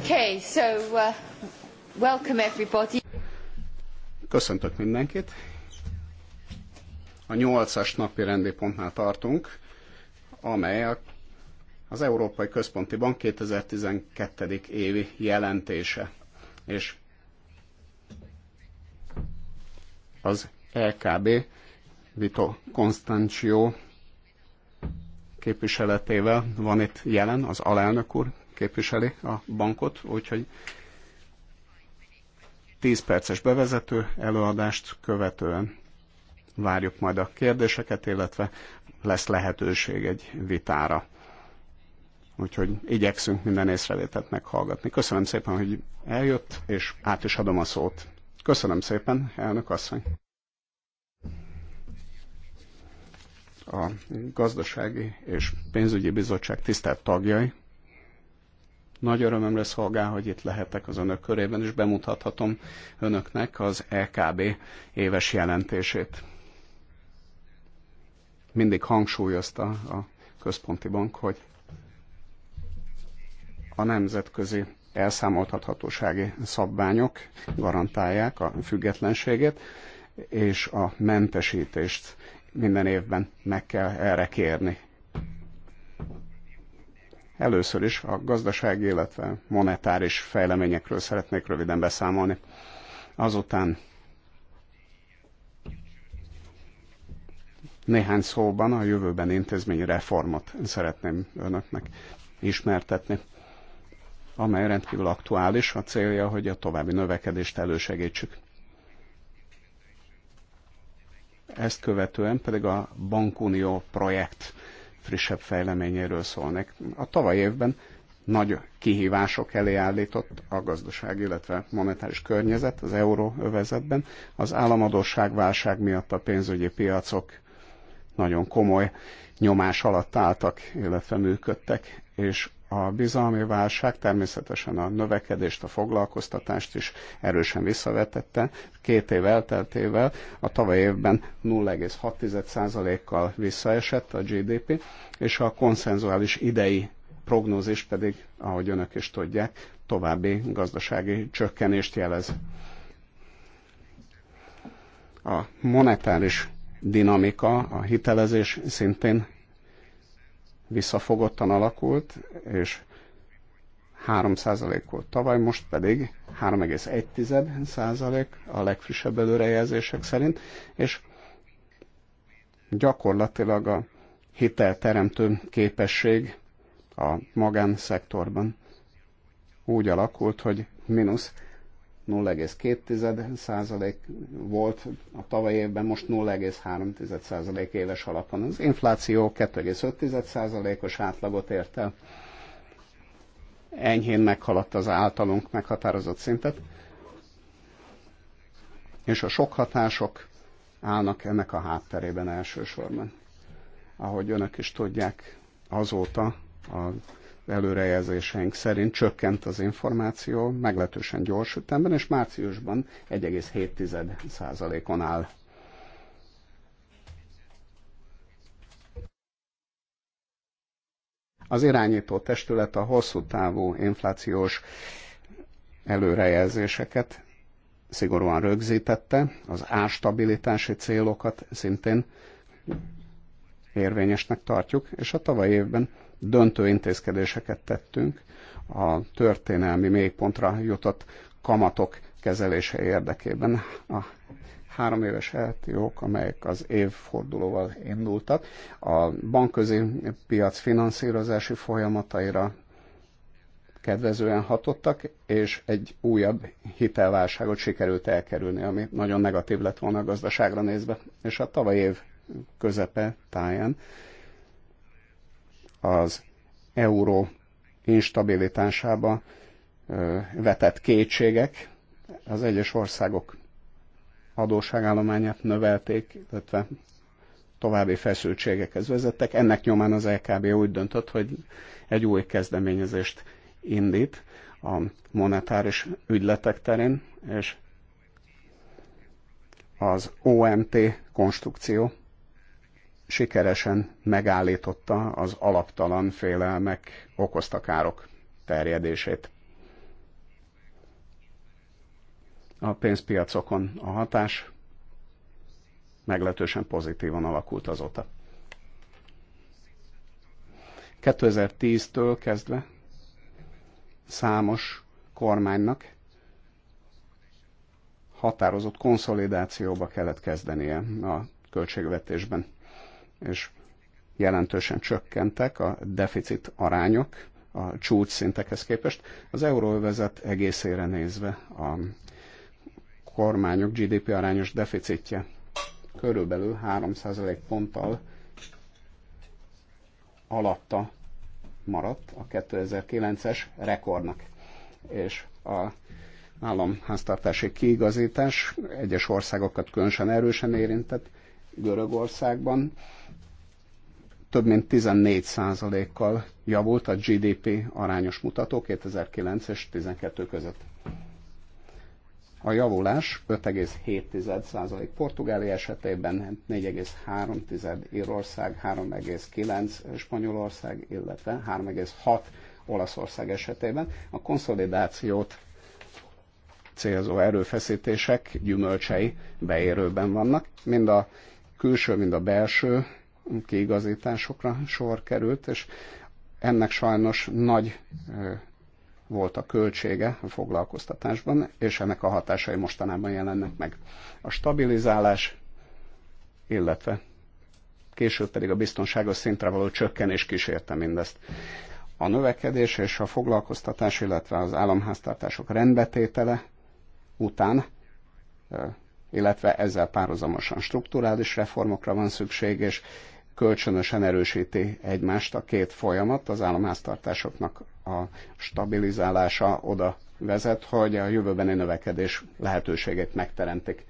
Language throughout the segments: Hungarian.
Okay, so uh, welcome everybody. Köszöntök mindenkit. A nyolcas napi rendi pontnál tartunk, amely az Európai Központi Bank 2012. évi jelentése. És az LKB Vito Constancio képviseletével van itt jelen az alelnök úr, képviseli a bankot, úgyhogy 10 perces bevezető előadást követően várjuk majd a kérdéseket, illetve lesz lehetőség egy vitára. Úgyhogy igyekszünk minden észrevételt meghallgatni. Köszönöm szépen, hogy eljött, és át is adom a szót. Köszönöm szépen, elnök asszony. A gazdasági és pénzügyi bizottság tisztelt tagjai nagy örömömre szolgál, hogy itt lehetek az önök körében, és bemutathatom önöknek az LKB e éves jelentését. Mindig hangsúlyozta a központi bank, hogy a nemzetközi elszámoltathatósági szabványok garantálják a függetlenséget, és a mentesítést minden évben meg kell erre kérni Először is a gazdasági, illetve monetáris fejleményekről szeretnék röviden beszámolni. Azután néhány szóban a jövőben intézmény reformot szeretném önöknek ismertetni, amely rendkívül aktuális, a célja, hogy a további növekedést elősegítsük. Ezt követően pedig a Bankunió projekt legfrissebb fejleményéről szólnék. A tavaly évben nagy kihívások elé állított a gazdaság, illetve monetáris környezet az euróövezetben. Az államadóság válság miatt a pénzügyi piacok nagyon komoly nyomás alatt álltak, illetve működtek, és a bizalmi válság természetesen a növekedést, a foglalkoztatást is erősen visszavetette. Két év elteltével a tavaly évben 0,6%-kal visszaesett a GDP, és a konszenzuális idei prognózis pedig, ahogy önök is tudják, további gazdasági csökkenést jelez. A monetáris dinamika, a hitelezés szintén visszafogottan alakult, és 3% volt tavaly, most pedig 3,1% a legfrissebb előrejelzések szerint, és gyakorlatilag a hitelteremtő képesség a magánszektorban úgy alakult, hogy mínusz 0,2% volt a tavalyi évben, most 0,3% éves alapon. Az infláció 2,5%-os átlagot ért el. Enyhén meghaladta az általunk meghatározott szintet. És a sok hatások állnak ennek a hátterében elsősorban. Ahogy önök is tudják, azóta a előrejelzéseink szerint csökkent az információ meglehetősen gyors ütemben, és márciusban 1,7%-on áll. Az irányító testület a hosszú távú inflációs előrejelzéseket szigorúan rögzítette, az ástabilitási célokat szintén érvényesnek tartjuk, és a tavaly évben döntő intézkedéseket tettünk a történelmi mélypontra jutott kamatok kezelése érdekében. A három éves eltiók, amelyek az évfordulóval indultak, a bankközi piac finanszírozási folyamataira kedvezően hatottak, és egy újabb hitelválságot sikerült elkerülni, ami nagyon negatív lett volna a gazdaságra nézve. És a tavaly év közepe táján az euró instabilitásába vetett kétségek az egyes országok adóságállományát növelték, illetve további feszültségekhez vezettek. Ennek nyomán az LKB e úgy döntött, hogy egy új kezdeményezést indít a monetáris ügyletek terén, és az OMT konstrukció sikeresen megállította az alaptalan félelmek okozta károk terjedését. A pénzpiacokon a hatás meglehetősen pozitívan alakult azóta. 2010-től kezdve számos kormánynak határozott konszolidációba kellett kezdenie a költségvetésben és jelentősen csökkentek a deficit arányok a csúcs szintekhez képest. Az euróövezet egészére nézve a kormányok GDP arányos deficitje körülbelül 3% ponttal alatta maradt a 2009-es rekordnak. És a államháztartási kiigazítás egyes országokat különösen erősen érintett, Görögországban több mint 14 kal javult a GDP arányos mutató 2009 és 12 között. A javulás 5,7% Portugália esetében, 4,3% Írország, 3,9% Spanyolország, illetve 3,6% Olaszország esetében. A konszolidációt célzó erőfeszítések gyümölcsei beérőben vannak, mind a külső, mind a belső kiigazításokra sor került, és ennek sajnos nagy volt a költsége a foglalkoztatásban, és ennek a hatásai mostanában jelennek meg. A stabilizálás, illetve később pedig a biztonságos szintre való csökkenés kísérte mindezt. A növekedés és a foglalkoztatás, illetve az államháztartások rendbetétele után illetve ezzel párhuzamosan strukturális reformokra van szükség, és kölcsönösen erősíti egymást a két folyamat, az államháztartásoknak a stabilizálása oda vezet, hogy a jövőbeni növekedés lehetőségét megteremtik.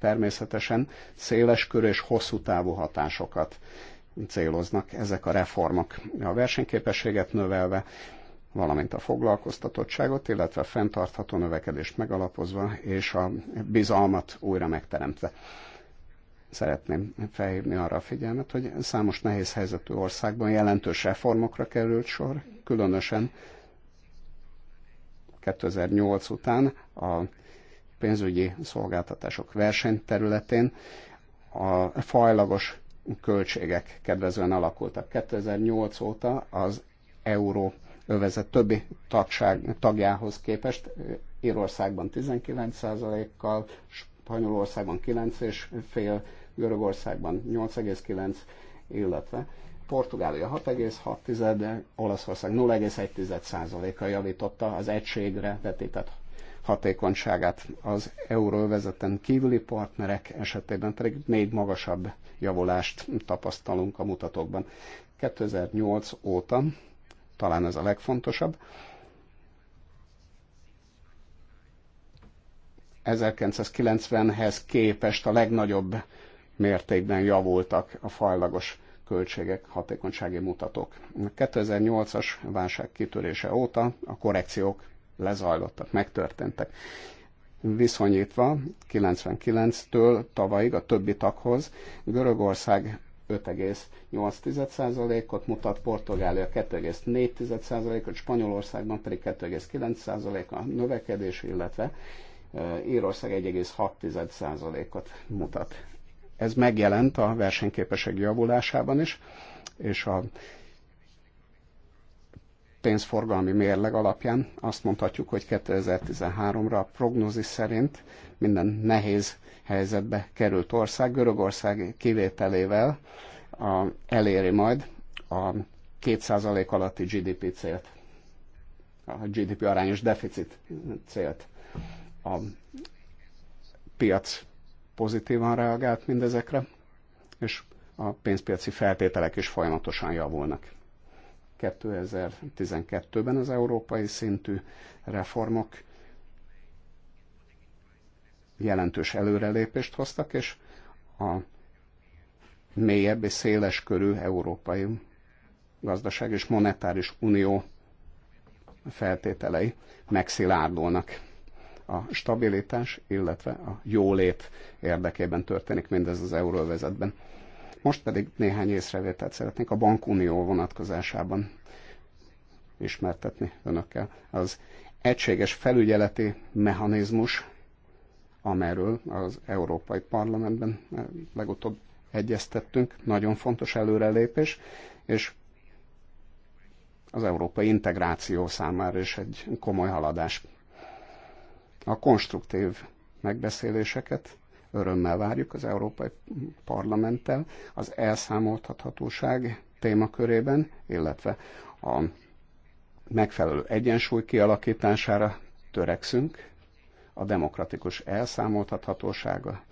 Természetesen széles kör és hosszú távú hatásokat céloznak ezek a reformok. A versenyképességet növelve valamint a foglalkoztatottságot, illetve a fenntartható növekedést megalapozva és a bizalmat újra megteremtve. Szeretném felhívni arra a figyelmet, hogy számos nehéz helyzetű országban jelentős reformokra került sor, különösen 2008 után a pénzügyi szolgáltatások versenyterületén a fajlagos költségek kedvezően alakultak. 2008 óta az euró övezet többi tagság, tagjához képest Írországban 19%-kal, Spanyolországban 9,5, Görögországban 8,9, illetve Portugália 6,6, de Olaszország 0,1%-a javította az egységre vetített hatékonyságát. Az euróvezeten kívüli partnerek esetében pedig még magasabb javulást tapasztalunk a mutatókban. 2008 óta talán ez a legfontosabb. 1990-hez képest a legnagyobb mértékben javultak a fajlagos költségek, hatékonysági mutatók. 2008-as válság kitörése óta a korrekciók lezajlottak, megtörténtek. Viszonyítva 99-től tavalyig a többi taghoz Görögország 5,8%-ot mutat, Portugália 2,4%-ot, Spanyolországban pedig 2,9% a növekedés, illetve Írország 1,6%-ot mutat. Ez megjelent a versenyképesség javulásában is, és a pénzforgalmi mérleg alapján azt mondhatjuk, hogy 2013-ra a prognózis szerint minden nehéz helyzetbe került ország, Görögország kivételével a, eléri majd a 2% alatti GDP célt, a GDP arányos deficit célt. A piac pozitívan reagált mindezekre, és a pénzpiaci feltételek is folyamatosan javulnak. 2012-ben az európai szintű reformok jelentős előrelépést hoztak, és a mélyebb és széles körű európai gazdaság és monetáris unió feltételei megszilárdulnak. A stabilitás, illetve a jólét érdekében történik mindez az euróvezetben. Most pedig néhány észrevételt szeretnék a bankunió vonatkozásában ismertetni önökkel. Az egységes felügyeleti mechanizmus amelyről az Európai Parlamentben eh, legutóbb egyeztettünk, nagyon fontos előrelépés, és az európai integráció számára is egy komoly haladás. A konstruktív megbeszéléseket örömmel várjuk az Európai Parlamenttel az elszámoltathatóság témakörében, illetve a megfelelő egyensúly kialakítására törekszünk, a demokratikus elszámoltathatósága,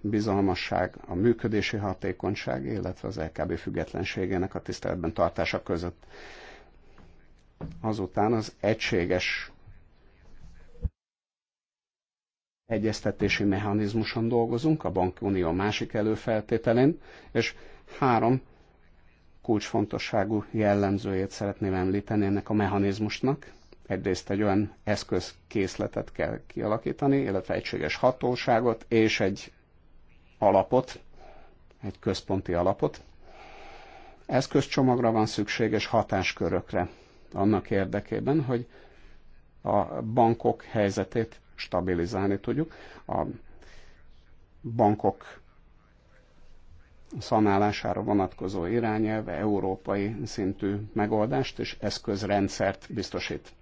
bizalmasság, a működési hatékonyság, illetve az LKB függetlenségének a tiszteletben tartása között. Azután az egységes egyeztetési mechanizmuson dolgozunk, a bankunió másik előfeltételén, és három kulcsfontosságú jellemzőjét szeretném említeni ennek a mechanizmusnak egyrészt egy olyan eszközkészletet kell kialakítani, illetve egységes hatóságot és egy alapot, egy központi alapot. Eszközcsomagra van szükséges hatáskörökre annak érdekében, hogy a bankok helyzetét stabilizálni tudjuk. A bankok szanálására vonatkozó irányelve európai szintű megoldást és eszközrendszert biztosít.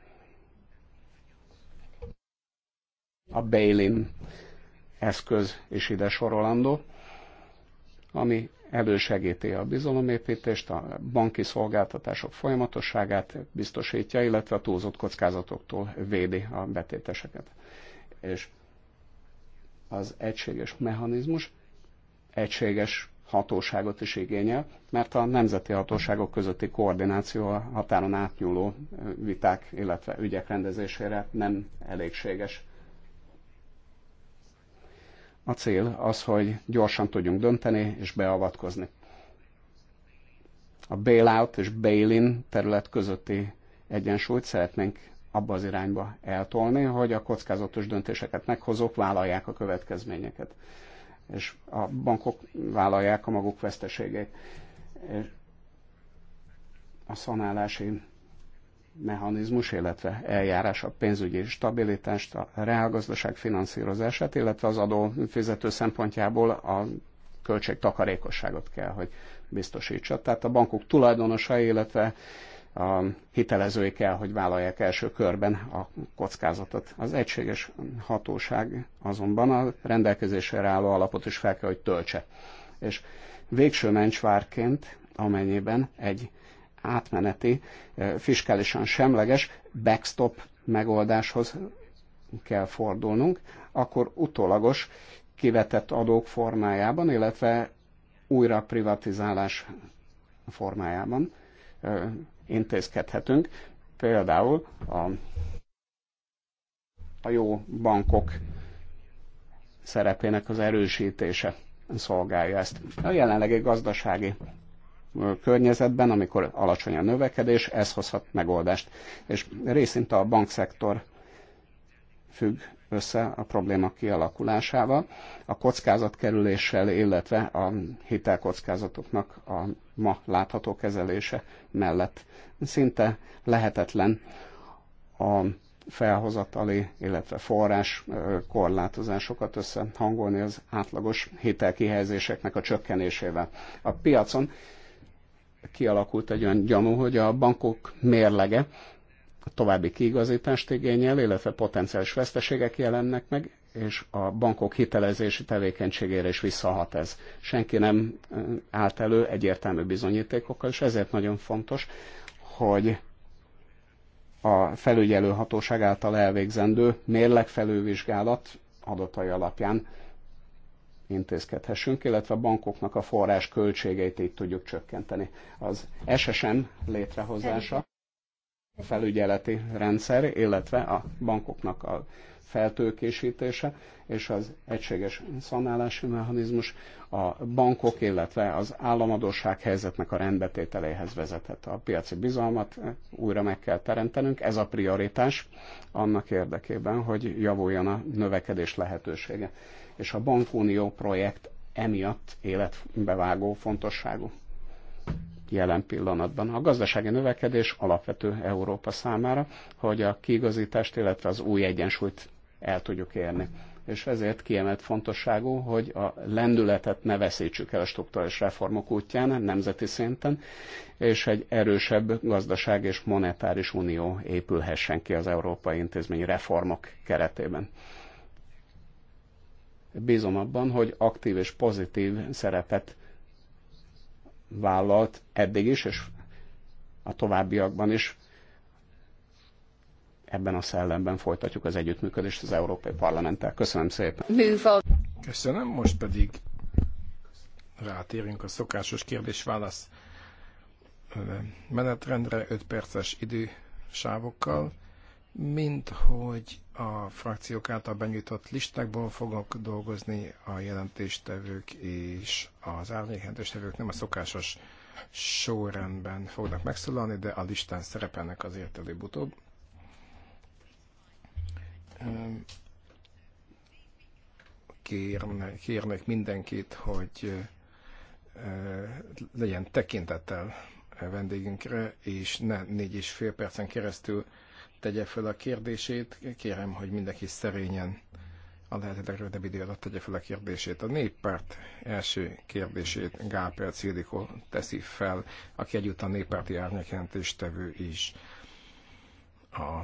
A Bailin eszköz is ide sorolandó, ami elősegíti a bizalomépítést, a banki szolgáltatások folyamatosságát biztosítja, illetve a túlzott kockázatoktól védi a betéteseket. És az egységes mechanizmus egységes hatóságot is igényel, mert a nemzeti hatóságok közötti koordináció a határon átnyúló viták, illetve ügyek rendezésére nem elégséges. A cél az, hogy gyorsan tudjunk dönteni és beavatkozni. A bailout és bail-in terület közötti egyensúlyt szeretnénk abba az irányba eltolni, hogy a kockázatos döntéseket meghozók vállalják a következményeket, és a bankok vállalják a maguk veszteségét. És a szanálási mechanizmus, illetve eljárás a pénzügyi stabilitást, a reálgazdaság finanszírozását, illetve az adófizető szempontjából a költség takarékosságot kell, hogy biztosítsa. Tehát a bankok tulajdonosai, illetve a hitelezői kell, hogy vállalják első körben a kockázatot. Az egységes hatóság azonban a rendelkezésre álló alapot is fel kell, hogy töltse. És végső mencsvárként, amennyiben egy átmeneti, fiskálisan semleges backstop megoldáshoz kell fordulnunk, akkor utólagos kivetett adók formájában, illetve újra privatizálás formájában intézkedhetünk. Például a, a jó bankok szerepének az erősítése szolgálja ezt. A jelenlegi gazdasági környezetben, amikor alacsony a növekedés, ez hozhat megoldást. És részint a bankszektor függ össze a probléma kialakulásával, a kockázatkerüléssel, illetve a hitelkockázatoknak a ma látható kezelése mellett. Szinte lehetetlen a felhozatali, illetve forrás korlátozásokat összehangolni az átlagos hitelkihelyezéseknek a csökkenésével. A piacon kialakult egy olyan gyanú, hogy a bankok mérlege további kiigazítást igényel, illetve potenciális veszteségek jelennek meg, és a bankok hitelezési tevékenységére is visszahat ez. Senki nem állt elő egyértelmű bizonyítékokkal, és ezért nagyon fontos, hogy a felügyelő hatóság által elvégzendő mérlegfelővizsgálat adatai alapján intézkedhessünk, illetve a bankoknak a forrás költségeit így tudjuk csökkenteni. Az SSM létrehozása, a felügyeleti rendszer, illetve a bankoknak a feltőkésítése és az egységes szanálási mechanizmus a bankok, illetve az államadóság helyzetnek a rendbetételéhez vezethet. A piaci bizalmat újra meg kell teremtenünk, ez a prioritás annak érdekében, hogy javuljon a növekedés lehetősége és a bankunió projekt emiatt életbevágó fontosságú jelen pillanatban. A gazdasági növekedés alapvető Európa számára, hogy a kiigazítást, illetve az új egyensúlyt el tudjuk érni. És ezért kiemelt fontosságú, hogy a lendületet ne veszítsük el a struktúrális reformok útján, nemzeti szinten, és egy erősebb gazdaság és monetáris unió épülhessen ki az európai intézmény reformok keretében. Bízom abban, hogy aktív és pozitív szerepet vállalt eddig is, és a továbbiakban is ebben a szellemben folytatjuk az együttműködést az Európai Parlamenttel. Köszönöm szépen. Köszönöm, most pedig rátérünk a szokásos kérdés-válasz menetrendre 5 perces idősávokkal mint hogy a frakciók által benyújtott listákból fogok dolgozni a jelentéstevők és az tevők, nem a szokásos sorrendben fognak megszólalni, de a listán szerepelnek azért előbb-utóbb. Kérne, kérnek mindenkit, hogy legyen tekintettel vendégünkre, és ne négy és fél percen keresztül tegye fel a kérdését. Kérem, hogy mindenki szerényen a lehető legrövidebb idő alatt tegye fel a kérdését. A néppárt első kérdését Gáper Cildikó teszi fel, aki egyúttal néppárti árnyakjelentéstevő is a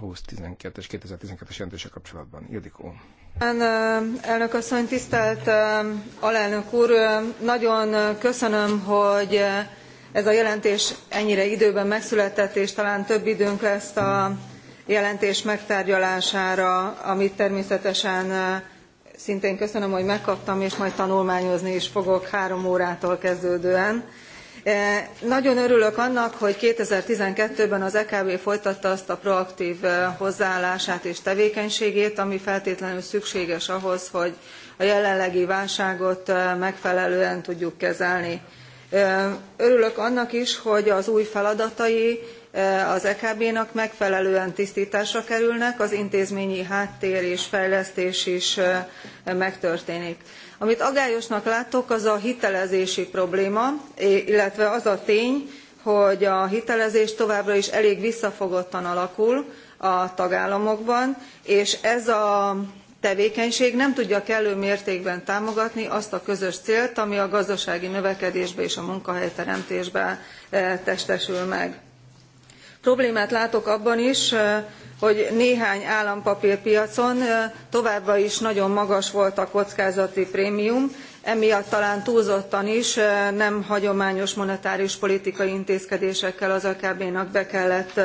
2012-es, 2012-es jelentése kapcsolatban. Ildikó. Elnök asszony, tisztelt alelnök úr, nagyon köszönöm, hogy ez a jelentés ennyire időben megszületett és talán több időnk lesz a jelentés megtárgyalására amit természetesen szintén köszönöm hogy megkaptam és majd tanulmányozni is fogok három órától kezdődően. nagyon örülök annak hogy two thousand and twelve ben az ekb folytatta azt a proaktv hozzáállását és tevékenységét ami feltétlenül szükséges ahhoz hogy a jelenlegi válságot megfelelően tudjuk kezelni örülök annak is hogy az új feladatai az ekb nak megfelelően tisztításra kerülnek az intézményi háttér és fejlesztés is megtörténik. amit aggályosnak látok az a hitelezési probléma illetve az a tény hogy a hitelezés továbbra is elég visszafogottan alakul a tagállamokban és ez a tevékenység nem tudja kellő mértékben támogatni azt a közös célt ami a gazdasági növekedésben és a munkahelyteremtésben eh, testesül meg. problémát látok abban is eh, hogy néhány állampapírpiacon eh, továbbra is nagyon magas volt a kockázati prémium emiatt talán túlzottan is nem hagyományos monetáris politikai intézkedésekkel az ekb nak be kellett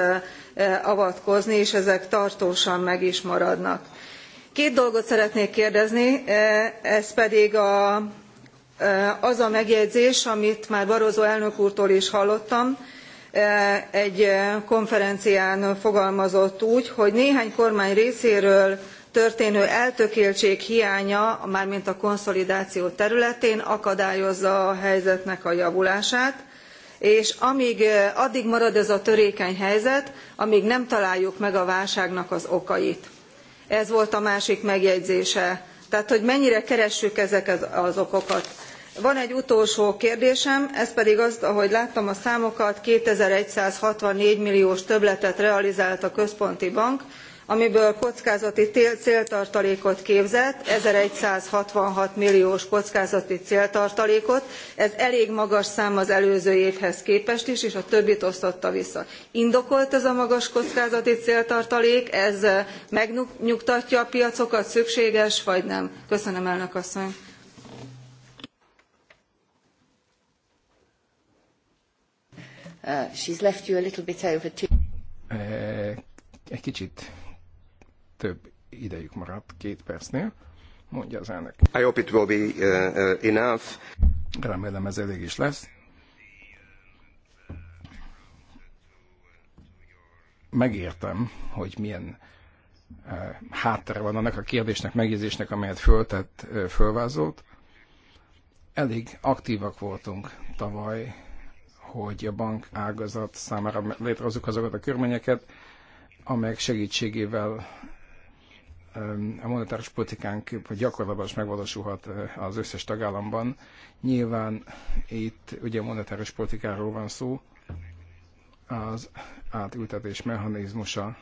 avatkozni és ezek tartósan meg is maradnak két dolgot szeretnék kérdezni e, ez pedig e, az a megjegyzés amit már barroso elnök úrtól is hallottam e, egy konferencián fogalmazott úgy hogy néhány kormány részéről történő eltökéltség hiánya mármint a konszolidáció területén akadályozza a helyzetnek a javulását és amíg, addig marad ez a törékeny helyzet amg nem találjuk meg a válságnak az okait ez volt a másik megjegyzése tehát hogy mennyire keressük ezeket az okokat. van egy utolsó kérdésem ez pedig az ahogy láttam a számokat two thousand one hundred and sixty four milliós többletet realizált a központi bank amiből kockázati céltartalékot képzett one thousand one hundred and sixty six milliós kockázati céltartalékot ez elég magas szám az előző évhez képest is és a többit osztotta vissza. indokolt ez a magas kockázati céltartalék ez eh, megnyugtatja a piacokat szükséges vagy nem? köszönöm elnök asszony. Uh, she's left you a little bit over eh, egy kicsit több idejük maradt két percnél, mondja az elnök. I hope it will be uh, uh, enough. Remélem ez elég is lesz. Megértem, hogy milyen uh, háttere van annak a kérdésnek, megjegyzésnek, amelyet föltett, uh, fölvázolt. Elég aktívak voltunk tavaly, hogy a bank ágazat számára létrehozzuk azokat a körményeket, amelyek segítségével a monetáris politikánk vagy gyakorlatban is megvalósulhat az összes tagállamban. Nyilván itt ugye monetáris politikáról van szó, az átültetés mechanizmusa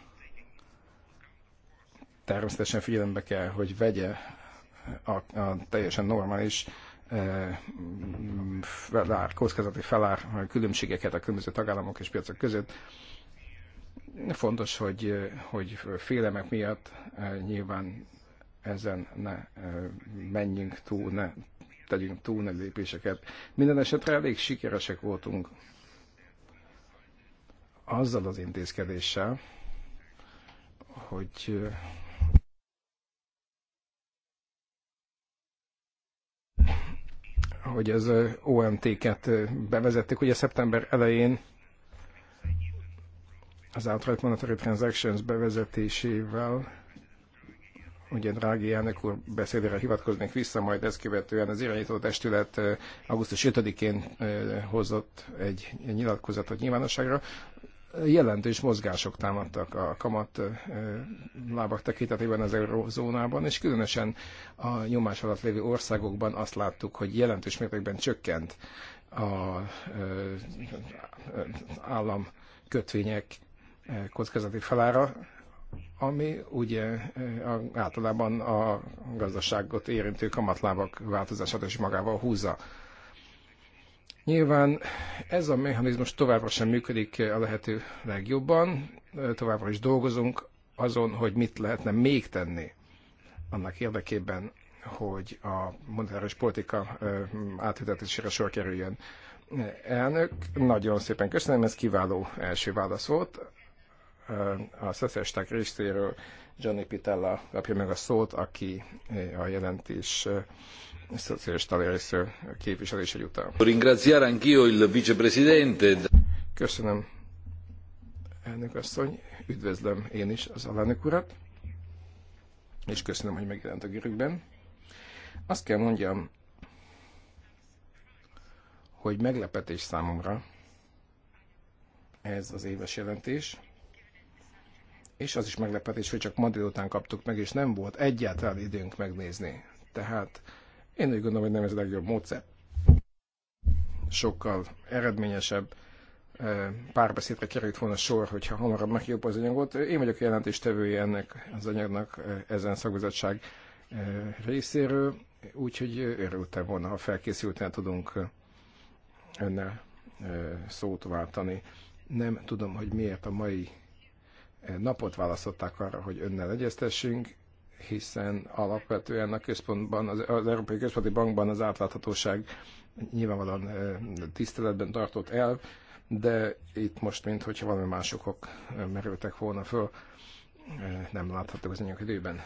természetesen figyelembe kell, hogy vegye a, a teljesen normális e, felár, kockázati felár különbségeket a különböző tagállamok és piacok között Fontos, hogy, hogy félemek miatt nyilván ezen ne menjünk túl, ne tegyünk túl nagy lépéseket. Minden esetre elég sikeresek voltunk azzal az intézkedéssel, hogy hogy az OMT-ket bevezették, ugye szeptember elején az Outright Monetary Transactions bevezetésével, ugye Drági elnök úr beszédére hivatkoznék vissza, majd ezt követően az irányító testület augusztus 5-én hozott egy nyilatkozatot nyilvánosságra. Jelentős mozgások támadtak a kamat lábak tekintetében az eurozónában, és különösen a nyomás alatt lévő országokban azt láttuk, hogy jelentős mértékben csökkent a állam kötvények kockázati felára, ami ugye eh, általában a gazdaságot érintő kamatlábak változását is magával húzza. Nyilván ez a mechanizmus továbbra sem működik a lehető legjobban, továbbra is dolgozunk azon, hogy mit lehetne még tenni annak érdekében, hogy a monetáris politika eh, átültetésére sor kerüljön. Elnök, nagyon szépen köszönöm, ez kiváló első válasz volt a szeszestek részéről Johnny Pitella kapja meg a szót, aki a jelentés szociális részéről képviselése után. Köszönöm, elnök asszony. Üdvözlöm én is az alelnök urat, és köszönöm, hogy megjelent a gyűrűkben. Azt kell mondjam, hogy meglepetés számomra ez az éves jelentés, és az is meglepetés, hogy csak Madrid után kaptuk meg, és nem volt egyáltalán időnk megnézni. Tehát én úgy gondolom, hogy nem ez a legjobb módszer. Sokkal eredményesebb párbeszédre került volna sor, hogyha hamarabb megjobb az anyagot. Én vagyok a jelentéstevője ennek az anyagnak ezen szakbizottság részéről, úgyhogy örültem volna, ha felkészülten tudunk önnel szót váltani. Nem tudom, hogy miért a mai napot választották arra, hogy önnel egyeztessünk, hiszen alapvetően a központban, az, az Európai Központi Bankban az átláthatóság nyilvánvalóan tiszteletben tartott el, de itt most, mint hogyha valami másokok merültek volna föl, nem látható az anyag időben.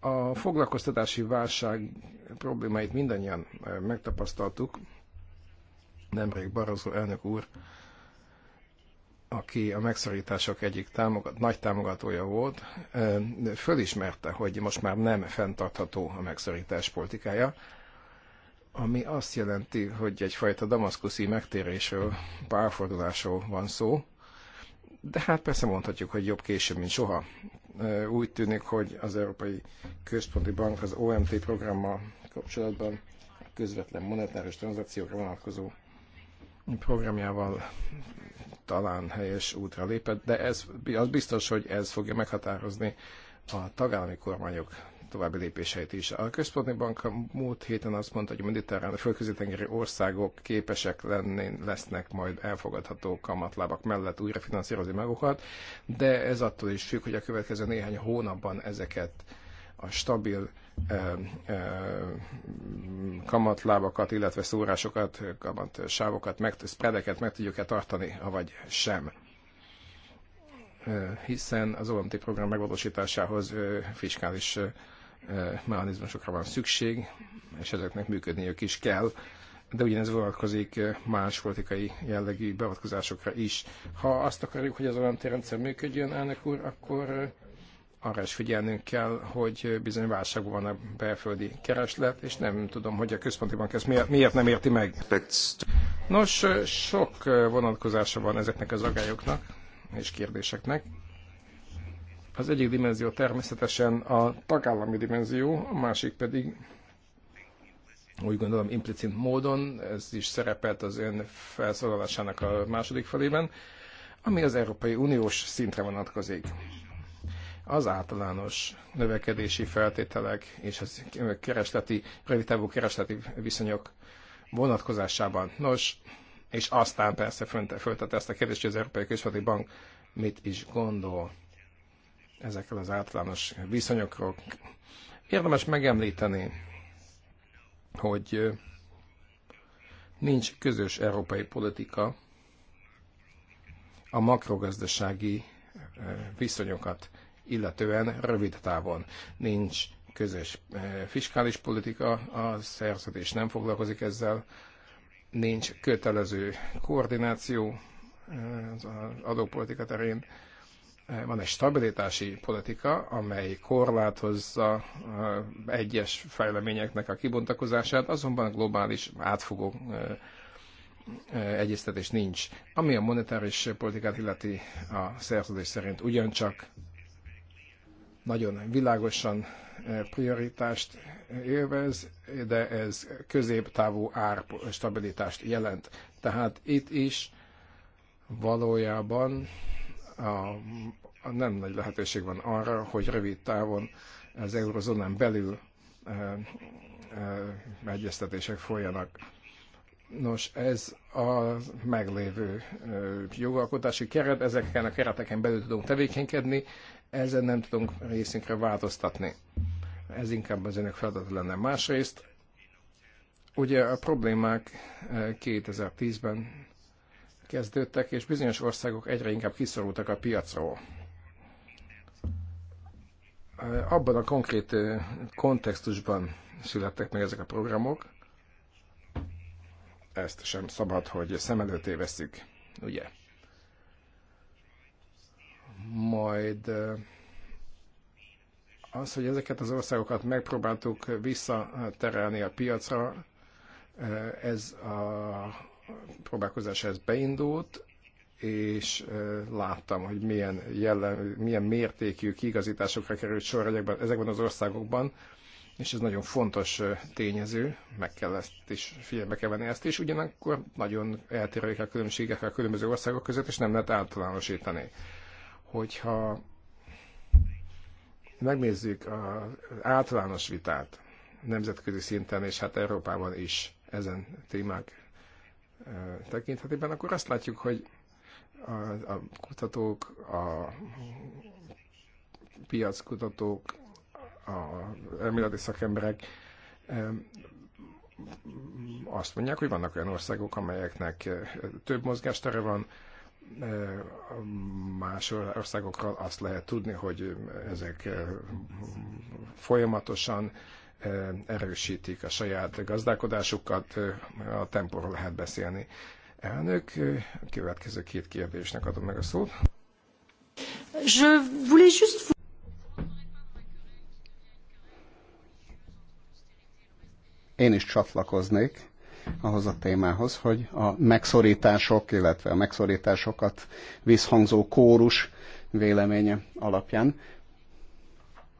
A foglalkoztatási válság problémáit mindannyian megtapasztaltuk. Nemrég Barozó elnök úr aki a megszorítások egyik támogat, nagy támogatója volt, fölismerte, hogy most már nem fenntartható a megszorítás politikája, ami azt jelenti, hogy egyfajta damaszkuszi megtérésről, párfordulásról van szó, de hát persze mondhatjuk, hogy jobb később, mint soha. Úgy tűnik, hogy az Európai Központi Bank az OMT programmal kapcsolatban közvetlen monetáris tranzakciókra vonatkozó programjával talán helyes útra lépett, de ez, az biztos, hogy ez fogja meghatározni a tagállami kormányok további lépéseit is. A központi bank a múlt héten azt mondta, hogy a mediterrán, a tengeri országok képesek lenni, lesznek majd elfogadható kamatlábak mellett újra finanszírozni magukat, de ez attól is függ, hogy a következő néhány hónapban ezeket a stabil kamatlábakat, illetve szórásokat, sávokat, meg, spreadeket meg tudjuk-e tartani, vagy sem. Hiszen az OMT program megvalósításához fiskális mechanizmusokra van szükség, és ezeknek működniük is kell, de ugyanez vonatkozik más politikai jellegű beavatkozásokra is. Ha azt akarjuk, hogy az OMT rendszer működjön, elnök úr, akkor arra is figyelnünk kell, hogy bizony válságban van a belföldi kereslet, és nem tudom, hogy a központi bank ezt miért, miért nem érti meg. Nos, sok vonatkozása van ezeknek az agályoknak és kérdéseknek. Az egyik dimenzió természetesen a tagállami dimenzió, a másik pedig úgy gondolom implicit módon, ez is szerepelt az ön felszólalásának a második felében, ami az Európai Uniós szintre vonatkozik az általános növekedési feltételek és a keresleti, rövidtávú keresleti viszonyok vonatkozásában. Nos, és aztán persze föltette ezt a kérdést, hogy az Európai Központi Bank mit is gondol ezekkel az általános viszonyokról. Érdemes megemlíteni, hogy nincs közös európai politika a makrogazdasági viszonyokat illetően rövid távon nincs közös eh, fiskális politika, a szerződés nem foglalkozik ezzel, nincs kötelező koordináció eh, az adópolitika terén, eh, van egy stabilitási politika, amely korlátozza egyes fejleményeknek a kibontakozását, azonban globális átfogó egyeztetés nincs. Ami a monetáris politikát illeti a szerződés szerint ugyancsak nagyon világosan e, prioritást e, élvez, de ez középtávú árstabilitást jelent. Tehát itt is valójában a, a nem nagy lehetőség van arra, hogy rövid távon az eurozónán belül e, e, egyeztetések folyanak. Nos, ez a meglévő e, jogalkotási keret, ezeken a kereteken belül tudunk tevékenykedni, ezen nem tudunk részünkre változtatni. Ez inkább az önök feladata lenne. Másrészt, ugye a problémák 2010-ben eh, kezdődtek, és bizonyos országok egyre inkább kiszorultak a piacról. Eh, abban a konkrét eh, kontextusban születtek meg ezek a programok, ezt sem szabad, hogy szem előtt évesszük, ugye? majd az, hogy ezeket az országokat megpróbáltuk visszaterelni a piacra, ez a próbálkozás ez beindult, és láttam, hogy milyen, jellem, milyen mértékű kiigazításokra került sor ezekben az országokban, és ez nagyon fontos tényező, meg kell ezt is figyelme kell venni ezt is, ugyanakkor nagyon eltérőek a különbségek a különböző országok között, és nem lehet általánosítani hogyha megnézzük az általános vitát nemzetközi szinten, és hát Európában is ezen témák e, tekintetében, akkor azt látjuk, hogy a, a kutatók, a piackutatók, a elméleti szakemberek e, azt mondják, hogy vannak olyan országok, amelyeknek több mozgástere van, más országokkal azt lehet tudni, hogy ezek folyamatosan erősítik a saját gazdálkodásukat, a tempóról lehet beszélni. Elnök, a következő két kérdésnek adom meg a szót. Je voulais juste Én is csatlakoznék ahhoz a témához, hogy a megszorítások, illetve a megszorításokat visszhangzó kórus véleménye alapján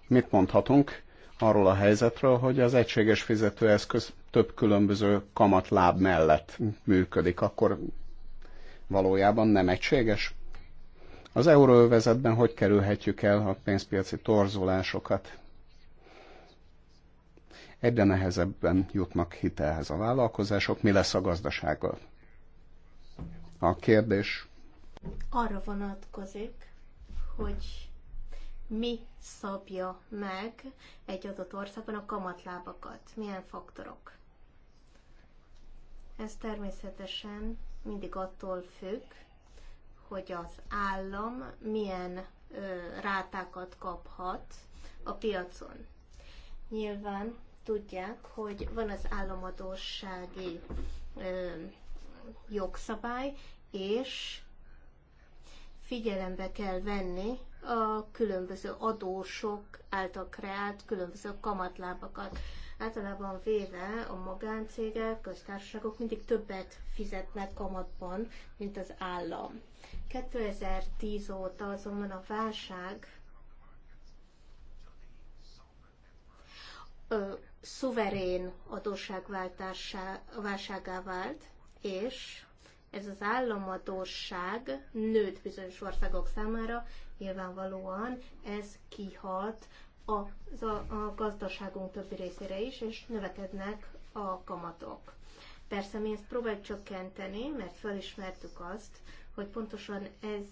mit mondhatunk arról a helyzetről, hogy az egységes fizetőeszköz több különböző kamatláb mellett működik, akkor valójában nem egységes? Az euróövezetben hogy kerülhetjük el a pénzpiaci torzulásokat? egyre nehezebben jutnak hitelhez a vállalkozások. Mi lesz a gazdasággal? A kérdés arra vonatkozik, hogy mi szabja meg egy adott országban a kamatlábakat, milyen faktorok. Ez természetesen mindig attól függ, hogy az állam milyen ö, rátákat kaphat a piacon. Nyilván tudják, hogy van az államadósági ö, jogszabály, és figyelembe kell venni a különböző adósok által kreált különböző kamatlábakat. Általában véve a magáncégek, köztársaságok mindig többet fizetnek kamatban, mint az állam. 2010 óta azonban a válság ö, szuverén adósságválságá vált, és ez az államadóság nőtt bizonyos országok számára, nyilvánvalóan ez kihat a, a, a gazdaságunk többi részére is, és növekednek a kamatok. Persze mi ezt próbáljuk csökkenteni, mert felismertük azt, hogy pontosan ez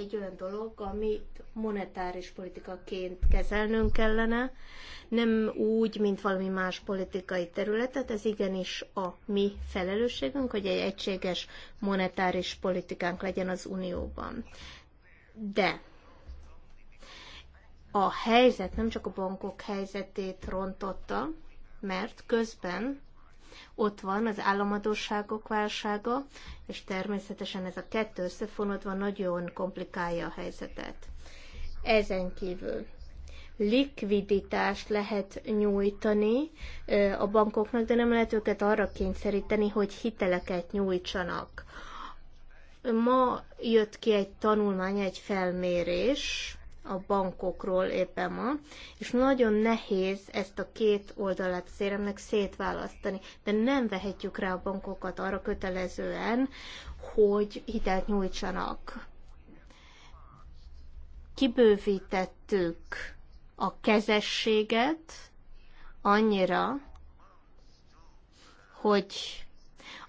egy olyan dolog, amit monetáris politikaként kezelnünk kellene, nem úgy, mint valami más politikai területet, ez igenis a mi felelősségünk, hogy egy egységes monetáris politikánk legyen az Unióban. De a helyzet nem csak a bankok helyzetét rontotta, mert közben ott van az államadóságok válsága, és természetesen ez a kettő összefonódva nagyon komplikálja a helyzetet. Ezen kívül likviditást lehet nyújtani a bankoknak, de nem lehet őket arra kényszeríteni, hogy hiteleket nyújtsanak. Ma jött ki egy tanulmány, egy felmérés, a bankokról éppen ma, és nagyon nehéz ezt a két oldalát széremnek szétválasztani, de nem vehetjük rá a bankokat arra kötelezően, hogy hitelt nyújtsanak. Kibővítettük a kezességet annyira, hogy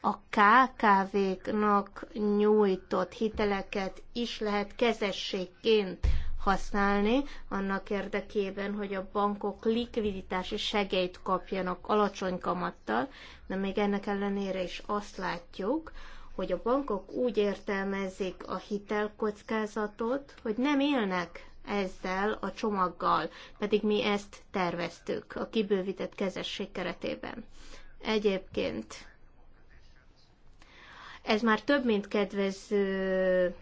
a KKV-knak nyújtott hiteleket is lehet kezességként használni, annak érdekében, hogy a bankok likviditási segélyt kapjanak alacsony kamattal, de még ennek ellenére is azt látjuk, hogy a bankok úgy értelmezik a hitelkockázatot, hogy nem élnek ezzel a csomaggal, pedig mi ezt terveztük a kibővített kezesség keretében. Egyébként ez már több, mint kedvező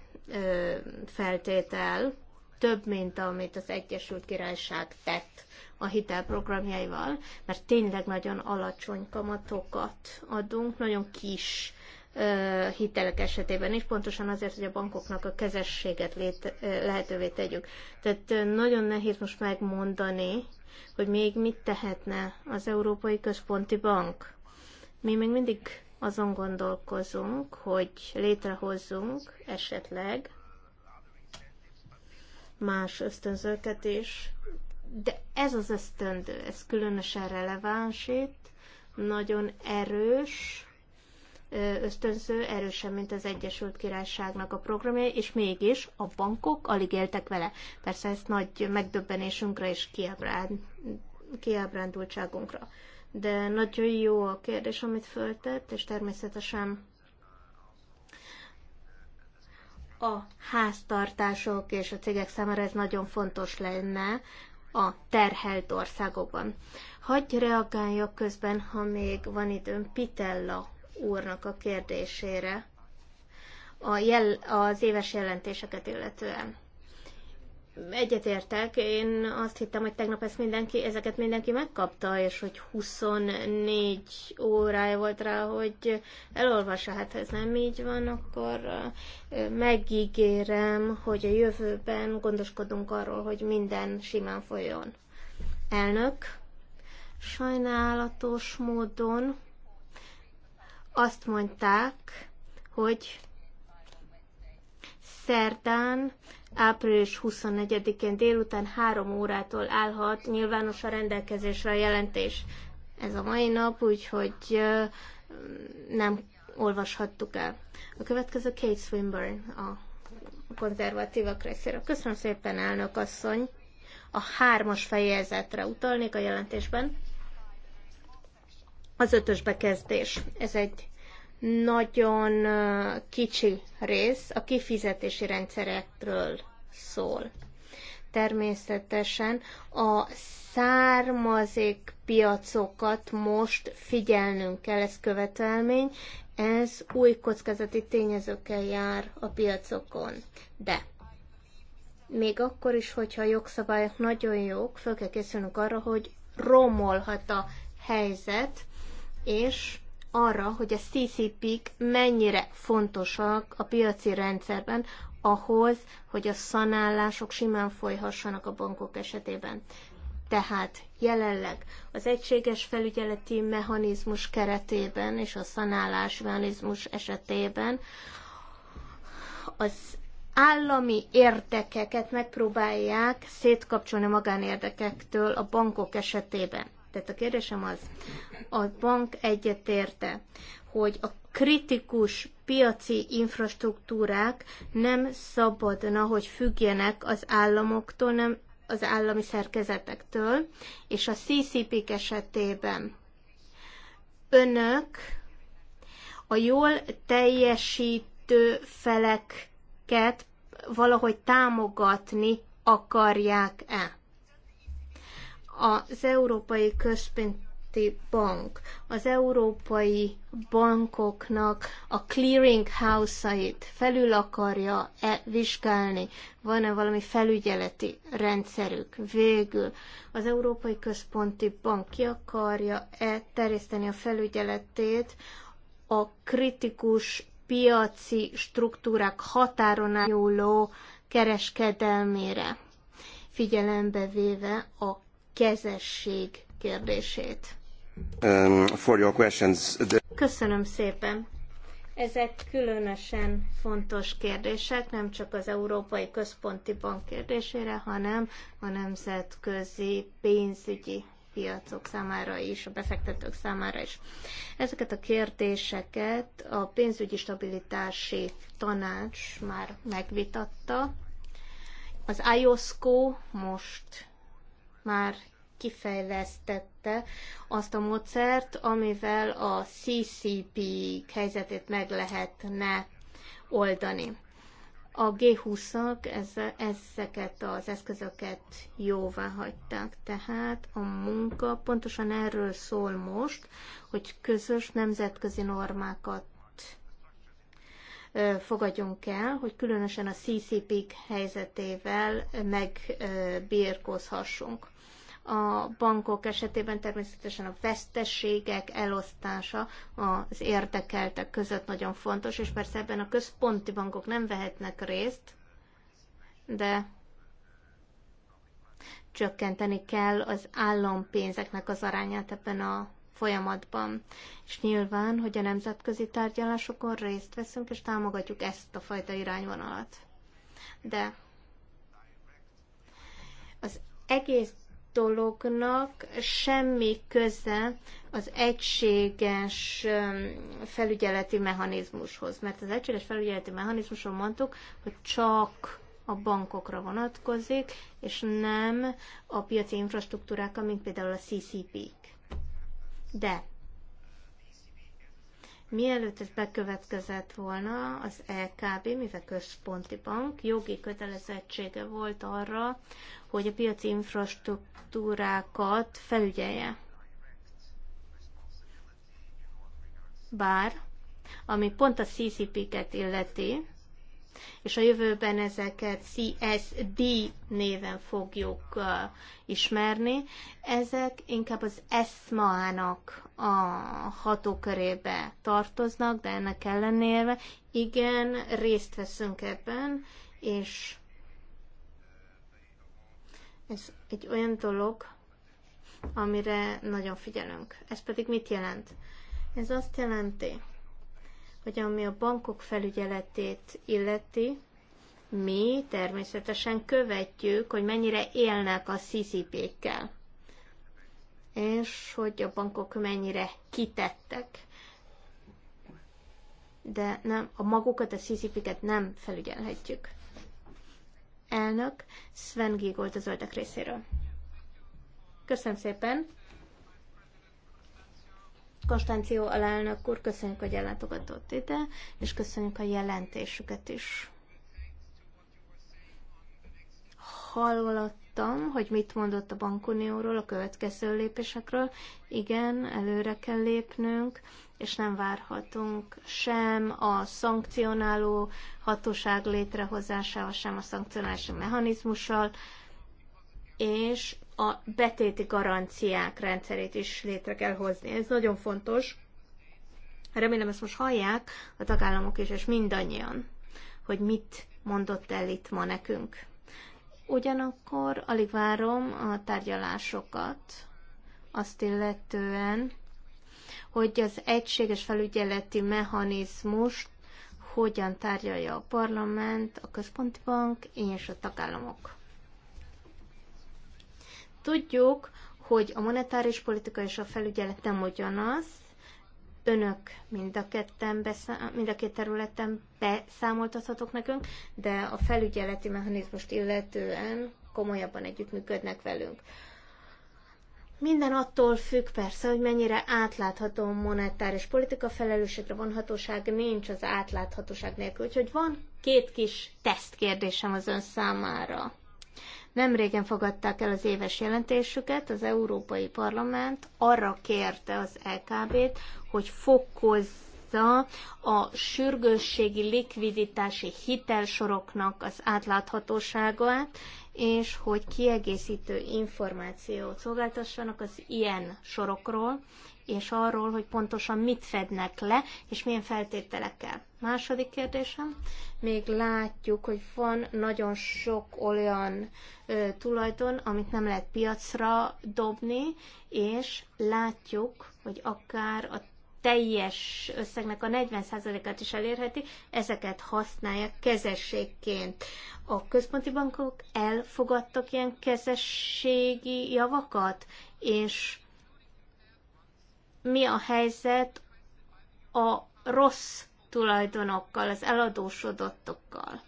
feltétel, több, mint amit az Egyesült Királyság tett a hitelprogramjaival, mert tényleg nagyon alacsony kamatokat adunk, nagyon kis hitelek esetében is, pontosan azért, hogy a bankoknak a kezességet lét, lehetővé tegyük. Tehát nagyon nehéz most megmondani, hogy még mit tehetne az Európai Központi Bank. Mi még mindig azon gondolkozunk, hogy létrehozzunk esetleg más ösztönzőket is, de ez az ösztöndő, ez különösen releváns itt, nagyon erős ösztönző, erősebb, mint az Egyesült Királyságnak a programja, és mégis a bankok alig éltek vele. Persze ezt nagy megdöbbenésünkre és kiábránd, kiábrándultságunkra. De nagyon jó a kérdés, amit föltett, és természetesen a háztartások és a cégek számára ez nagyon fontos lenne a terhelt országokban. Hagyj reagáljak közben, ha még van időm, Pitella úrnak a kérdésére a jel, az éves jelentéseket illetően egyetértek, én azt hittem, hogy tegnap ezt mindenki, ezeket mindenki megkapta, és hogy 24 órája volt rá, hogy elolvassa. Hát ha ez nem így van, akkor megígérem, hogy a jövőben gondoskodunk arról, hogy minden simán folyjon. Elnök, sajnálatos módon azt mondták, hogy szerdán április 24-én délután 3 órától állhat nyilvános a rendelkezésre a jelentés. Ez a mai nap, úgyhogy nem olvashattuk el. A következő Kate Swinburne a konzervatívak részéről. Köszönöm szépen, elnök asszony! A hármas fejezetre utalnék a jelentésben. Az ötös bekezdés. Ez egy nagyon kicsi rész a kifizetési rendszerekről szól. Természetesen a származék piacokat most figyelnünk kell, ez követelmény, ez új kockázati tényezőkkel jár a piacokon. De még akkor is, hogyha a jogszabályok nagyon jók, fel kell készülnünk arra, hogy romolhat a helyzet, és arra, hogy a CCP-k mennyire fontosak a piaci rendszerben ahhoz, hogy a szanállások simán folyhassanak a bankok esetében. Tehát jelenleg az egységes felügyeleti mechanizmus keretében és a szanálás mechanizmus esetében az állami érdekeket megpróbálják szétkapcsolni magánérdekektől a bankok esetében. Tehát a kérdésem az, a bank egyetérte, hogy a kritikus piaci infrastruktúrák nem szabadna, hogy függjenek az államoktól, nem az állami szerkezetektől, és a ccp esetében önök a jól teljesítő feleket valahogy támogatni akarják-e? az Európai Központi Bank, az európai bankoknak a clearing house-ait felül akarja-e vizsgálni, van-e valami felügyeleti rendszerük végül. Az Európai Központi Bank ki akarja-e terjeszteni a felügyeletét a kritikus piaci struktúrák határon átnyúló kereskedelmére, figyelembe véve a kezesség kérdését. Um, for your questions. The... Köszönöm szépen. Ezek különösen fontos kérdések, nem csak az Európai Központi Bank kérdésére, hanem a nemzetközi pénzügyi piacok számára is, a befektetők számára is. Ezeket a kérdéseket a pénzügyi stabilitási tanács már megvitatta. Az IOSCO most már kifejlesztette azt a módszert, amivel a CCP helyzetét meg lehetne oldani. A G20-ak ezeket az eszközöket jóvá hagyták, tehát a munka pontosan erről szól most, hogy közös nemzetközi normákat fogadjunk el, hogy különösen a ccp helyzetével megbírkozhassunk. A bankok esetében természetesen a vesztességek elosztása az érdekeltek között nagyon fontos, és persze ebben a központi bankok nem vehetnek részt, de csökkenteni kell az állampénzeknek az arányát ebben a folyamatban. És nyilván, hogy a nemzetközi tárgyalásokon részt veszünk, és támogatjuk ezt a fajta irányvonalat. De az egész dolognak semmi köze az egységes felügyeleti mechanizmushoz. Mert az egységes felügyeleti mechanizmuson mondtuk, hogy csak a bankokra vonatkozik, és nem a piaci infrastruktúrákra, mint például a CCP-k. De Mielőtt ez bekövetkezett volna, az LKB, mivel központi bank, jogi kötelezettsége volt arra, hogy a piaci infrastruktúrákat felügyelje. Bár, ami pont a CCP-ket illeti, és a jövőben ezeket CSD néven fogjuk ismerni. Ezek inkább az ESMA-nak a hatókörébe tartoznak, de ennek ellenére igen, részt veszünk ebben, és ez egy olyan dolog, amire nagyon figyelünk. Ez pedig mit jelent? Ez azt jelenti, hogy ami a bankok felügyeletét illeti, mi természetesen követjük, hogy mennyire élnek a CCP-kkel, és hogy a bankok mennyire kitettek. De nem, a magukat, a CCP-ket nem felügyelhetjük. Elnök Sven Gigolt az zöldek részéről. Köszönöm szépen! Konstanció alelnök úr, köszönjük, hogy ellátogatott ide, és köszönjük a jelentésüket is. Hallottam, hogy mit mondott a bankunióról, a következő lépésekről. Igen, előre kell lépnünk, és nem várhatunk sem a szankcionáló hatóság létrehozásával, sem a szankcionálási mechanizmussal, és a betéti garanciák rendszerét is létre kell hozni. Ez nagyon fontos. Remélem ezt most hallják a tagállamok is, és mindannyian, hogy mit mondott el itt ma nekünk. Ugyanakkor alig várom a tárgyalásokat, azt illetően, hogy az egységes felügyeleti mechanizmust hogyan tárgyalja a parlament, a központi bank és a tagállamok. Tudjuk, hogy a monetáris politika és a felügyelet nem ugyanaz. Önök mind a, ketten beszá- mind a két területen beszámoltathatok nekünk, de a felügyeleti mechanizmust illetően komolyabban együttműködnek velünk. Minden attól függ persze, hogy mennyire átlátható a monetáris politika felelősségre vonhatóság nincs az átláthatóság nélkül. Úgyhogy van két kis tesztkérdésem az ön számára. Nem régen fogadták el az éves jelentésüket, az Európai Parlament arra kérte az LKB-t, hogy fokozza a sürgősségi likviditási hitelsoroknak az átláthatóságát, és hogy kiegészítő információt szolgáltassanak az ilyen sorokról, és arról, hogy pontosan mit fednek le, és milyen feltételekkel. Második kérdésem, még látjuk, hogy van nagyon sok olyan ö, tulajdon, amit nem lehet piacra dobni, és látjuk, hogy akár a teljes összegnek a 40%-át is elérheti, ezeket használják kezességként. A központi bankok elfogadtak ilyen kezességi javakat, és mi a helyzet a rossz tulajdonokkal, az eladósodottokkal.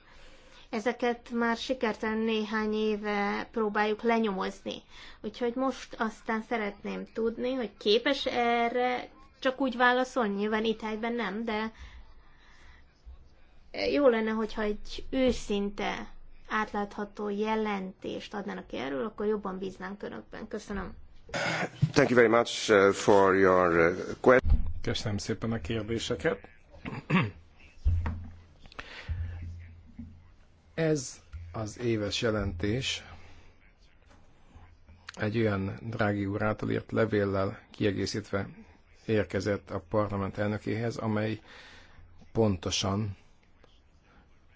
Ezeket már sikertelen néhány éve próbáljuk lenyomozni. Úgyhogy most aztán szeretném tudni, hogy képes erre csak úgy válaszolni, nyilván itt helyben nem, de jó lenne, hogyha egy őszinte, átlátható jelentést adnának erről, akkor jobban bíznánk önökben. Köszönöm. Thank you very much uh, for your uh, question. Köszönöm szépen a kérdéseket. Ez az éves jelentés egy olyan drági úr által írt levéllel kiegészítve érkezett a parlament elnökéhez, amely pontosan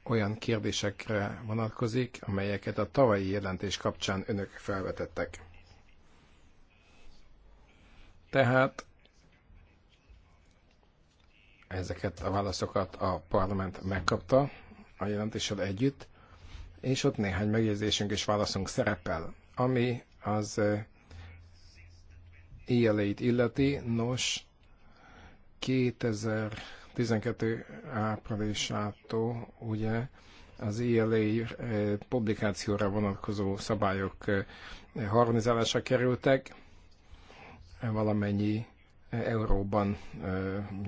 olyan kérdésekre vonatkozik, amelyeket a tavalyi jelentés kapcsán önök felvetettek. Tehát ezeket a válaszokat a parlament megkapta a jelentéssel együtt, és ott néhány megjegyzésünk és válaszunk szerepel, ami az éjjeleit eh, illeti. Nos, 2012 áprilisától ugye az ILA eh, publikációra vonatkozó szabályok eh, harmonizálásra kerültek valamennyi euróban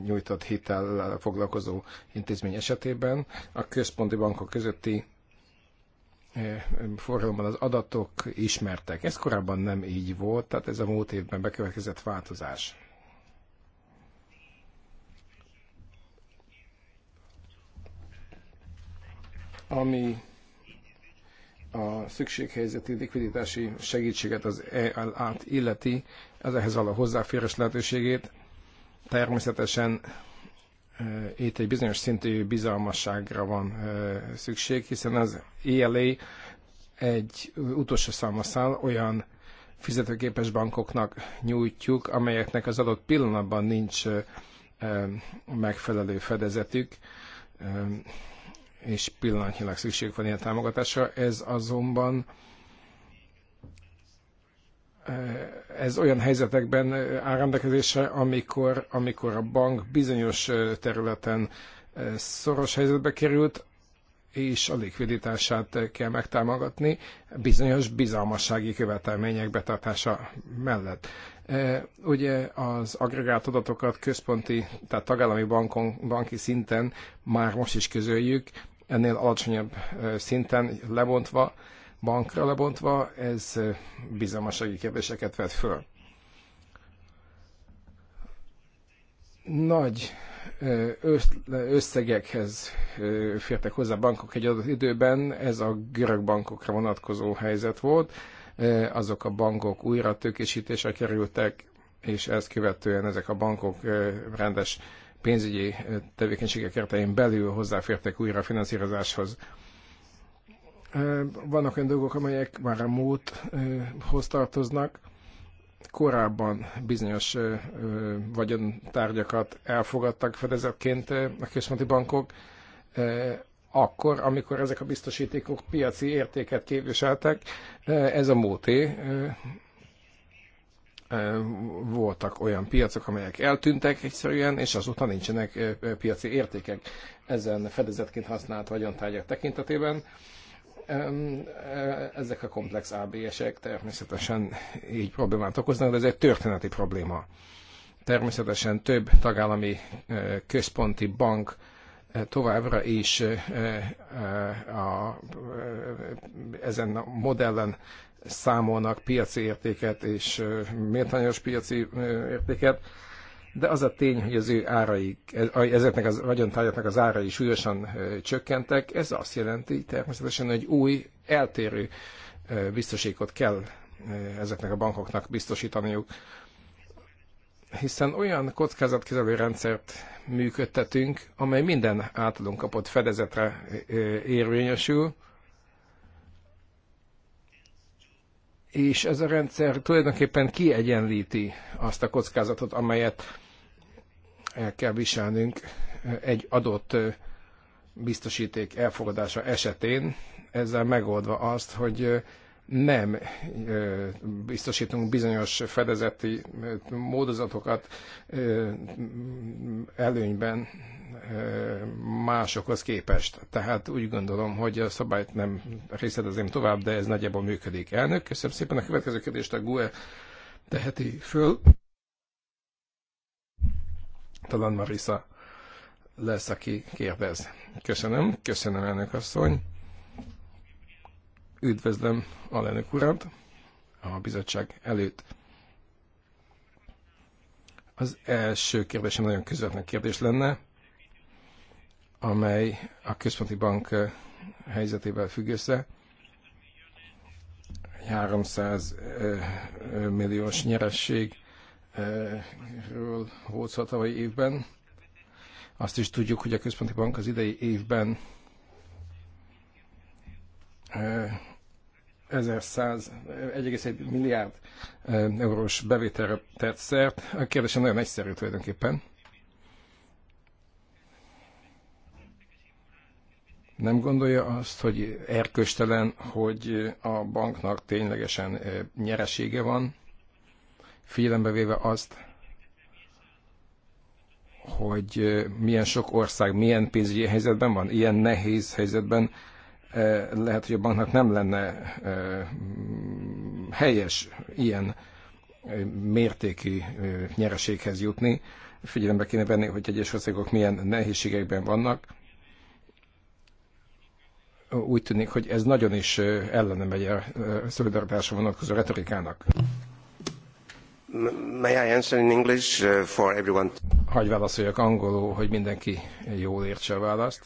nyújtott hitel foglalkozó intézmény esetében. A központi bankok közötti forgalomban az adatok ismertek. Ez korábban nem így volt, tehát ez a múlt évben bekövetkezett változás. Ami a szükséghelyzeti likviditási segítséget az ELA-t illeti, az ehhez való hozzáférés lehetőségét, természetesen eh, itt egy bizonyos szintű bizalmasságra van eh, szükség, hiszen az ELA egy utolsó számaszál olyan fizetőképes bankoknak nyújtjuk, amelyeknek az adott pillanatban nincs eh, megfelelő fedezetük, és pillanatnyilag szükség van ilyen támogatásra. Ez azonban eh, ez olyan helyzetekben eh, áll rendelkezésre, amikor, amikor a bank bizonyos eh, területen szoros helyzetbe került, és a likviditását kell megtámogatni bizonyos bizalmassági követelmények betartása mellett. Ugye az agregált adatokat központi, tehát tagállami bankon, banki szinten már most is közöljük, ennél alacsonyabb szinten lebontva, bankra lebontva, ez bizalmasági kérdéseket vet föl. Nagy összegekhez fértek hozzá bankok egy adott időben, ez a görög bankokra vonatkozó helyzet volt, azok a bankok újra tőkésítésre kerültek, és ezt követően ezek a bankok rendes pénzügyi tevékenységek keretein belül hozzáfértek újra a finanszírozáshoz. Vannak olyan dolgok, amelyek már a múlthoz tartoznak. Korábban bizonyos vagyontárgyakat elfogadtak fedezetként a központi bankok, akkor, amikor ezek a biztosítékok piaci értéket képviseltek, ez a múlté voltak olyan piacok, amelyek eltűntek egyszerűen, és azóta nincsenek piaci értékek ezen fedezetként használt vagyontárgyak tekintetében. Ezek a komplex ABS-ek természetesen így problémát okoznak, de ez egy történeti probléma. Természetesen több tagállami központi bank továbbra is a, a, ezen a modellen számolnak piaci értéket és méltányos piaci értéket, de az a tény, hogy az ő árai, e, ezeknek az vagyontárgyaknak az árai súlyosan csökkentek, ez azt jelenti természetesen, hogy új, eltérő biztosítékot kell ezeknek a bankoknak biztosítaniuk, hiszen olyan kockázatkezelő rendszert működtetünk, amely minden általunk kapott fedezetre érvényesül, és ez a rendszer tulajdonképpen kiegyenlíti azt a kockázatot, amelyet el kell viselnünk egy adott biztosíték elfogadása esetén, ezzel megoldva azt, hogy nem biztosítunk bizonyos fedezeti módozatokat előnyben másokhoz képest. Tehát úgy gondolom, hogy a szabályt nem részletezem tovább, de ez nagyjából működik. Elnök, köszönöm szépen. A következő kérdést a GUE teheti föl. Talán Marisa lesz, aki kérdez. Köszönöm, köszönöm elnök asszony. Üdvözlöm alelnök urat a bizottság előtt. Az első kérdésem nagyon közvetlen kérdés lenne amely a központi bank helyzetével függ össze. 300 milliós nyerességről volt szó a tavalyi évben. Azt is tudjuk, hogy a központi bank az idei évben 1,1 milliárd eurós bevételre tett szert. A kérdésem nagyon egyszerű tulajdonképpen. Nem gondolja azt, hogy erköstelen, hogy a banknak ténylegesen eh, nyeresége van, figyelembe véve azt, hogy eh, milyen sok ország milyen pénzügyi helyzetben van, ilyen nehéz helyzetben, eh, lehet, hogy a banknak nem lenne helyes ilyen mértékű nyereséghez jutni. Figyelembe kéne venni, hogy egyes országok milyen nehézségekben vannak, úgy tűnik, hogy ez nagyon is ellene megy a szolidaritásra vonatkozó retorikának. May I answer in English uh, for everyone? Hagy válaszoljak angolul, hogy mindenki jól értse a választ.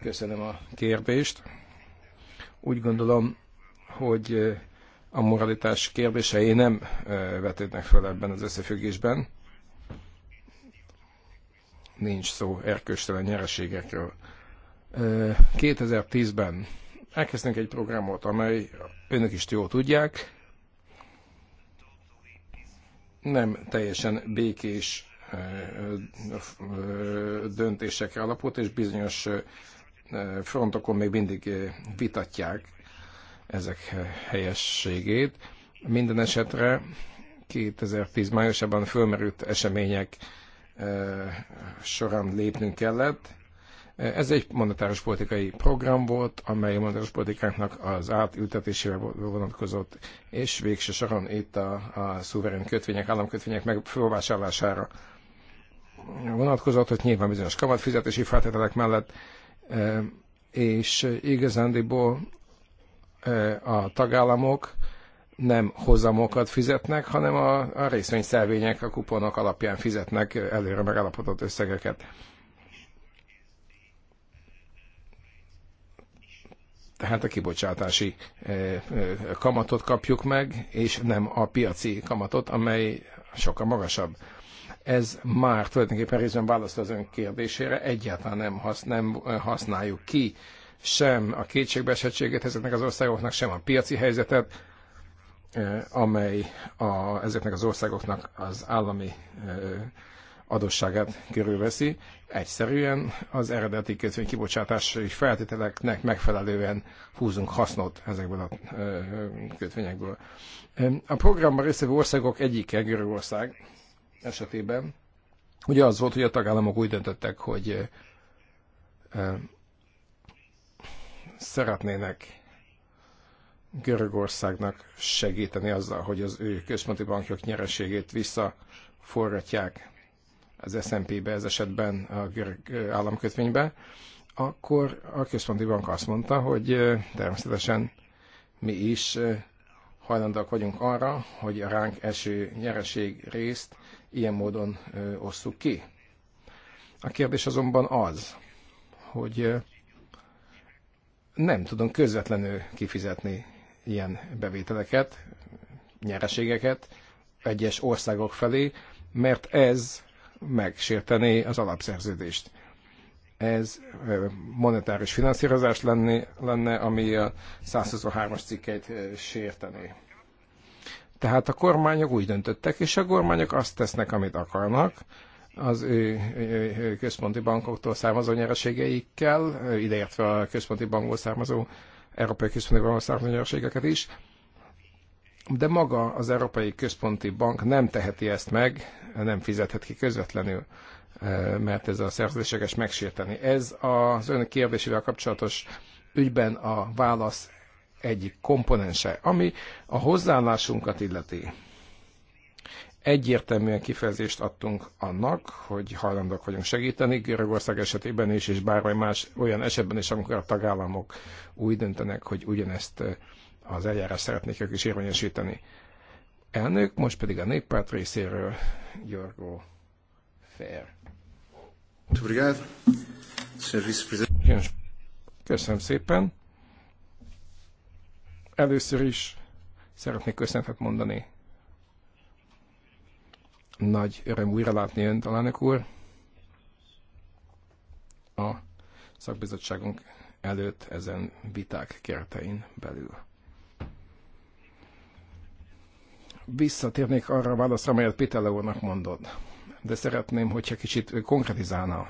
Köszönöm a kérdést. Úgy gondolom, hogy a moralitás kérdései nem vetődnek föl ebben az összefüggésben. Nincs szó erkőstelen nyereségekről. 2010-ben elkezdtünk egy programot, amely önök is jól tudják, nem teljesen békés döntésekre alapult, és bizonyos frontokon még mindig vitatják ezek helyességét. Minden esetre 2010 májusában fölmerült események során lépnünk kellett, ez egy monetáris politikai program volt, amely a monetáris politikánknak az átültetésére vonatkozott, és végső soron itt a, a szuverén kötvények, államkötvények megfölvásárlására vonatkozott, hogy nyilván bizonyos kamatfizetési feltételek mellett, és igazándiból a tagállamok nem hozamokat fizetnek, hanem a, a részvényszervények, a kuponok alapján fizetnek előre megállapodott összegeket tehát a kibocsátási eh, eh, kamatot kapjuk meg, és nem a piaci kamatot, amely sokkal magasabb. Ez már tulajdonképpen részben választ az ön kérdésére, egyáltalán nem, hasz, nem eh, használjuk ki sem a kétségbeesettséget ezeknek az országoknak, sem a piaci helyzetet, amely a, ezeknek az országoknak az állami adósságát körülveszi. Egyszerűen az eredeti kötvény kibocsátási feltételeknek megfelelően húzunk hasznot ezekből a kötvényekből. A programban részvevő országok egyike Görögország esetében ugye az volt, hogy a tagállamok úgy döntöttek, hogy szeretnének Görögországnak segíteni azzal, hogy az ő központi bankjog nyereségét visszaforgatják az S&P-be ez esetben a görög államkötvénybe, akkor a központi bank azt mondta, hogy természetesen mi is hajlandóak vagyunk arra, hogy a ránk eső nyereség részt ilyen módon osszuk ki. A kérdés azonban az, hogy nem tudunk közvetlenül kifizetni ilyen bevételeket, nyereségeket egyes országok felé, mert ez megsérteni az alapszerződést. Ez monetáris finanszírozás lenni lenne ami a 123-as cikkeit sértené. Tehát a kormányok úgy döntöttek, és a kormányok azt tesznek, amit akarnak, az ő, ő, ő központi bankoktól származó nyereségeikkel, ideértve a központi bankból származó, Európai Központi Bankból származó nyereségeket is, de maga az Európai Központi Bank nem teheti ezt meg, nem fizethet ki közvetlenül, eh, mert ez a szerződéseges megsérteni. Ez az ön kérdésével kapcsolatos ügyben a válasz egyik komponense, ami a hozzáállásunkat illeti. Egyértelműen kifejezést adtunk annak, hogy hajlandók vagyunk segíteni Görögország esetében is, és bármely más olyan esetben is, amikor a tagállamok úgy döntenek, hogy ugyanezt eh, az eljárás szeretnék ők is érvényesíteni. Elnök, most pedig a néppárt részéről Jorgó Fér. Köszönöm szépen. Először is szeretnék köszönetet mondani. Nagy öröm újra látni önt, alelnök úr. A szakbizottságunk előtt ezen viták keretein belül. visszatérnék arra a válaszra, amelyet Péter Leónak mondod, de szeretném, hogyha kicsit konkretizálna.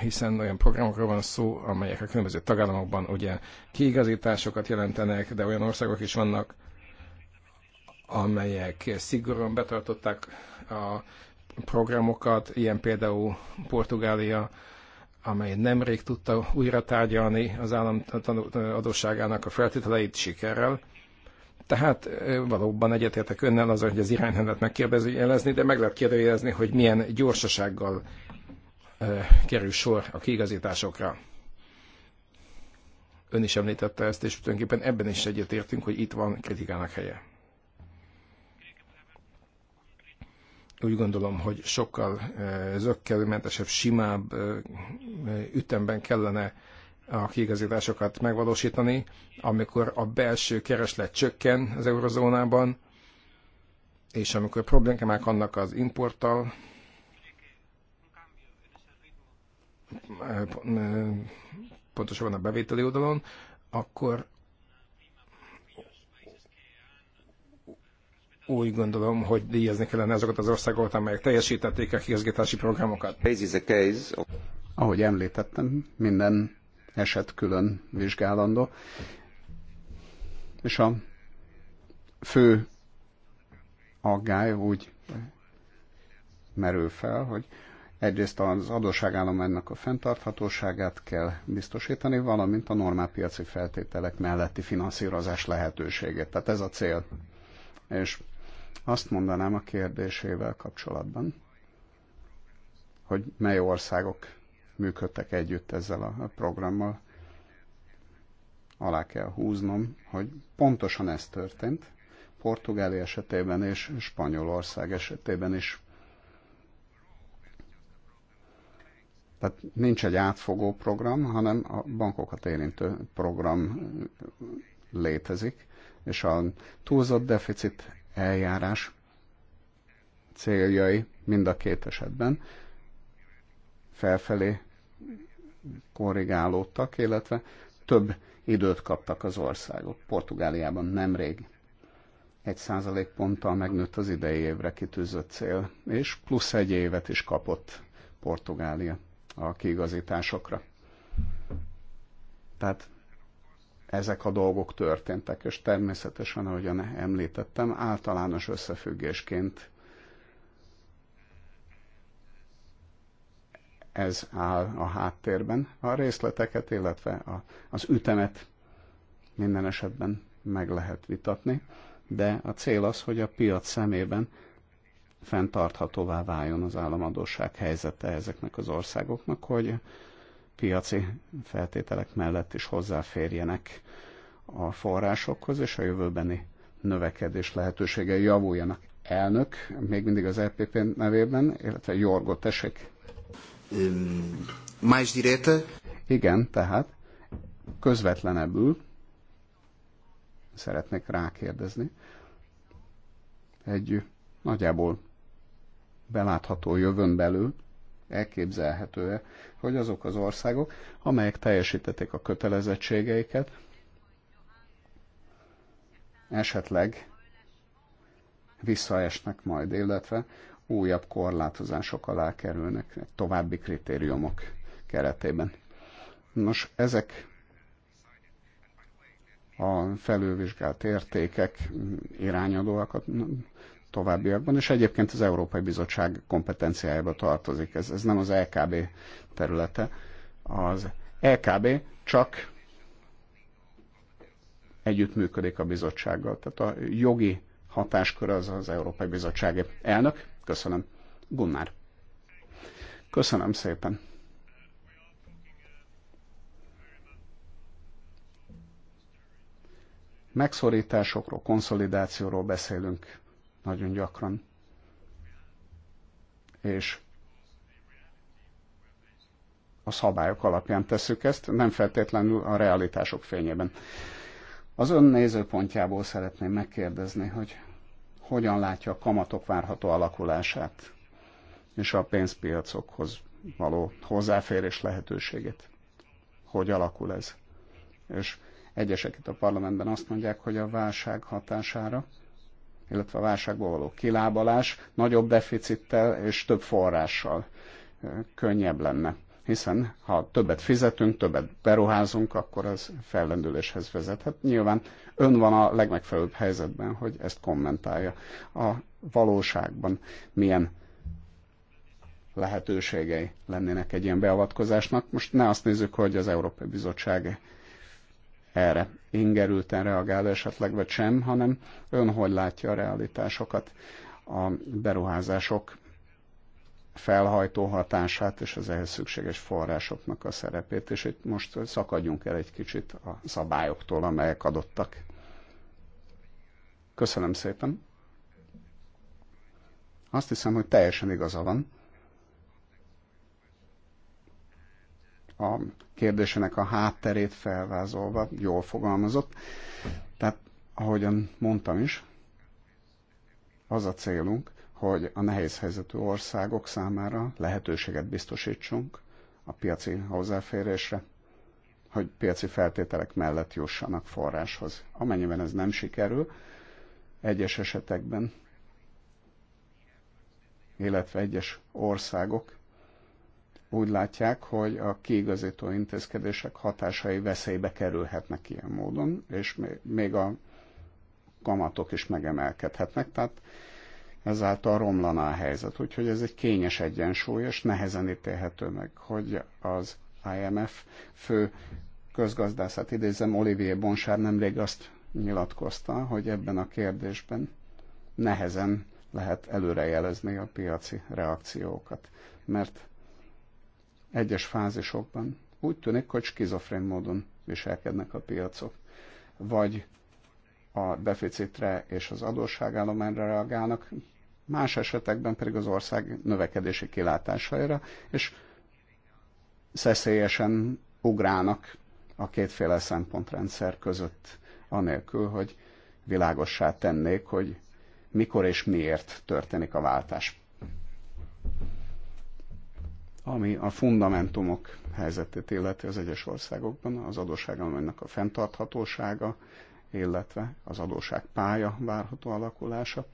Hiszen olyan programokról van szó, amelyek a különböző tagállamokban ugye kiigazításokat jelentenek, de olyan országok is vannak, amelyek szigorúan betartották a programokat, ilyen például Portugália, amely nemrég tudta újra tárgyalni az állam adósságának a feltételeit sikerrel. Tehát valóban egyetértek önnel az, hogy az irányrendet megkérdőjelezni, de meg lehet kérdőjelezni, hogy milyen gyorsasággal kerül sor a kiigazításokra. Ön is említette ezt, és tulajdonképpen ebben is egyetértünk, hogy itt van kritikának helye. Úgy gondolom, hogy sokkal zöggelőmentesebb, simább ütemben kellene a kiigazításokat megvalósítani, amikor a belső kereslet csökken az eurozónában, és amikor problémák annak az importtal, pontosabban a bevételi oldalon, akkor úgy gondolom, hogy díjazni kellene azokat az országokat, amelyek teljesítették a kiigazítási programokat. Ahogy említettem, minden eset külön vizsgálandó. És a fő aggály úgy merül fel, hogy egyrészt az adósságállam ennek a fenntarthatóságát kell biztosítani, valamint a normál piaci feltételek melletti finanszírozás lehetőségét. Tehát ez a cél. És azt mondanám a kérdésével kapcsolatban, hogy mely országok működtek együtt ezzel a programmal. Alá kell húznom, hogy pontosan ez történt. Portugália esetében és Spanyolország esetében is. Tehát nincs egy átfogó program, hanem a bankokat érintő program létezik, és a túlzott deficit eljárás céljai mind a két esetben felfelé korrigálódtak, illetve több időt kaptak az országok. Portugáliában nemrég egy százalék ponttal megnőtt az idei évre kitűzött cél, és plusz egy évet is kapott Portugália a kiigazításokra. Tehát ezek a dolgok történtek, és természetesen, ahogyan említettem, általános összefüggésként ez áll a háttérben. A részleteket, illetve a, az ütemet minden esetben meg lehet vitatni, de a cél az, hogy a piac szemében fenntarthatóvá váljon az államadóság helyzete ezeknek az országoknak, hogy piaci feltételek mellett is hozzáférjenek a forrásokhoz, és a jövőbeni növekedés lehetőségei javuljanak. Elnök, még mindig az EPP nevében, illetve Jorgo Tesek mais direta. Igen, tehát közvetlenebbül szeretnék rákérdezni. Egy nagyjából belátható jövőn belül elképzelhető-e, hogy azok az országok, amelyek teljesítették a kötelezettségeiket, esetleg visszaesnek majd, illetve újabb korlátozások alá kerülnek további kritériumok keretében. Nos, ezek a felülvizsgált értékek irányadóak a továbbiakban, és egyébként az Európai Bizottság kompetenciájába tartozik. Ez, ez nem az LKB területe. Az LKB csak együttműködik a bizottsággal. Tehát a jogi hatáskör az az Európai Bizottság elnök. Köszönöm. Gunnár. Köszönöm szépen. Megszorításokról, konszolidációról beszélünk nagyon gyakran. És a szabályok alapján tesszük ezt, nem feltétlenül a realitások fényében. Az ön nézőpontjából szeretném megkérdezni, hogy hogyan látja a kamatok várható alakulását és a pénzpiacokhoz való hozzáférés lehetőségét. Hogy alakul ez? És egyesek itt a parlamentben azt mondják, hogy a válság hatására, illetve a válságból való kilábalás nagyobb deficittel és több forrással eh, könnyebb lenne hiszen ha többet fizetünk, többet beruházunk, akkor ez fellendüléshez vezethet. Nyilván ön van a legmegfelelőbb helyzetben, hogy ezt kommentálja. A valóságban milyen lehetőségei lennének egy ilyen beavatkozásnak. Most ne azt nézzük, hogy az Európai Bizottság erre ingerülten reagál esetleg, vagy sem, hanem ön hogy látja a realitásokat, a beruházások felhajtó hatását és az ehhez szükséges forrásoknak a szerepét, és itt most szakadjunk el egy kicsit a szabályoktól, amelyek adottak. Köszönöm szépen. Azt hiszem, hogy teljesen igaza van. A kérdésének a hátterét felvázolva, jól fogalmazott. Tehát, ahogyan mondtam is, az a célunk, hogy a nehéz helyzetű országok számára lehetőséget biztosítsunk a piaci hozzáférésre, hogy piaci feltételek mellett jussanak forráshoz. Amennyiben ez nem sikerül, egyes esetekben, illetve egyes országok úgy látják, hogy a kiigazító intézkedések hatásai veszélybe kerülhetnek ilyen módon, és még a kamatok is megemelkedhetnek. Tehát ezáltal romlaná a helyzet. Úgyhogy ez egy kényes egyensúly, és nehezen ítélhető meg, hogy az IMF fő közgazdászát idézem, Olivier Bonsár nemrég azt nyilatkozta, hogy ebben a kérdésben nehezen lehet előrejelezni a piaci reakciókat, mert egyes fázisokban úgy tűnik, hogy skizofrén módon viselkednek a piacok. Vagy a deficitre és az adósságállományra reagálnak, más esetekben pedig az ország növekedési kilátásaira, és szeszélyesen ugrálnak a kétféle szempontrendszer között, anélkül, hogy világossá tennék, hogy mikor és miért történik a váltás. Ami a fundamentumok helyzetét illeti az egyes országokban, az adósságalmánynak a fenntarthatósága, illetve az adósság pálya várható alakulása,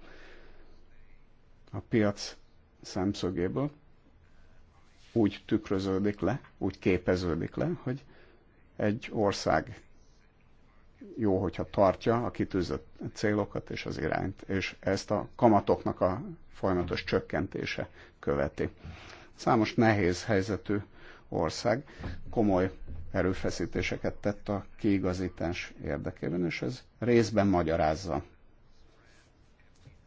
a piac szemszögéből úgy tükröződik le, úgy képeződik le, hogy egy ország jó, hogyha tartja a kitűzött célokat és az irányt, és ezt a kamatoknak a folyamatos csökkentése követi. Számos nehéz helyzetű ország komoly erőfeszítéseket tett a kiigazítás érdekében, és ez részben magyarázza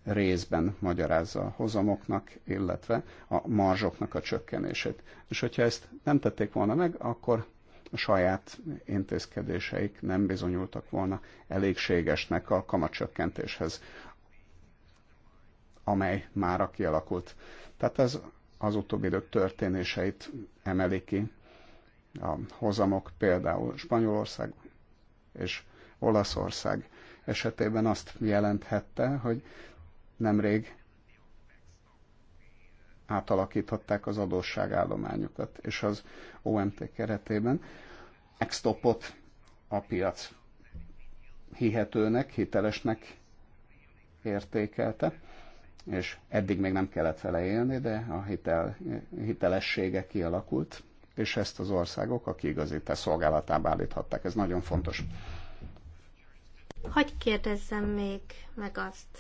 részben magyarázza a hozamoknak, illetve a marzsoknak a csökkenését. És hogyha ezt nem tették volna meg, akkor a saját intézkedéseik nem bizonyultak volna elégségesnek a kamatcsökkentéshez, amely már a kialakult. Tehát ez az utóbbi idők történéseit emeli ki. A hozamok például Spanyolország és Olaszország esetében azt jelenthette, hogy nemrég átalakították az adósságállományokat, és az OMT keretében extopot a piac hihetőnek, hitelesnek értékelte, és eddig még nem kellett vele élni, de a hitel, hitelessége kialakult, és ezt az országok igazi te szolgálatába állíthatták. Ez nagyon fontos. Hogy kérdezzem még meg azt,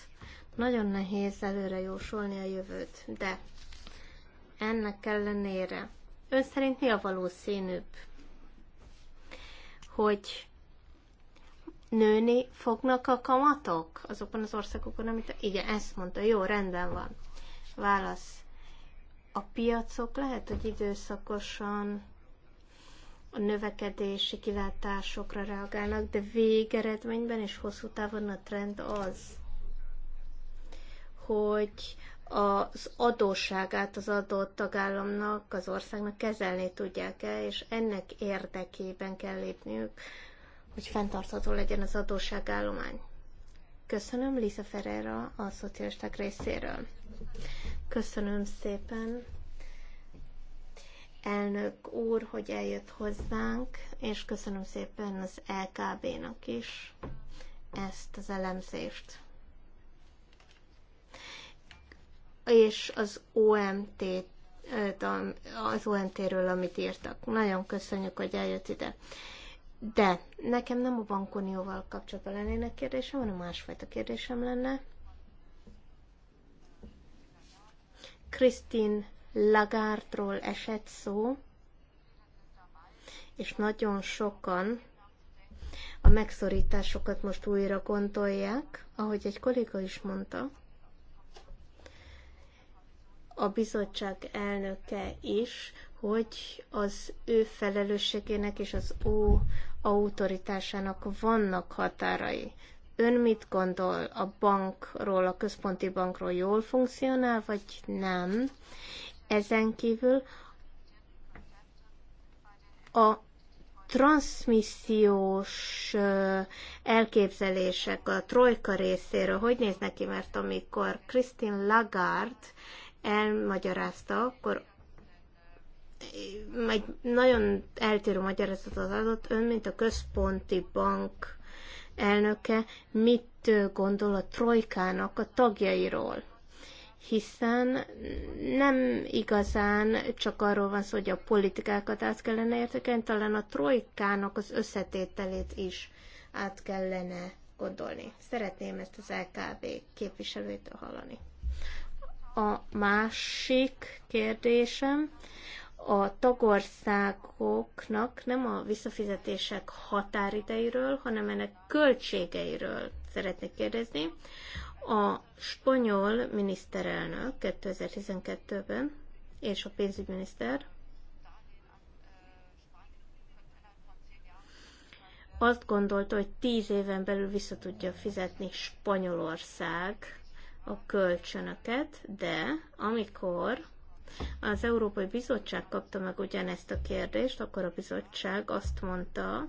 nagyon nehéz előre jósolni a jövőt, de ennek ellenére ön szerint mi a valószínűbb? Hogy nőni fognak a kamatok azokban az országokon, amit... Igen, ezt mondta, jó, rendben van. Válasz. A piacok lehet, hogy időszakosan a növekedési kilátásokra reagálnak, de végeredményben és hosszú távon a trend az, hogy az adósságát az adott tagállamnak, az országnak kezelni tudják-e, és ennek érdekében kell lépniük, hogy fenntartható legyen az adósságállomány. Köszönöm Lisa Ferreira a szocialisták részéről. Köszönöm szépen elnök úr, hogy eljött hozzánk, és köszönöm szépen az LKB-nak is ezt az elemzést. és az OMT eh, az OMT-ről, amit írtak. Nagyon köszönjük, hogy eljött ide. De nekem nem a bankunióval kapcsolatban lennének kérdésem, hanem másfajta kérdésem lenne. Krisztin Lagártról esett szó, és nagyon sokan a megszorításokat most újra gondolják, ahogy egy kolléga is mondta, a bizottság elnöke is, hogy az ő felelősségének és az ő autoritásának vannak határai. Ön mit gondol a bankról, a központi bankról jól funkcionál, vagy nem? Ezen kívül a transmissziós elképzelések a trojka részéről hogy néznek ki, mert amikor Christine Lagarde elmagyarázta, akkor egy nagyon eltérő magyarázatot adott ön, mint a központi bank elnöke, mit gondol a trojkának a tagjairól. Hiszen nem igazán csak arról van szó, hogy a politikákat át kellene értékelni, talán a trojkának az összetételét is át kellene gondolni. Szeretném ezt az LKB képviselőtől hallani. A másik kérdésem, a tagországoknak nem a visszafizetések határideiről, hanem ennek költségeiről szeretnék kérdezni. A spanyol miniszterelnök 2012-ben és a pénzügyminiszter azt gondolta, hogy tíz éven belül vissza tudja fizetni Spanyolország a kölcsönöket, de amikor az Európai Bizottság kapta meg ugyanezt a kérdést, akkor a bizottság azt mondta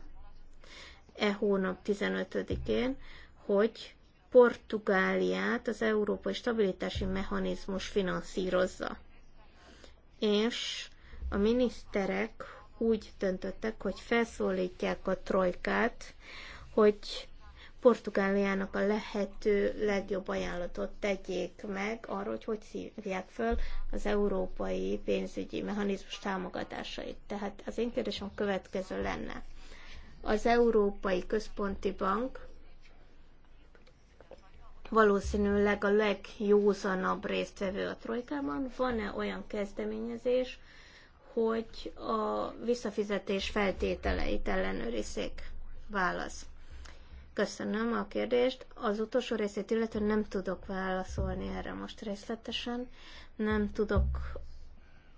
e hónap 15-én, hogy Portugáliát az Európai Stabilitási Mechanizmus finanszírozza. És a miniszterek úgy döntöttek, hogy felszólítják a trojkát, hogy Portugáliának a lehető legjobb ajánlatot tegyék meg arra, hogy hogy szívják föl az európai pénzügyi mechanizmus támogatásait. Tehát az én kérdésem következő lenne. Az Európai Központi Bank valószínűleg a legjózanabb résztvevő a trojkában. Van-e olyan kezdeményezés, hogy a visszafizetés feltételeit ellenőrizzék? Válasz Köszönöm a kérdést. Az utolsó részét illetően nem tudok válaszolni erre most részletesen. Nem tudok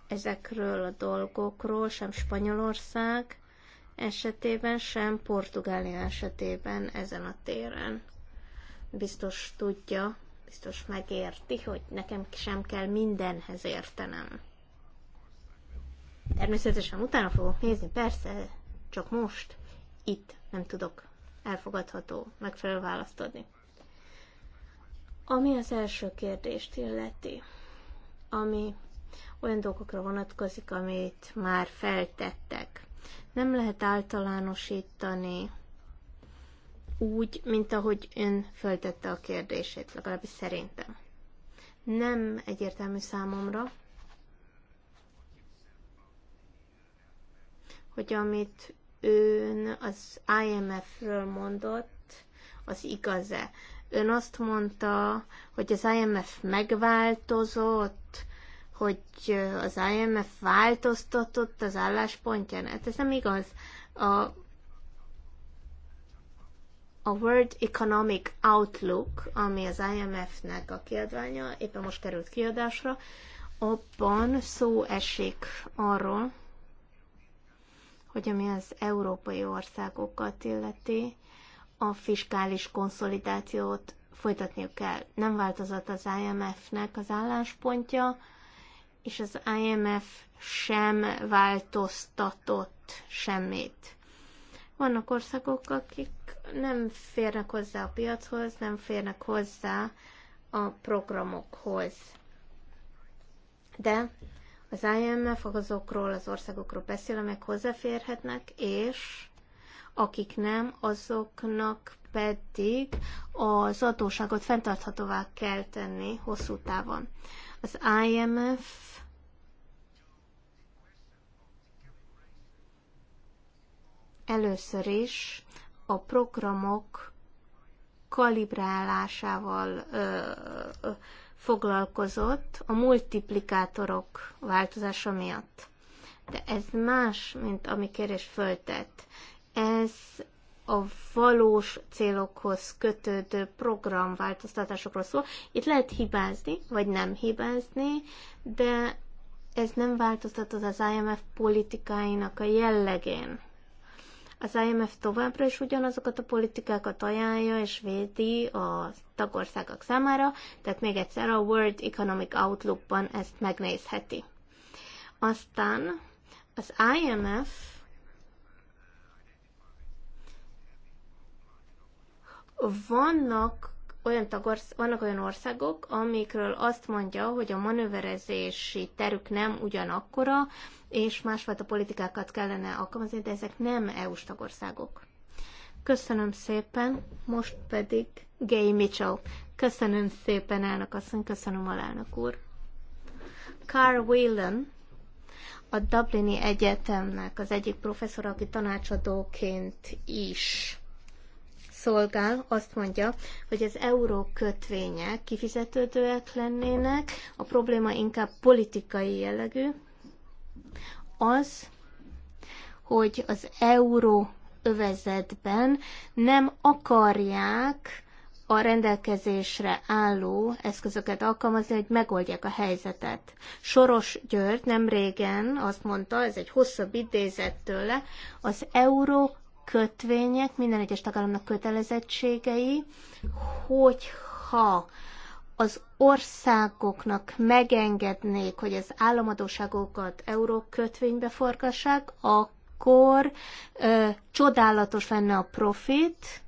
ezekről a dolgokról, sem Spanyolország esetében, sem Portugália esetében ezen a téren. Biztos tudja, biztos megérti, hogy nekem sem kell mindenhez értenem. Természetesen utána fogok nézni, persze, csak most itt nem tudok elfogadható megfelelő választ adni. Ami az első kérdést illeti, ami olyan dolgokra vonatkozik, amit már feltettek. Nem lehet általánosítani úgy, mint ahogy ön föltette a kérdését, legalábbis szerintem. Nem egyértelmű számomra, hogy amit ön az IMF-ről mondott, az igaz-e? Ön azt mondta, hogy az IMF megváltozott, hogy az IMF változtatott az álláspontján. Hát ez nem igaz. A, a World Economic Outlook, ami az IMF-nek a kiadványa, éppen most került kiadásra, abban szó esik arról, hogy ami az európai országokat illeti, a fiskális konszolidációt folytatniuk kell. Nem változott az IMF-nek az álláspontja, és az IMF sem változtatott semmit. Vannak országok, akik nem férnek hozzá a piachoz, nem férnek hozzá a programokhoz. De az IMF azokról az országokról beszél, amelyek hozzáférhetnek, és akik nem, azoknak pedig az adóságot fenntarthatóvá kell tenni hosszú távon. Az IMF először is a programok kalibrálásával ö, ö, foglalkozott a multiplikátorok változása miatt. De ez más, mint ami kérés föltett. Ez a valós célokhoz kötődő programváltoztatásokról szól. Itt lehet hibázni, vagy nem hibázni, de ez nem változtatod az IMF politikáinak a jellegén. Az IMF továbbra is ugyanazokat a politikákat ajánlja és védi a tagországok számára, tehát még egyszer a World Economic Outlook-ban ezt megnézheti. Aztán az IMF vannak olyan tagorsz, vannak olyan országok, amikről azt mondja, hogy a manőverezési terük nem ugyanakkora, és másfajta politikákat kellene alkalmazni, de ezek nem EU-s tagországok. Köszönöm szépen, most pedig Gay Mitchell. Köszönöm szépen, elnök asszony, köszönöm alelnök úr. Carl Whelan, a Dublini Egyetemnek az egyik professzor, aki tanácsadóként is szolgál, azt mondja, hogy az euró kötvények kifizetődőek lennének, a probléma inkább politikai jellegű, az, hogy az euró övezetben nem akarják a rendelkezésre álló eszközöket alkalmazni, hogy megoldják a helyzetet. Soros György nem régen azt mondta, ez egy hosszabb idézett tőle, az euró kötvények, minden egyes tagállamnak kötelezettségei, hogyha az országoknak megengednék, hogy az államadóságokat kötvénybe forgassák, akkor ö, csodálatos lenne a profit,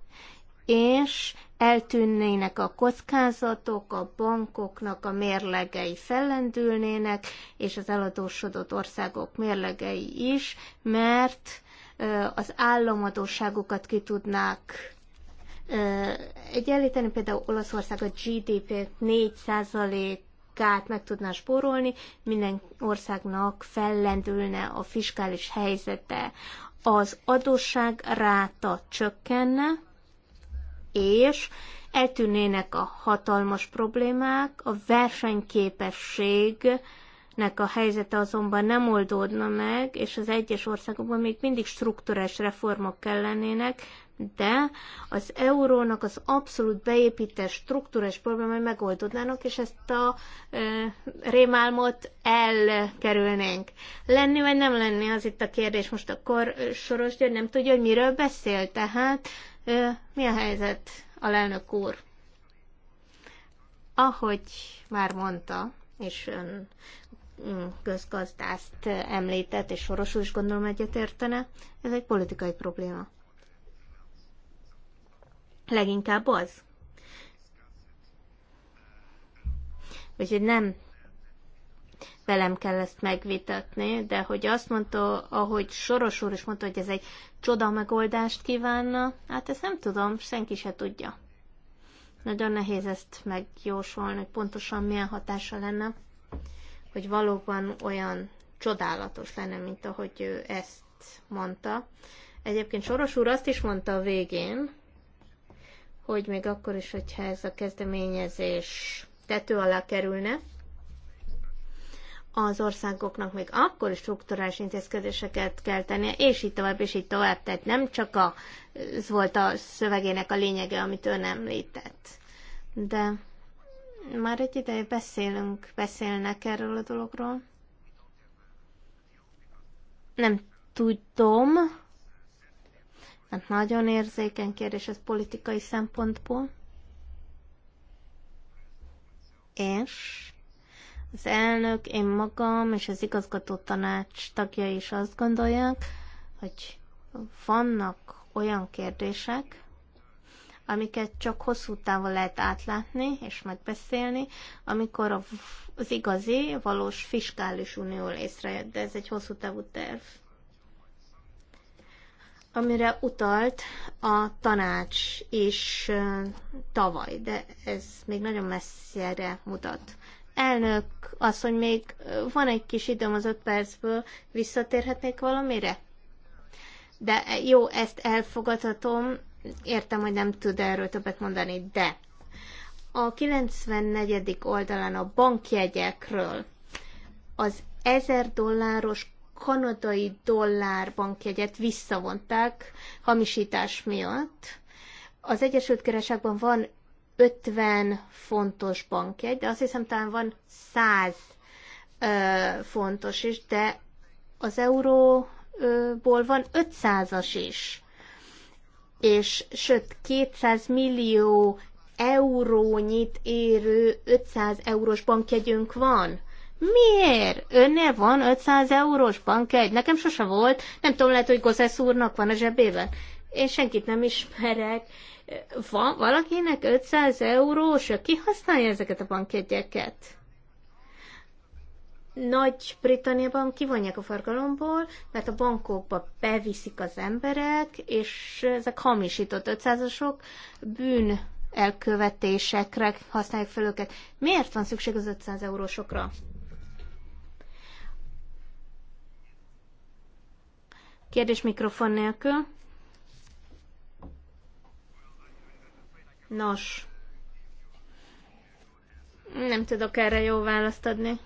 és eltűnnének a kockázatok, a bankoknak a mérlegei fellendülnének, és az eladósodott országok mérlegei is, mert az államadóságokat ki tudnák egyenlíteni, például Olaszország a GDP 4%-át meg tudná spórolni, minden országnak fellendülne a fiskális helyzete, az adósság ráta csökkenne, és eltűnnének a hatalmas problémák, a versenyképesség nek a helyzete azonban nem oldódna meg, és az egyes országokban még mindig strukturális reformok kellenének, de az eurónak az abszolút beépített struktúrás problémai megoldódnának, és ezt a e, rémálmot elkerülnénk. Lenni vagy nem lenni, az itt a kérdés. Most akkor Soros György nem tudja, hogy miről beszél, tehát e, mi a helyzet, a lelnök úr? Ahogy már mondta, és ön közgazdászt említett, és Soros is gondolom egyetértene, ez egy politikai probléma. Leginkább az. Úgyhogy nem velem kell ezt megvitatni, de hogy azt mondta, ahogy Soros úr is mondta, hogy ez egy csoda megoldást kívánna, hát ezt nem tudom, senki se tudja. Nagyon nehéz ezt megjósolni, hogy pontosan milyen hatása lenne hogy valóban olyan csodálatos lenne, mint ahogy ő ezt mondta. Egyébként Soros úr azt is mondta a végén, hogy még akkor is, hogyha ez a kezdeményezés tető alá kerülne, az országoknak még akkor is strukturális intézkedéseket kell tennie, és így tovább, és így tovább. Tehát nem csak a, ez volt a szövegének a lényege, amit ön említett. De már egy ideje beszélünk, beszélnek erről a dologról. Nem tudom, mert hát nagyon érzékeny kérdés ez politikai szempontból. És az elnök, én magam és az igazgató tanács tagjai is azt gondolják, hogy vannak olyan kérdések, amiket csak hosszú távon lehet átlátni és megbeszélni, amikor az igazi, valós fiskális unió észrejött, de ez egy hosszú távú terv. Amire utalt a tanács is tavaly, de ez még nagyon messzire mutat. Elnök hogy még van egy kis időm az öt percből, visszatérhetnék valamire? De e, jó, ezt elfogadhatom, értem, hogy nem tud erről többet mondani, de a 94. oldalán a bankjegyekről az 1000 dolláros kanadai dollár bankjegyet visszavonták hamisítás miatt. Az Egyesült Királyságban van 50 fontos bankjegy, de azt hiszem talán van 100 ö, fontos is, de az euróból van 500-as is és sőt 200 millió eurónyit érő 500 eurós bankjegyünk van. Miért? Önnél van 500 eurós bankjegy? Nekem sose volt. Nem tudom, lehet, hogy Gozesz úrnak van a zsebében. Én senkit nem ismerek. Van valakinek 500 eurós? Ki használja ezeket a bankjegyeket? Nagy-Britanniában kivonják a forgalomból, mert a bankokba beviszik az emberek, és ezek hamisított 500-asok bűn elkövetésekre használják fel őket. Miért van szükség az 500 eurósokra? Kérdés mikrofon nélkül. Nos, nem tudok erre jó választ adni.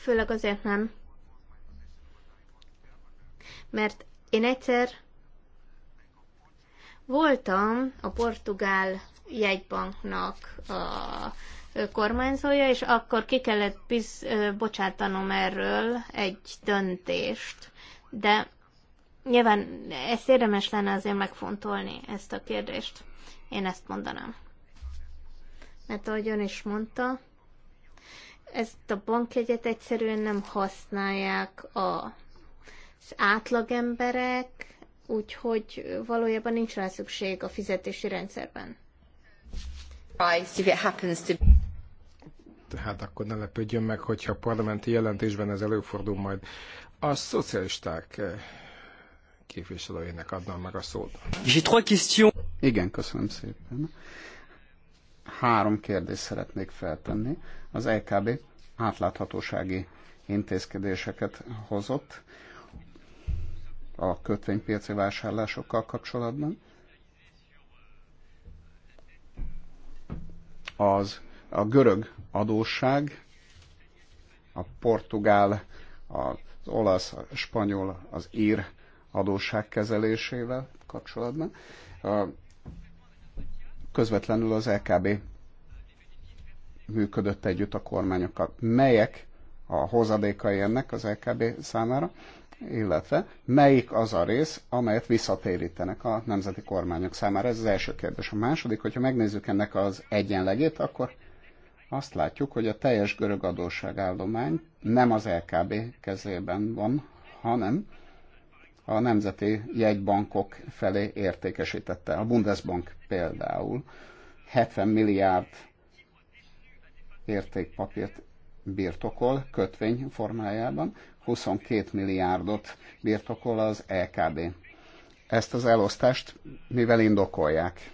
főleg azért nem, mert én egyszer voltam a portugál jegybanknak a kormányzója, és akkor ki kellett biz, bocsátanom erről egy döntést, de nyilván ezt érdemes lenne azért megfontolni, ezt a kérdést. Én ezt mondanám. Mert ahogy ön is mondta, ezt a bankjegyet egyszerűen nem használják a, az átlagemberek, úgyhogy valójában nincs rá szükség a fizetési rendszerben. Tehát akkor ne lepődjön meg, hogyha a parlamenti jelentésben ez előfordul majd. A szocialisták eh, képviselőjének adnám meg a szót. Igen, köszönöm szépen. Három kérdést szeretnék feltenni az LKB e átláthatósági intézkedéseket hozott a kötvénypiaci vásárlásokkal kapcsolatban. Az a görög adósság, a portugál, az olasz, a spanyol, az ír adósság kezelésével kapcsolatban. Közvetlenül az LKB e működött együtt a kormányokkal. Melyek a hozadékai ennek az LKB számára, illetve melyik az a rész, amelyet visszatérítenek a nemzeti kormányok számára. Ez az első kérdés. A második, hogyha megnézzük ennek az egyenlegét, akkor azt látjuk, hogy a teljes görög adósságállomány nem az LKB kezében van, hanem a nemzeti jegybankok felé értékesítette. A Bundesbank például 70 milliárd értékpapírt birtokol kötvény formájában, 22 milliárdot birtokol az LKB. E Ezt az elosztást mivel indokolják?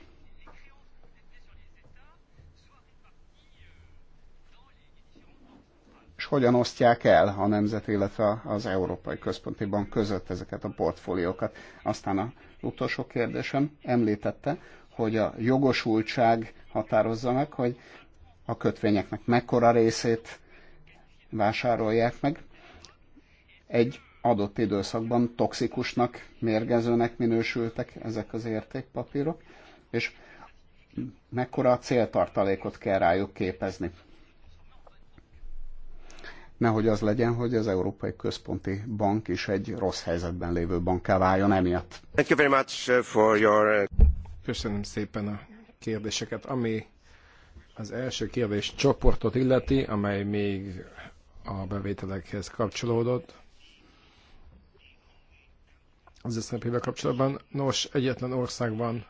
És hogyan osztják el a nemzet, illetve az Európai Központi Bank között ezeket a portfóliókat? Aztán a utolsó kérdésem említette, hogy a jogosultság határozza meg, hogy a kötvényeknek mekkora részét vásárolják meg. Egy adott időszakban toxikusnak, mérgezőnek minősültek ezek az értékpapírok, és mekkora a céltartalékot kell rájuk képezni. Nehogy az legyen, hogy az Európai Központi Bank is egy rossz helyzetben lévő banká váljon emiatt. Thank you very much for your... Köszönöm szépen a kérdéseket. Ami az első kérdés csoportot illeti, amely még a bevételekhez kapcsolódott, az sznp kapcsolatban. Nos, egyetlen országban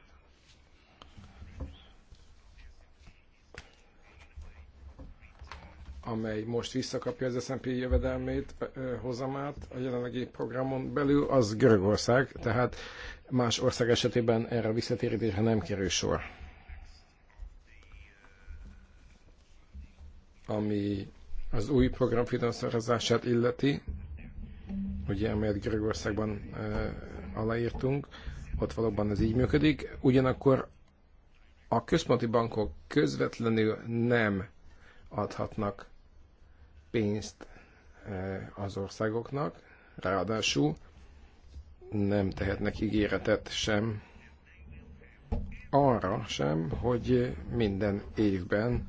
amely most visszakapja az S&P jövedelmét, hozamát a jelenlegi programon belül, az Görögország, tehát más ország esetében erre a visszatérítésre nem kerül sor. ami az új program finanszírozását illeti, ugye, amelyet Görögországban e, aláírtunk, ott valóban ez így működik. Ugyanakkor a központi bankok közvetlenül nem adhatnak pénzt e, az országoknak, ráadásul nem tehetnek ígéretet sem arra sem, hogy minden évben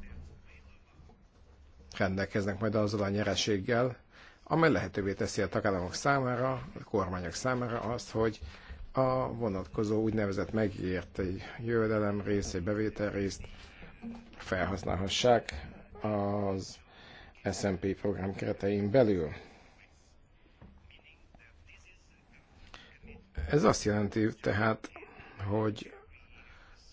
rendelkeznek majd azzal a nyereséggel, amely lehetővé teszi a tagállamok számára, a kormányok számára azt, hogy a vonatkozó úgynevezett megért egy jövedelem rész, egy bevétel részt felhasználhassák az SMP program keretein belül. Ez azt jelenti tehát, hogy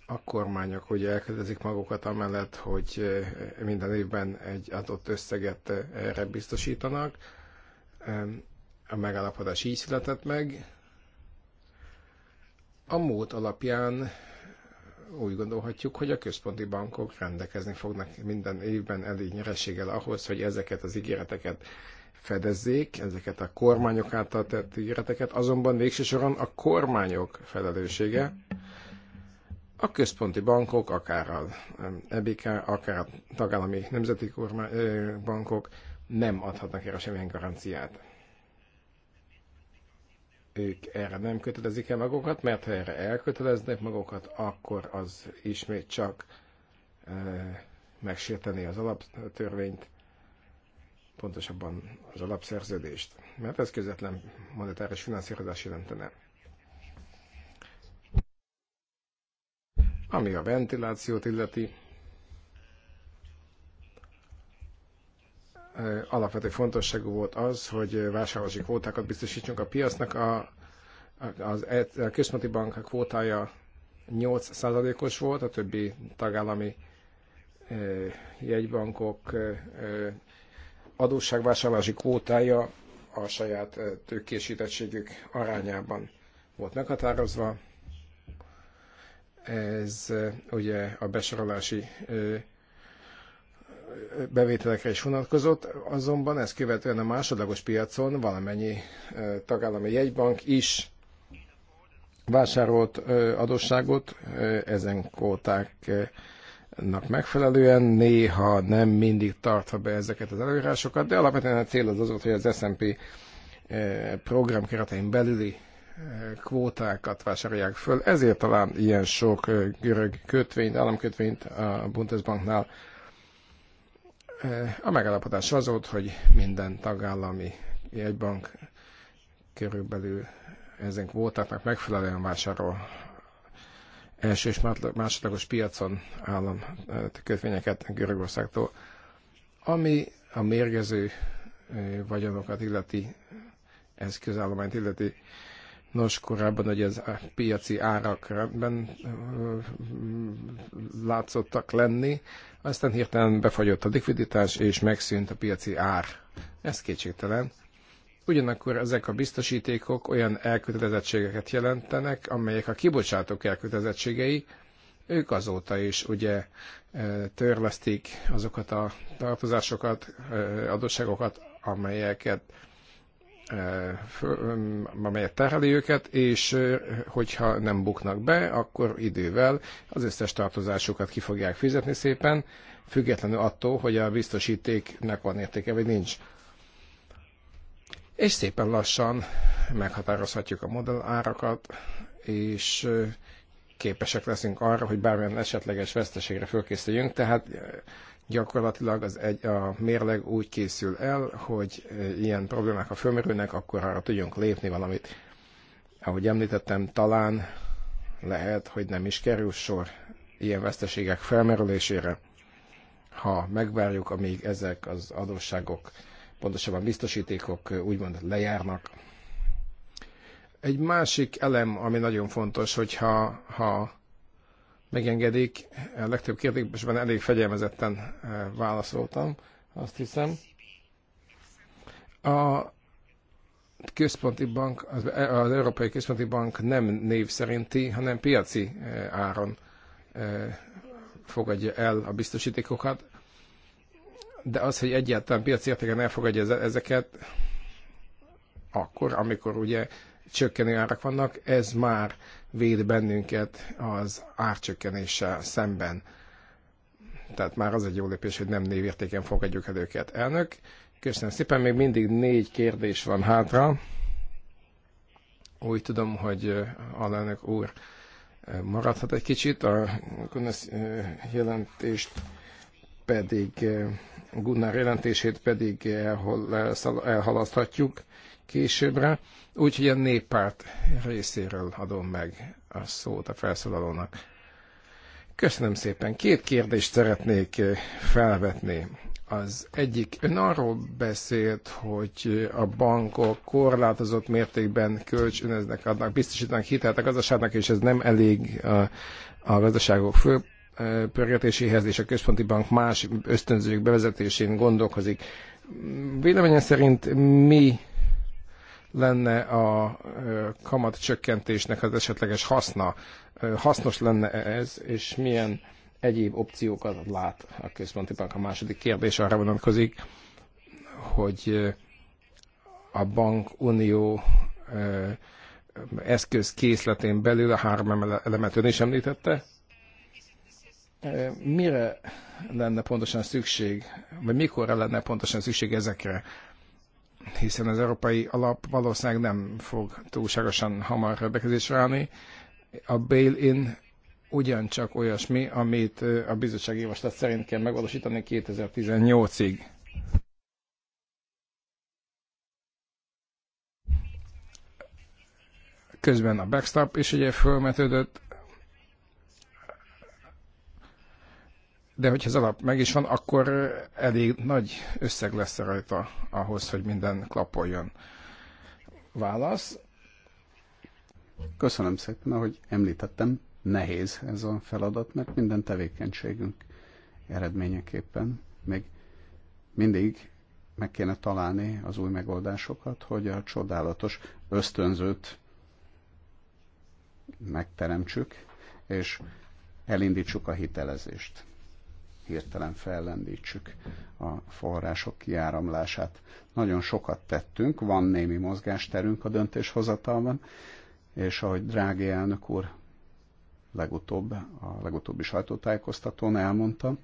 a kormányok hogy elkötelezik magukat amellett, hogy eh, minden évben egy adott összeget eh, erre biztosítanak. A megállapodás így született meg. A mód alapján úgy gondolhatjuk, hogy a központi bankok rendelkezni fognak minden évben elég nyereséggel ahhoz, hogy ezeket az ígéreteket fedezzék, ezeket a kormányok által tett ígéreteket, azonban végső soron a kormányok felelőssége, a központi bankok, akár az EBK, e akár a tagállami nemzeti kormány, bankok nem adhatnak erre semmilyen garanciát. Ők erre nem kötelezik el magukat, mert ha erre elköteleznek magukat, akkor az ismét csak megsérteni az alaptörvényt, pontosabban az alapszerződést, mert ez közvetlen monetáris finanszírozás jelentene. Ami a ventilációt illeti, alapvető fontosságú volt az, hogy vásárlási kvótákat biztosítsunk a piacnak. A, a, e, a központi bank kvótája 8%-os volt, a többi tagállami jegybankok adósságvásárlási kvótája a saját tőkésítettségük arányában volt meghatározva. Ez ugye a besorolási bevételekre is vonatkozott, azonban ezt követően a másodlagos piacon valamennyi tagállami jegybank is vásárolt adósságot ezen kótáknak megfelelően, néha nem mindig tartva be ezeket az előírásokat, de alapvetően a cél az az volt, hogy az S&P program keretein belüli kvótákat vásárolják föl, ezért talán ilyen sok görög kötvényt, államkötvényt a Bundesbanknál. A megállapodás az volt, hogy minden tagállami jegybank körülbelül ezen kvótáknak megfelelően vásárol első és másodlagos piacon állam kötvényeket Görögországtól, ami a mérgező vagyonokat illeti, közállományt illeti, Nos, korábban ugye az piaci árak rendben látszottak lenni, aztán hirtelen befagyott a likviditás, és megszűnt a piaci ár. Ez kétségtelen. Ugyanakkor ezek a biztosítékok olyan elkötelezettségeket jelentenek, amelyek a kibocsátók elkötelezettségei, ők azóta is ugye törlesztik azokat a tartozásokat, adósságokat, amelyeket amelyet terheli őket, és hogyha nem buknak be, akkor idővel az összes tartozásukat ki fogják fizetni szépen, függetlenül attól, hogy a biztosítéknek van értéke, vagy nincs. És szépen lassan meghatározhatjuk a modell árakat, és képesek leszünk arra, hogy bármilyen esetleges veszteségre fölkészüljünk, tehát Gyakorlatilag az egy, a mérleg úgy készül el, hogy e, ilyen problémák, a fölmerülnek, akkor arra tudjunk lépni valamit. Ahogy említettem, talán lehet, hogy nem is kerül sor ilyen veszteségek felmerülésére, ha megvárjuk, amíg ezek az adósságok, pontosabban biztosítékok e, úgymond lejárnak. Egy másik elem, ami nagyon fontos, hogyha ha megengedik, a legtöbb kérdésben elég fegyelmezetten eh, válaszoltam, azt hiszem. A központi bank, az, az Európai Központi Bank nem név szerinti, hanem piaci eh, áron eh, fogadja el a biztosítékokat, de az, hogy egyáltalán piaci értéken elfogadja ezeket, akkor, amikor ugye csökkenő árak vannak, ez már véd bennünket az árcsökkenéssel szemben. Tehát már az egy jó lépés, hogy nem névértéken fogadjuk el őket. Elnök, köszönöm szépen, még mindig négy kérdés van hátra. Úgy tudom, hogy eh, alelnök úr eh, maradhat egy kicsit, a eh, jelentést pedig, Gunnar jelentését pedig elhalaszthatjuk későbbre, úgyhogy a néppárt részéről adom meg a szót a felszólalónak. Köszönöm szépen. Két kérdést szeretnék eh, felvetni. Az egyik, ön arról beszélt, hogy a bankok korlátozott mértékben kölcsönöznek, adnak, biztosítanak hitelt a gazdaságnak, és ez nem elég a, a gazdaságok fő eh, pörgetéséhez, és a központi bank más ösztönzők bevezetésén gondolkozik. Véleményem szerint mi lenne a kamat csökkentésnek az esetleges haszna? Hasznos lenne ez, és milyen egyéb opciókat lát a központi bank? A második kérdés arra vonatkozik, hogy a bankunió eszköz készletén belül a három elemet ön is említette. Mire lenne pontosan szükség, vagy mikor lenne pontosan szükség ezekre hiszen az európai alap valószínűleg nem fog túlságosan hamar rendelkezésre állni. A bail-in ugyancsak olyasmi, amit a bizottsági javaslat szerint kell megvalósítani 2018-ig. Közben a backstop is ugye fölmetődött, de hogyha az alap meg is van, akkor elég nagy összeg lesz rajta ahhoz, hogy minden klapoljon. Válasz? Köszönöm szépen, ahogy említettem, nehéz ez a feladat, mert minden tevékenységünk eredményeképpen még mindig meg kéne találni az új megoldásokat, hogy a csodálatos ösztönzőt megteremtsük, és elindítsuk a hitelezést hirtelen fellendítsük a források kiáramlását. Nagyon sokat tettünk, van némi mozgásterünk a döntéshozatalban, és ahogy drági elnök úr legutóbb, a legutóbbi sajtótájékoztatón elmondta,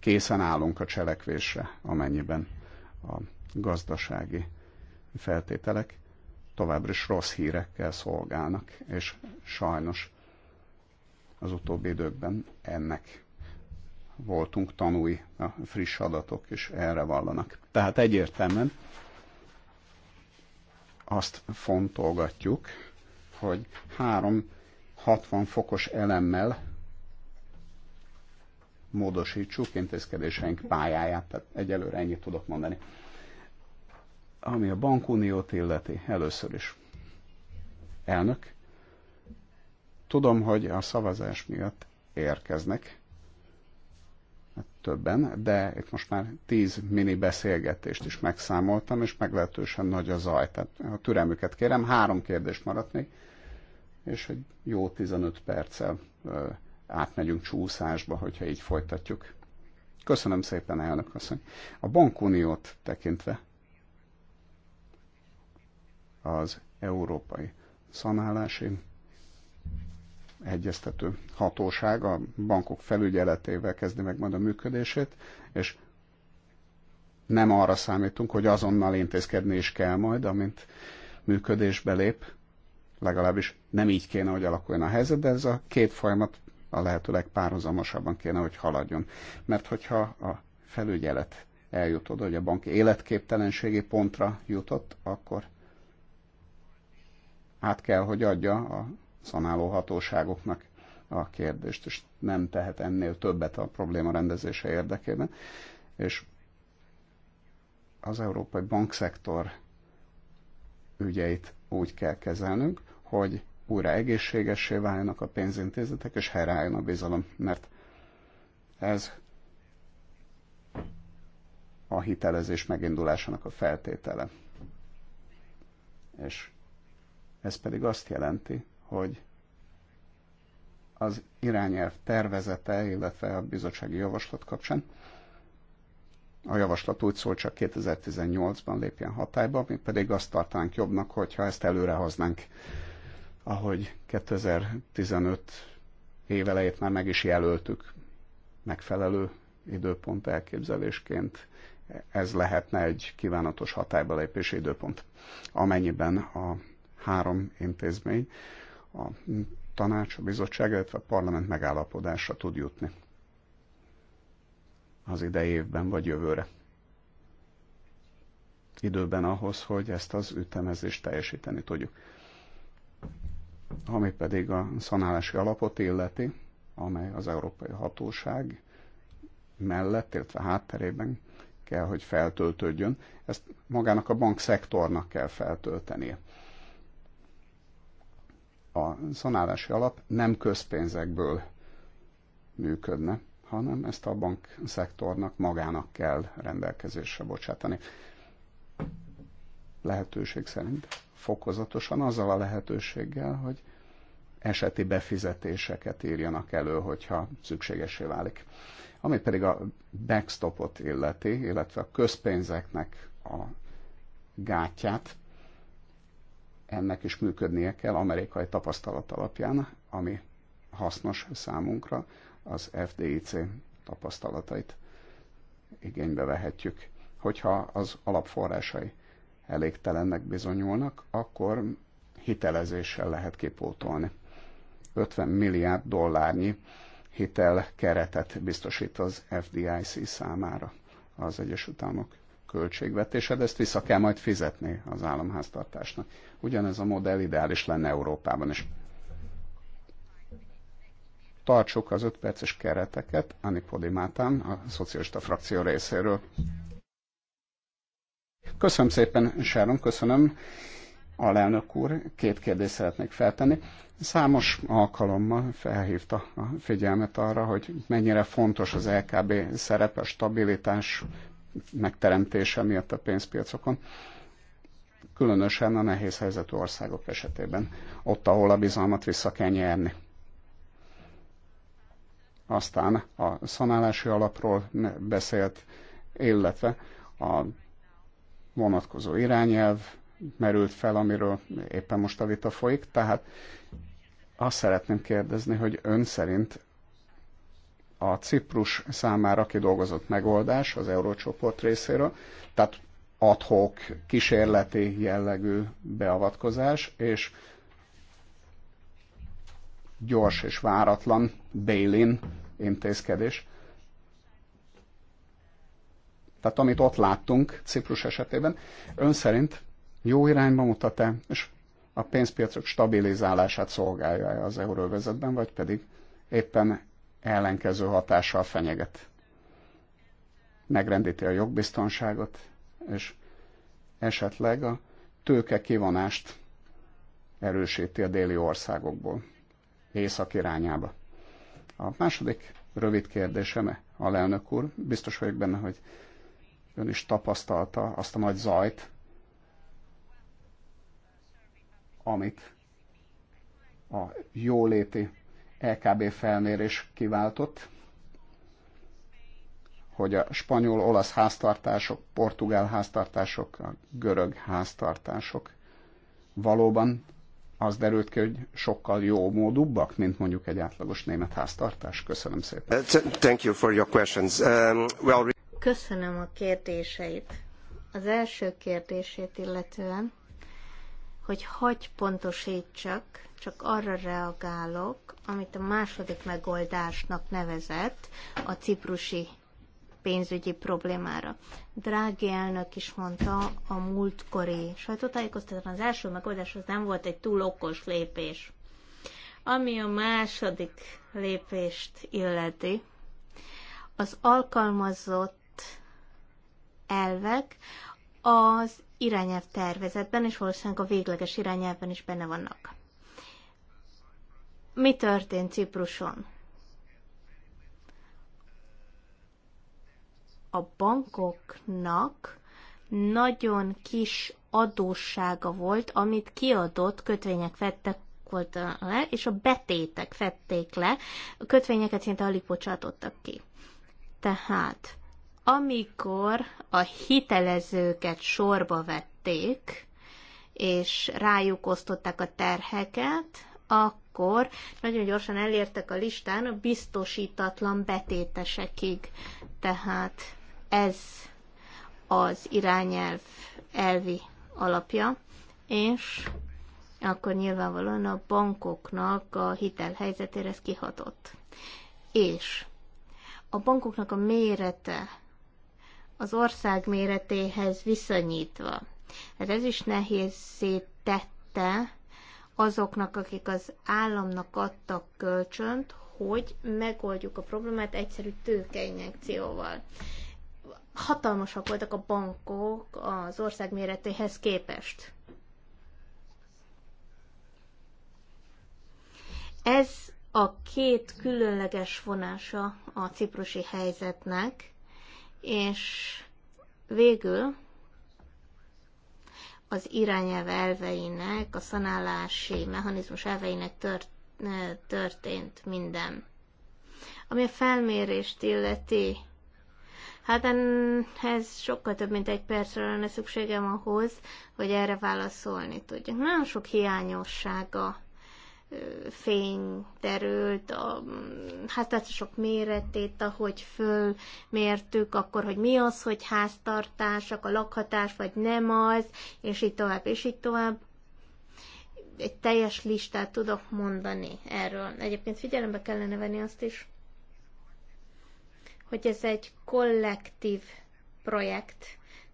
készen állunk a cselekvésre, amennyiben a gazdasági feltételek továbbra is rossz hírekkel szolgálnak, és sajnos az utóbbi időkben ennek voltunk tanúi, a friss adatok és erre vallanak. Tehát egyértelműen azt fontolgatjuk, hogy három 60 fokos elemmel módosítsuk intézkedéseink pályáját. Tehát egyelőre ennyit tudok mondani. Ami a bankuniót illeti, először is. Elnök, Tudom, hogy a szavazás miatt érkeznek többen, de itt most már tíz mini beszélgetést is megszámoltam, és meglehetősen nagy a zaj. Tehát a türelmüket kérem, három kérdés maradt még, és egy jó 15 perccel átmegyünk csúszásba, hogyha így folytatjuk. Köszönöm szépen, elnök asszony. A bankuniót tekintve az európai szanálási egyeztető hatóság a bankok felügyeletével kezdi meg majd a működését, és nem arra számítunk, hogy azonnal intézkedni is kell majd, amint működésbe lép, legalábbis nem így kéne, hogy alakuljon a helyzet, de ez a két folyamat a lehető legpárhuzamosabban kéne, hogy haladjon. Mert hogyha a felügyelet eljut oda, hogy a bank életképtelenségi pontra jutott, akkor át kell, hogy adja a szanáló hatóságoknak a kérdést, és nem tehet ennél többet a probléma rendezése érdekében. És az európai bankszektor ügyeit úgy kell kezelnünk, hogy újra egészségessé váljanak a pénzintézetek, és helyreálljon a bizalom, mert ez a hitelezés megindulásának a feltétele. És ez pedig azt jelenti, hogy az irányelv tervezete, illetve a bizottsági javaslat kapcsán a javaslat úgy szól csak 2018-ban lépjen hatályba, mi pedig azt tartanánk jobbnak, hogyha ezt előre hoznánk, ahogy 2015 évelejét már meg is jelöltük megfelelő időpont elképzelésként. Ez lehetne egy kívánatos hatályba lépési időpont, amennyiben a három intézmény a tanács, a bizottság, illetve a parlament megállapodásra tud jutni az idei évben vagy jövőre. Időben ahhoz, hogy ezt az ütemezést teljesíteni tudjuk. Ami pedig a szanálási alapot illeti, amely az Európai Hatóság mellett, illetve hátterében kell, hogy feltöltődjön. Ezt magának a bankszektornak kell feltöltenie a szanálási alap nem közpénzekből működne, hanem ezt a bank szektornak magának kell rendelkezésre bocsátani. Lehetőség szerint fokozatosan azzal a lehetőséggel, hogy eseti befizetéseket írjanak elő, hogyha szükségesé válik. Ami pedig a backstopot illeti, illetve a közpénzeknek a gátját, ennek is működnie kell amerikai tapasztalat alapján, ami hasznos számunkra, az FDIC tapasztalatait igénybe vehetjük. Hogyha az alapforrásai elégtelennek bizonyulnak, akkor hitelezéssel lehet kipótolni. 50 milliárd dollárnyi hitel keretet biztosít az FDIC számára az Egyesült Államok költségvetésed, ezt vissza kell majd fizetni az államháztartásnak. Ugyanez a modell ideális lenne Európában is. Tartsuk az öt perces kereteket, Anipodi Mátán, a szocialista frakció részéről. Köszönöm szépen, Sáron, köszönöm. lelnök úr, két kérdést szeretnék feltenni. Számos alkalommal felhívta a figyelmet arra, hogy mennyire fontos az LKB szerepe a stabilitás megteremtése miatt a pénzpiacokon, különösen a nehéz helyzetű országok esetében, ott, ahol a bizalmat vissza kell nyerni. Aztán a szanálási alapról beszélt, illetve a vonatkozó irányelv merült fel, amiről éppen most a vita folyik, tehát azt szeretném kérdezni, hogy ön szerint a Ciprus számára kidolgozott megoldás az eurócsoport részéről, tehát adhok, kísérleti jellegű beavatkozás, és gyors és váratlan bail intézkedés. Tehát amit ott láttunk Ciprus esetében, ön szerint jó irányba mutat-e, és a pénzpiacok stabilizálását szolgálja-e az euróvezetben, vagy pedig éppen ellenkező hatással fenyeget. Megrendíti a jogbiztonságot, és esetleg a tőke kivonást erősíti a déli országokból, észak irányába. A második rövid kérdésem, lelnök úr, biztos vagyok benne, hogy ön is tapasztalta azt a nagy zajt, amit a jóléti LKB e felmérés kiváltott, hogy a spanyol-olasz háztartások, portugál háztartások, a görög háztartások valóban az derült ki, hogy sokkal jó módúbbak, mint mondjuk egy átlagos német háztartás. Köszönöm szépen. Uh, thank you for your questions. Um, well... Köszönöm a kérdéseit. Az első kérdését illetően hogy hagy pontosítsak, csak arra reagálok, amit a második megoldásnak nevezett a ciprusi pénzügyi problémára. Drági elnök is mondta a múltkori sajtótájékoztatón, az első megoldás az nem volt egy túl okos lépés. Ami a második lépést illeti, az alkalmazott elvek az irányelv tervezetben, és valószínűleg a végleges irányelvben is benne vannak. Mi történt Cipruson? A bankoknak nagyon kis adóssága volt, amit kiadott kötvények vettek volt eh, le, és a betétek fették le, a kötvényeket szinte alig bocsátottak ki. Tehát amikor a hitelezőket sorba vették, és rájuk osztották a terheket, akkor nagyon gyorsan elértek a listán a biztosítatlan betétesekig. Tehát ez az irányelv elvi alapja, és akkor nyilvánvalóan a bankoknak a hitelhelyzetére ez kihatott. És a bankoknak a mérete az ország méretéhez viszonyítva. Hát ez is nehéz tette azoknak, akik az államnak adtak kölcsönt, hogy megoldjuk a problémát egyszerű tőkeinjekcióval. Hatalmasak voltak a bankok az ország méretéhez képest. Ez a két különleges vonása a ciprusi helyzetnek, és végül az irányelv elveinek, a szanálási mechanizmus elveinek tört, történt minden. Ami a felmérést illeti, hát ez sokkal több, mint egy percre lenne szükségem ahhoz, hogy erre válaszolni tudjak. Nagyon sok hiányossága fény derült, a mm, hát sok méretét, ahogy fölmértük, akkor, hogy mi az, hogy háztartások, a lakhatás, vagy nem az, és így tovább, és így tovább. Egy teljes listát tudok mondani erről. Egyébként figyelembe kellene venni azt is, hogy ez egy kollektív projekt,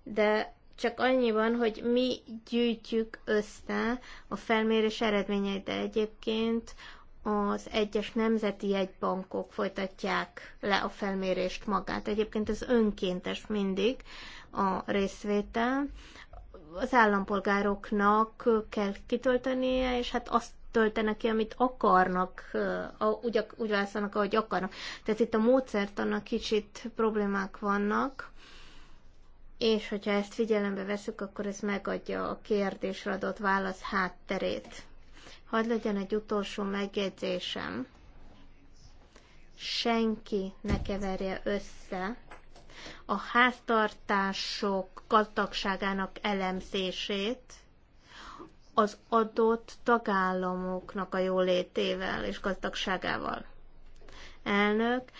de csak annyiban, hogy mi gyűjtjük össze a felmérés eredményeit, de egyébként az egyes nemzeti jegybankok folytatják le a felmérést magát. Egyébként ez önkéntes mindig a részvétel. Az állampolgároknak kell kitöltenie, és hát azt töltenek ki, amit akarnak, úgy, úgy válszanak, ahogy akarnak. Tehát itt a módszertannak kicsit problémák vannak és hogyha ezt figyelembe veszük, akkor ez megadja a kérdésre adott válasz hátterét. Hadd legyen egy utolsó megjegyzésem. Senki ne keverje össze a háztartások gazdagságának elemzését az adott tagállamoknak a jólétével és gazdagságával. Elnök,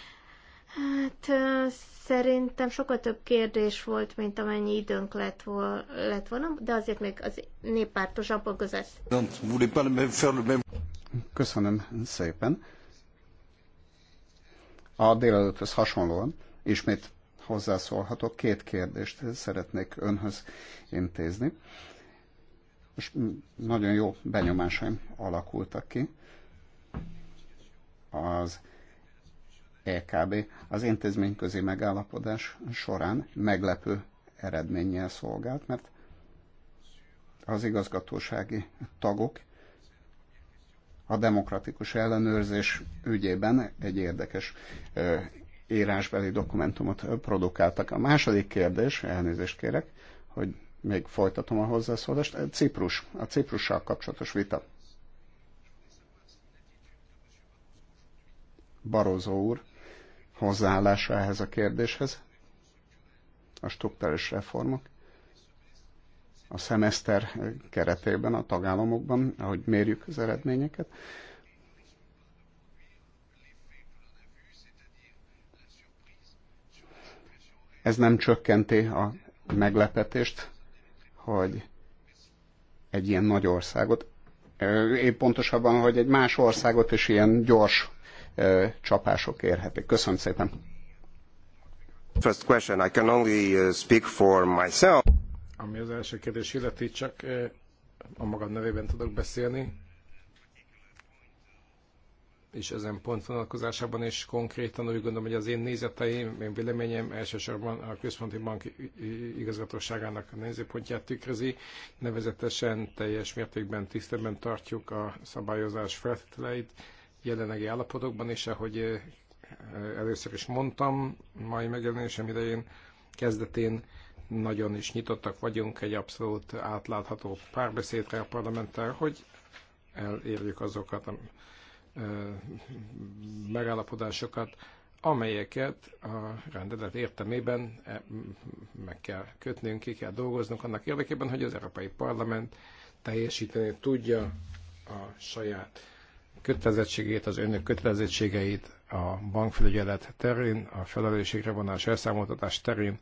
Hát szerintem sokkal több kérdés volt, mint amennyi időnk lett, vol- lett volna, de azért még az néppártos abból Köszönöm szépen. A délelőtthöz hasonlóan ismét hozzászólhatok. Két kérdést szeretnék önhöz intézni. És nagyon jó benyomásaim alakultak ki. Az EKB az intézményközi megállapodás során meglepő eredménnyel szolgált, mert az igazgatósági tagok a demokratikus ellenőrzés ügyében egy érdekes írásbeli dokumentumot produkáltak. A második kérdés, elnézést kérek, hogy még folytatom a hozzászólást, Ciprus, a Ciprussal kapcsolatos vita. Barozó úr hozzáállása ehhez a kérdéshez, a struktúrális reformok, a szemeszter keretében, a tagállamokban, ahogy mérjük az eredményeket. Ez nem csökkenti a meglepetést, hogy egy ilyen nagy országot, épp pontosabban, hogy egy más országot is ilyen gyors csapások érhetik. Köszönöm szépen. First question, I can only uh, speak for myself. Ami az első kérdés illeti, csak a magam nevében tudok beszélni. És ezen pont vonatkozásában is konkrétan úgy gondolom, hogy az én nézeteim, én véleményem elsősorban a Központi Bank igazgatóságának a nézőpontját tükrözi. Nevezetesen teljes mértékben tisztelben tartjuk a szabályozás feltételeit jelenlegi állapotokban, és ahogy eh, először is mondtam, mai megjelenésem idején, kezdetén nagyon is nyitottak vagyunk egy abszolút átlátható párbeszédre a parlamenttel, hogy elérjük azokat a eh, megállapodásokat, amelyeket a rendelet értelmében eh, meg kell kötnünk, ki kell dolgoznunk annak érdekében, hogy az Európai Parlament teljesíteni tudja a saját kötelezettségét, az önök kötelezettségeit a bankfelügyelet terén, a felelősségre vonás elszámoltatás terén,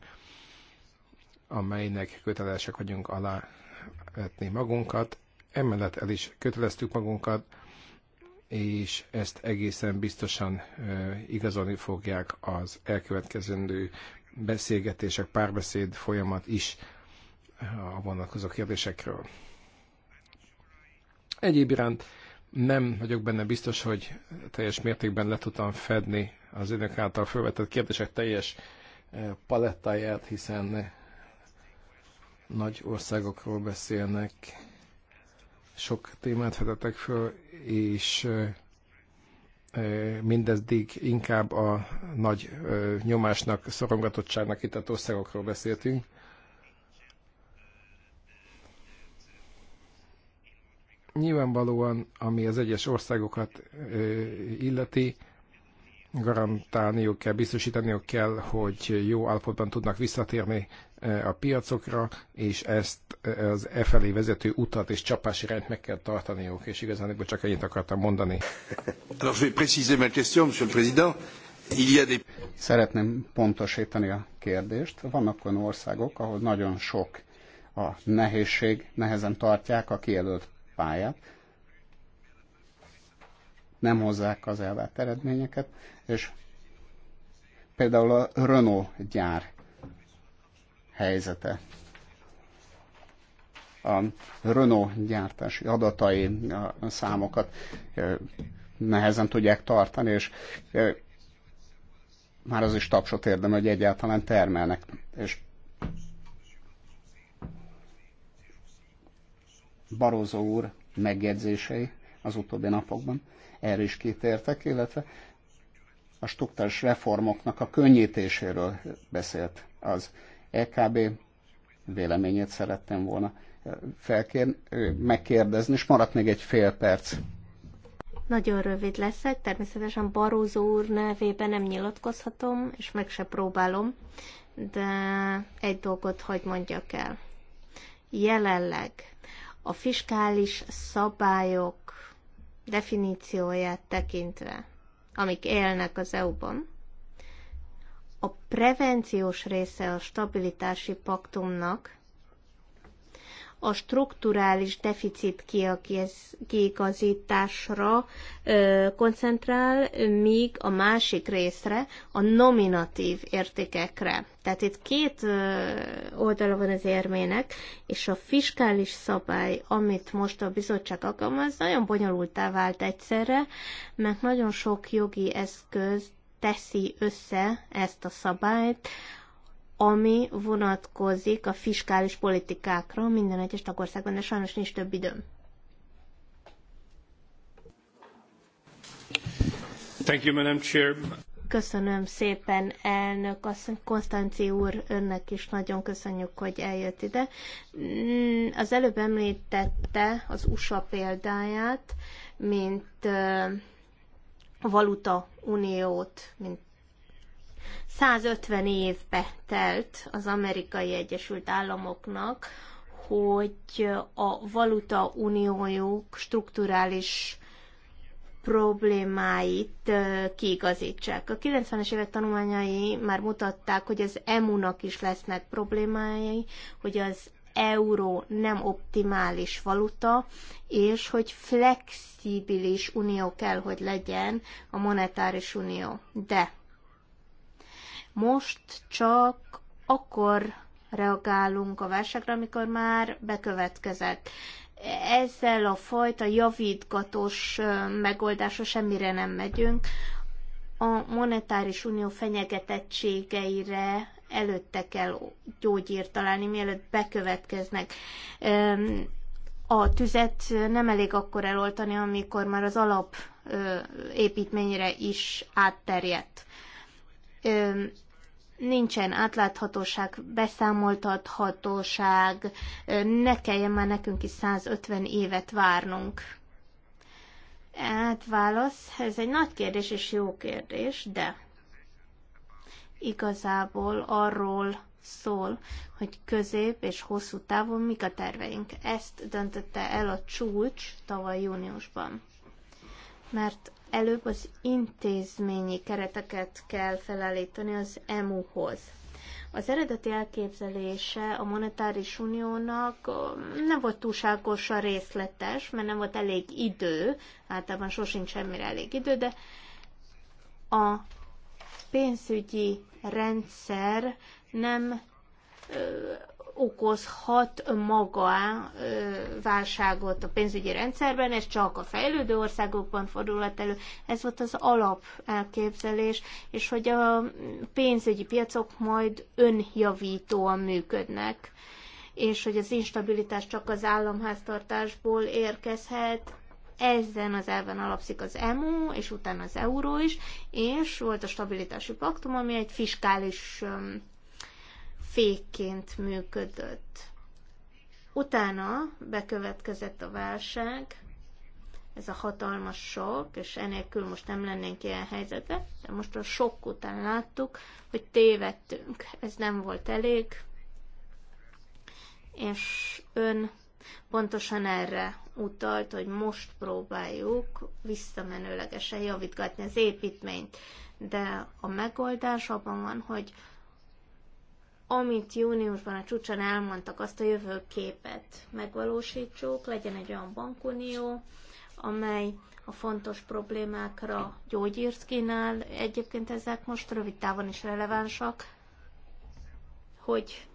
amelynek kötelesek vagyunk alá vetni magunkat. Emellett el is köteleztük magunkat, és ezt egészen biztosan igazolni fogják az elkövetkezendő beszélgetések, párbeszéd folyamat is a vonatkozó kérdésekről. Egyéb iránt nem vagyok benne biztos, hogy teljes mértékben le tudtam fedni az önök által felvetett kérdések teljes eh, palettáját, hiszen eh, nagy országokról beszélnek, sok témát fedetek föl, és eh, mindezdig inkább a nagy nyomásnak, szorongatottságnak itt a országokról beszéltünk. Nyilvánvalóan, ami az egyes országokat illeti, garantálniuk kell, biztosítaniuk kell, hogy jó állapotban tudnak visszatérni a piacokra, és ezt az e felé vezető utat és csapási irányt meg kell tartaniuk, és igazán csak ennyit akartam mondani. Szeretném pontosítani a kérdést. Vannak olyan országok, ahol nagyon sok a nehézség, nehezen tartják a kijelölt pályát, nem hozzák az elvárt eredményeket, és például a Renault gyár helyzete. A Renault gyártási adatai, a számokat nehezen tudják tartani, és már az is tapsot érdem, hogy egyáltalán termelnek. És Barózó úr megjegyzései az utóbbi napokban erre is kitértek, illetve a struktúrás reformoknak a könnyítéséről beszélt az EKB véleményét szerettem volna felkér, megkérdezni, és maradt még egy fél perc. Nagyon rövid leszek, természetesen Barózó úr nevében nem nyilatkozhatom, és meg se próbálom, de egy dolgot hagy mondjak el. Jelenleg a fiskális szabályok definícióját tekintve, amik élnek az EU-ban, a prevenciós része a stabilitási paktumnak a strukturális deficit kiigazításra koncentrál, míg a másik részre a nominatív értékekre. Tehát itt két oldala van az érmének, és a fiskális szabály, amit most a bizottság alkalmaz, nagyon bonyolultá vált egyszerre, mert nagyon sok jogi eszköz teszi össze ezt a szabályt, ami vonatkozik a fiskális politikákra minden egyes tagországban, de sajnos nincs több időm. Thank you, Madam Chair. Köszönöm szépen, elnök asszony. Konstanci úr, önnek is nagyon köszönjük, hogy eljött ide. Mm, az előbb említette az USA példáját, mint valuta uniót, mint 150 évbe telt az amerikai Egyesült Államoknak, hogy a valuta uniójuk strukturális problémáit kiigazítsák. A 90-es évek tanulmányai már mutatták, hogy az EMU-nak is lesznek problémái, hogy az euró nem optimális valuta, és hogy flexibilis unió kell, hogy legyen a monetáris unió. De most csak akkor reagálunk a válságra, amikor már bekövetkezett. Ezzel a fajta javítgatós megoldásra semmire nem megyünk. A monetáris unió fenyegetettségeire előtte kell gyógyírt találni, mielőtt bekövetkeznek. A tüzet nem elég akkor eloltani, amikor már az alap építményre is átterjedt nincsen átláthatóság, beszámoltathatóság, ne kelljen már nekünk is 150 évet várnunk. Hát válasz, ez egy nagy kérdés és jó kérdés, de igazából arról szól, hogy közép és hosszú távon mik a terveink. Ezt döntötte el a csúcs tavaly júniusban. Mert előbb az intézményi kereteket kell felállítani az EMU-hoz. Az eredeti elképzelése a monetáris uniónak nem volt túlságosan részletes, mert nem volt elég idő, általában sosincs semmire elég idő, de a pénzügyi rendszer nem okozhat maga válságot a pénzügyi rendszerben, ez csak a fejlődő országokban fordulhat elő. Ez volt az alap elképzelés, és hogy a pénzügyi piacok majd önjavítóan működnek, és hogy az instabilitás csak az államháztartásból érkezhet, ezen az elven alapszik az EMU, és utána az euró is, és volt a stabilitási paktum, ami egy fiskális fékként működött. Utána bekövetkezett a válság, ez a hatalmas sok, és enélkül most nem lennénk ilyen helyzetben, de most a sok után láttuk, hogy tévedtünk, ez nem volt elég, és ön pontosan erre utalt, hogy most próbáljuk visszamenőlegesen javítgatni az építményt. De a megoldás abban van, hogy amit júniusban a csúcson elmondtak, azt a jövőképet megvalósítsuk, legyen egy olyan bankunió, amely a fontos problémákra gyógyírt kínál. Egyébként ezek most rövid távon is relevánsak, hogy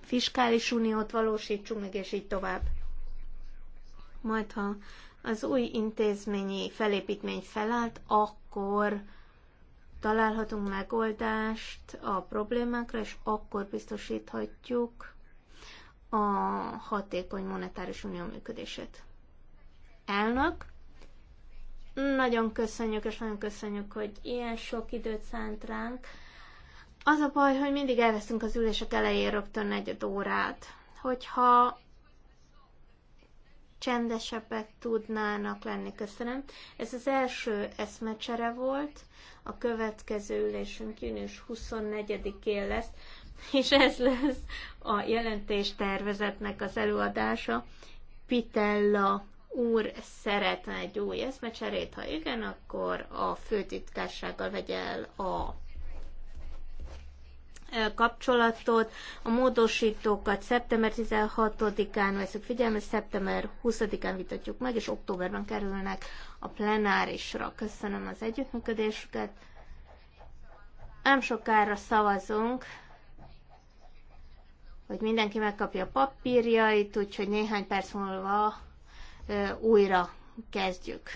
fiskális uniót valósítsunk meg, és így tovább. Majd, ha az új intézményi felépítmény felállt, akkor találhatunk megoldást a problémákra, és akkor biztosíthatjuk a hatékony monetáris unió működését. Elnök, nagyon köszönjük, és nagyon köszönjük, hogy ilyen sok időt szánt ránk. Az a baj, hogy mindig elvesztünk az ülések elején rögtön negyed órát. Hogyha csendesebbek tudnának lenni, köszönöm. Ez az első eszmecsere volt. A következő ülésünk június 24-én lesz, és ez lesz a jelentéstervezetnek az előadása. Pitella úr szeretne egy új eszmecserét, ha igen, akkor a főtitkársággal vegye el a e, kapcsolatot. A módosítókat szeptember 16-án veszük figyelme, szeptember 20-án vitatjuk meg, és októberben kerülnek a plenárisra. Köszönöm az együttműködésüket. Nem sokára szavazunk, hogy mindenki megkapja a papírjait, úgyhogy néhány perc múlva ö, újra kezdjük.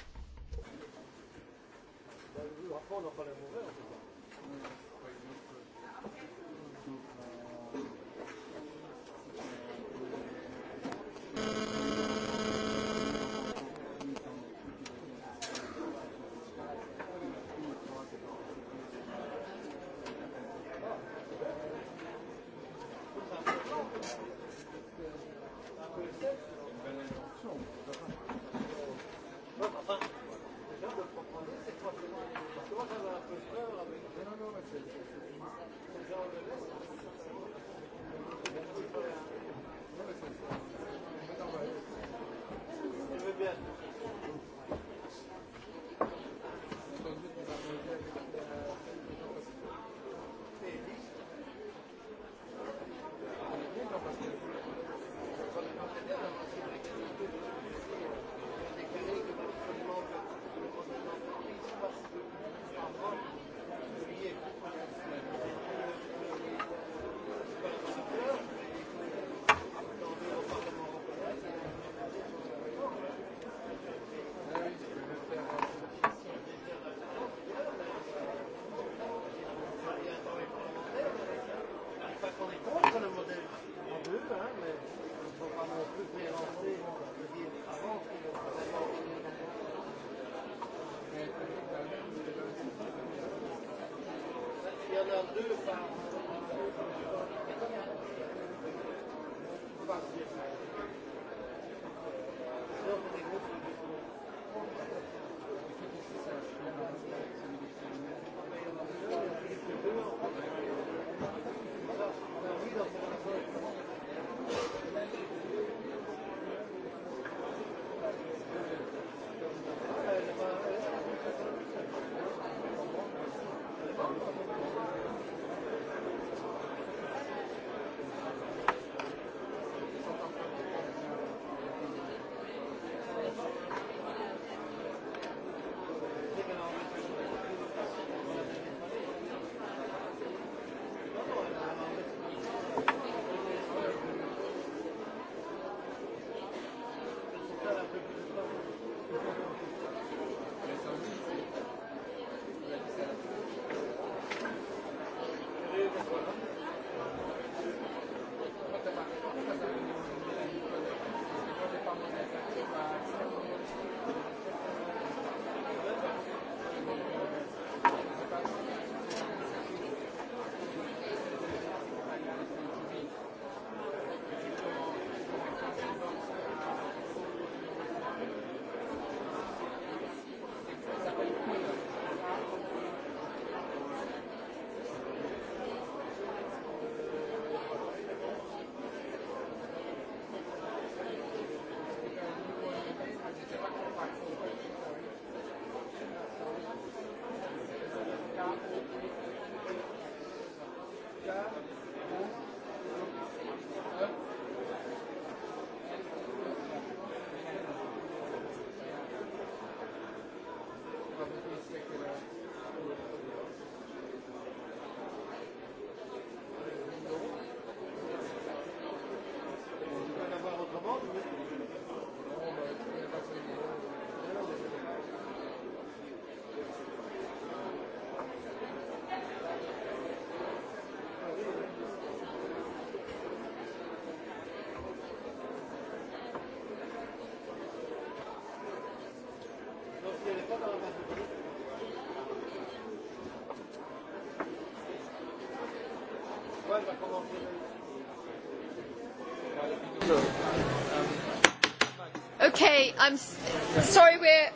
Okay, I'm sorry we're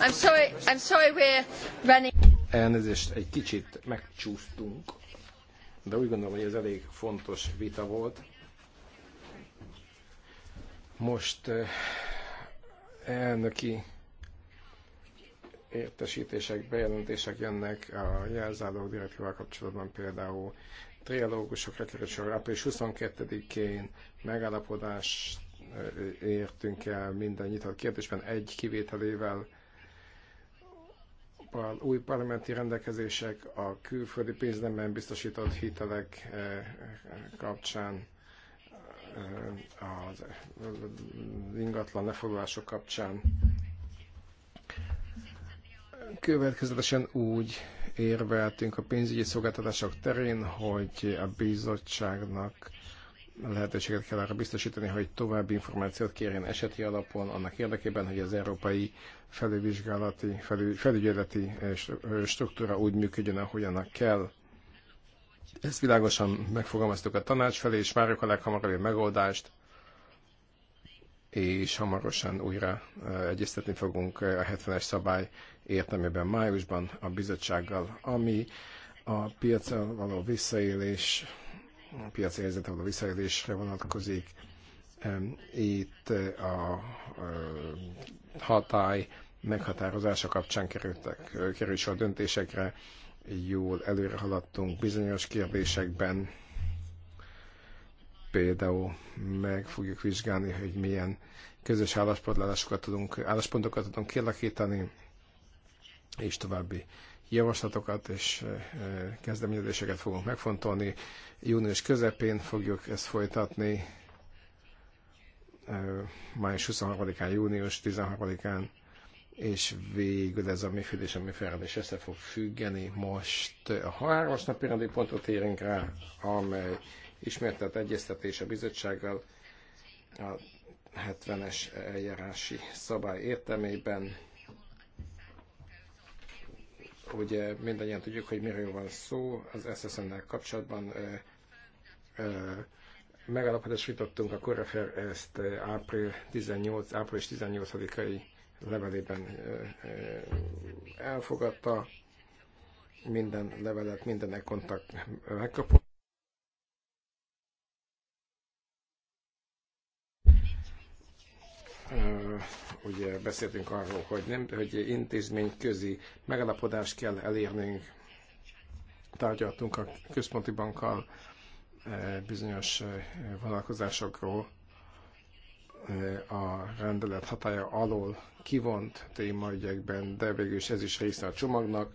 I'm sorry, I'm sorry we're running. Elnézést, egy kicsit megcsúsztunk, de úgy gondolom, hogy ez elég fontos vita volt. Most eh, elnöki értesítések, bejelentések jönnek a jelzálók direktívával kapcsolatban például trialógusokra kerül sor. Április 22-én megállapodást értünk el minden nyitott kérdésben, egy kivételével új parlamenti rendelkezések a külföldi pénznemben biztosított hitelek kapcsán, az ingatlan lefoglalások kapcsán következetesen úgy érveltünk a pénzügyi szolgáltatások terén, hogy a bizottságnak lehetőséget kell arra biztosítani, hogy további információt kérjen eseti alapon, annak érdekében, hogy az európai felülvizsgálati, felül, felügyeleti eh, eh, struktúra úgy működjön, ahogy annak kell. Ezt világosan megfogalmaztuk a tanács felé, és várjuk a leghamarabb megoldást és hamarosan újra egyeztetni fogunk a 70-es szabály értelmében májusban a bizottsággal, ami a piacsal való visszaélés, a piaci helyzet való visszaélésre vonatkozik. Itt a hatály meghatározása kapcsán kerültek, került sor döntésekre, jól előre haladtunk bizonyos kérdésekben, például meg fogjuk vizsgálni, hogy milyen közös álláspontokat tudunk, álláspontokat tudunk kialakítani, és további javaslatokat és kezdeményezéseket fogunk megfontolni. Június közepén fogjuk ezt folytatni, május 23-án, június 13-án, és végül ez a MIFID és a MIFERED és össze fog függeni. Most a harmas napi pontot érünk rá, amely ismertet egyeztetés a bizottsággal a 70-es eljárási szabály értelmében. Ugye mindannyian tudjuk, hogy miről van szó az SSN-nel kapcsolatban. E, e, megállapodást jutottunk, a Korrefer ezt április 18, április 18-ai levelében elfogadta. Minden levelet, minden e kontakt megkapott. ugye beszéltünk arról, hogy, nem, hogy intézményközi megalapodást kell elérnünk, tárgyaltunk a központi bankkal bizonyos vonalkozásokról, a rendelet hatája alól kivont témaügyekben, de végül is ez is része a csomagnak.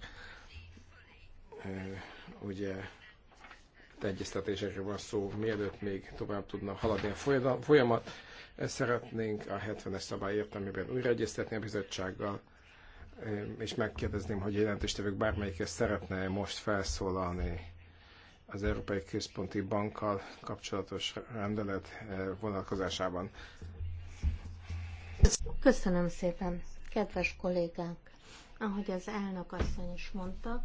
Ugye egyeztetésekre van szó, mielőtt még tovább tudna haladni a folyamat Szeretnénk a 70-es szabály értelmében újraegyeztetni a bizottsággal, eh, és megkérdezném, hogy a jelentéstevők bármelyike szeretne most felszólalni az Európai Központi Bankkal kapcsolatos rendelet eh, vonatkozásában. Köszönöm szépen, kedves kollégák! Ahogy az elnök asszony is mondta,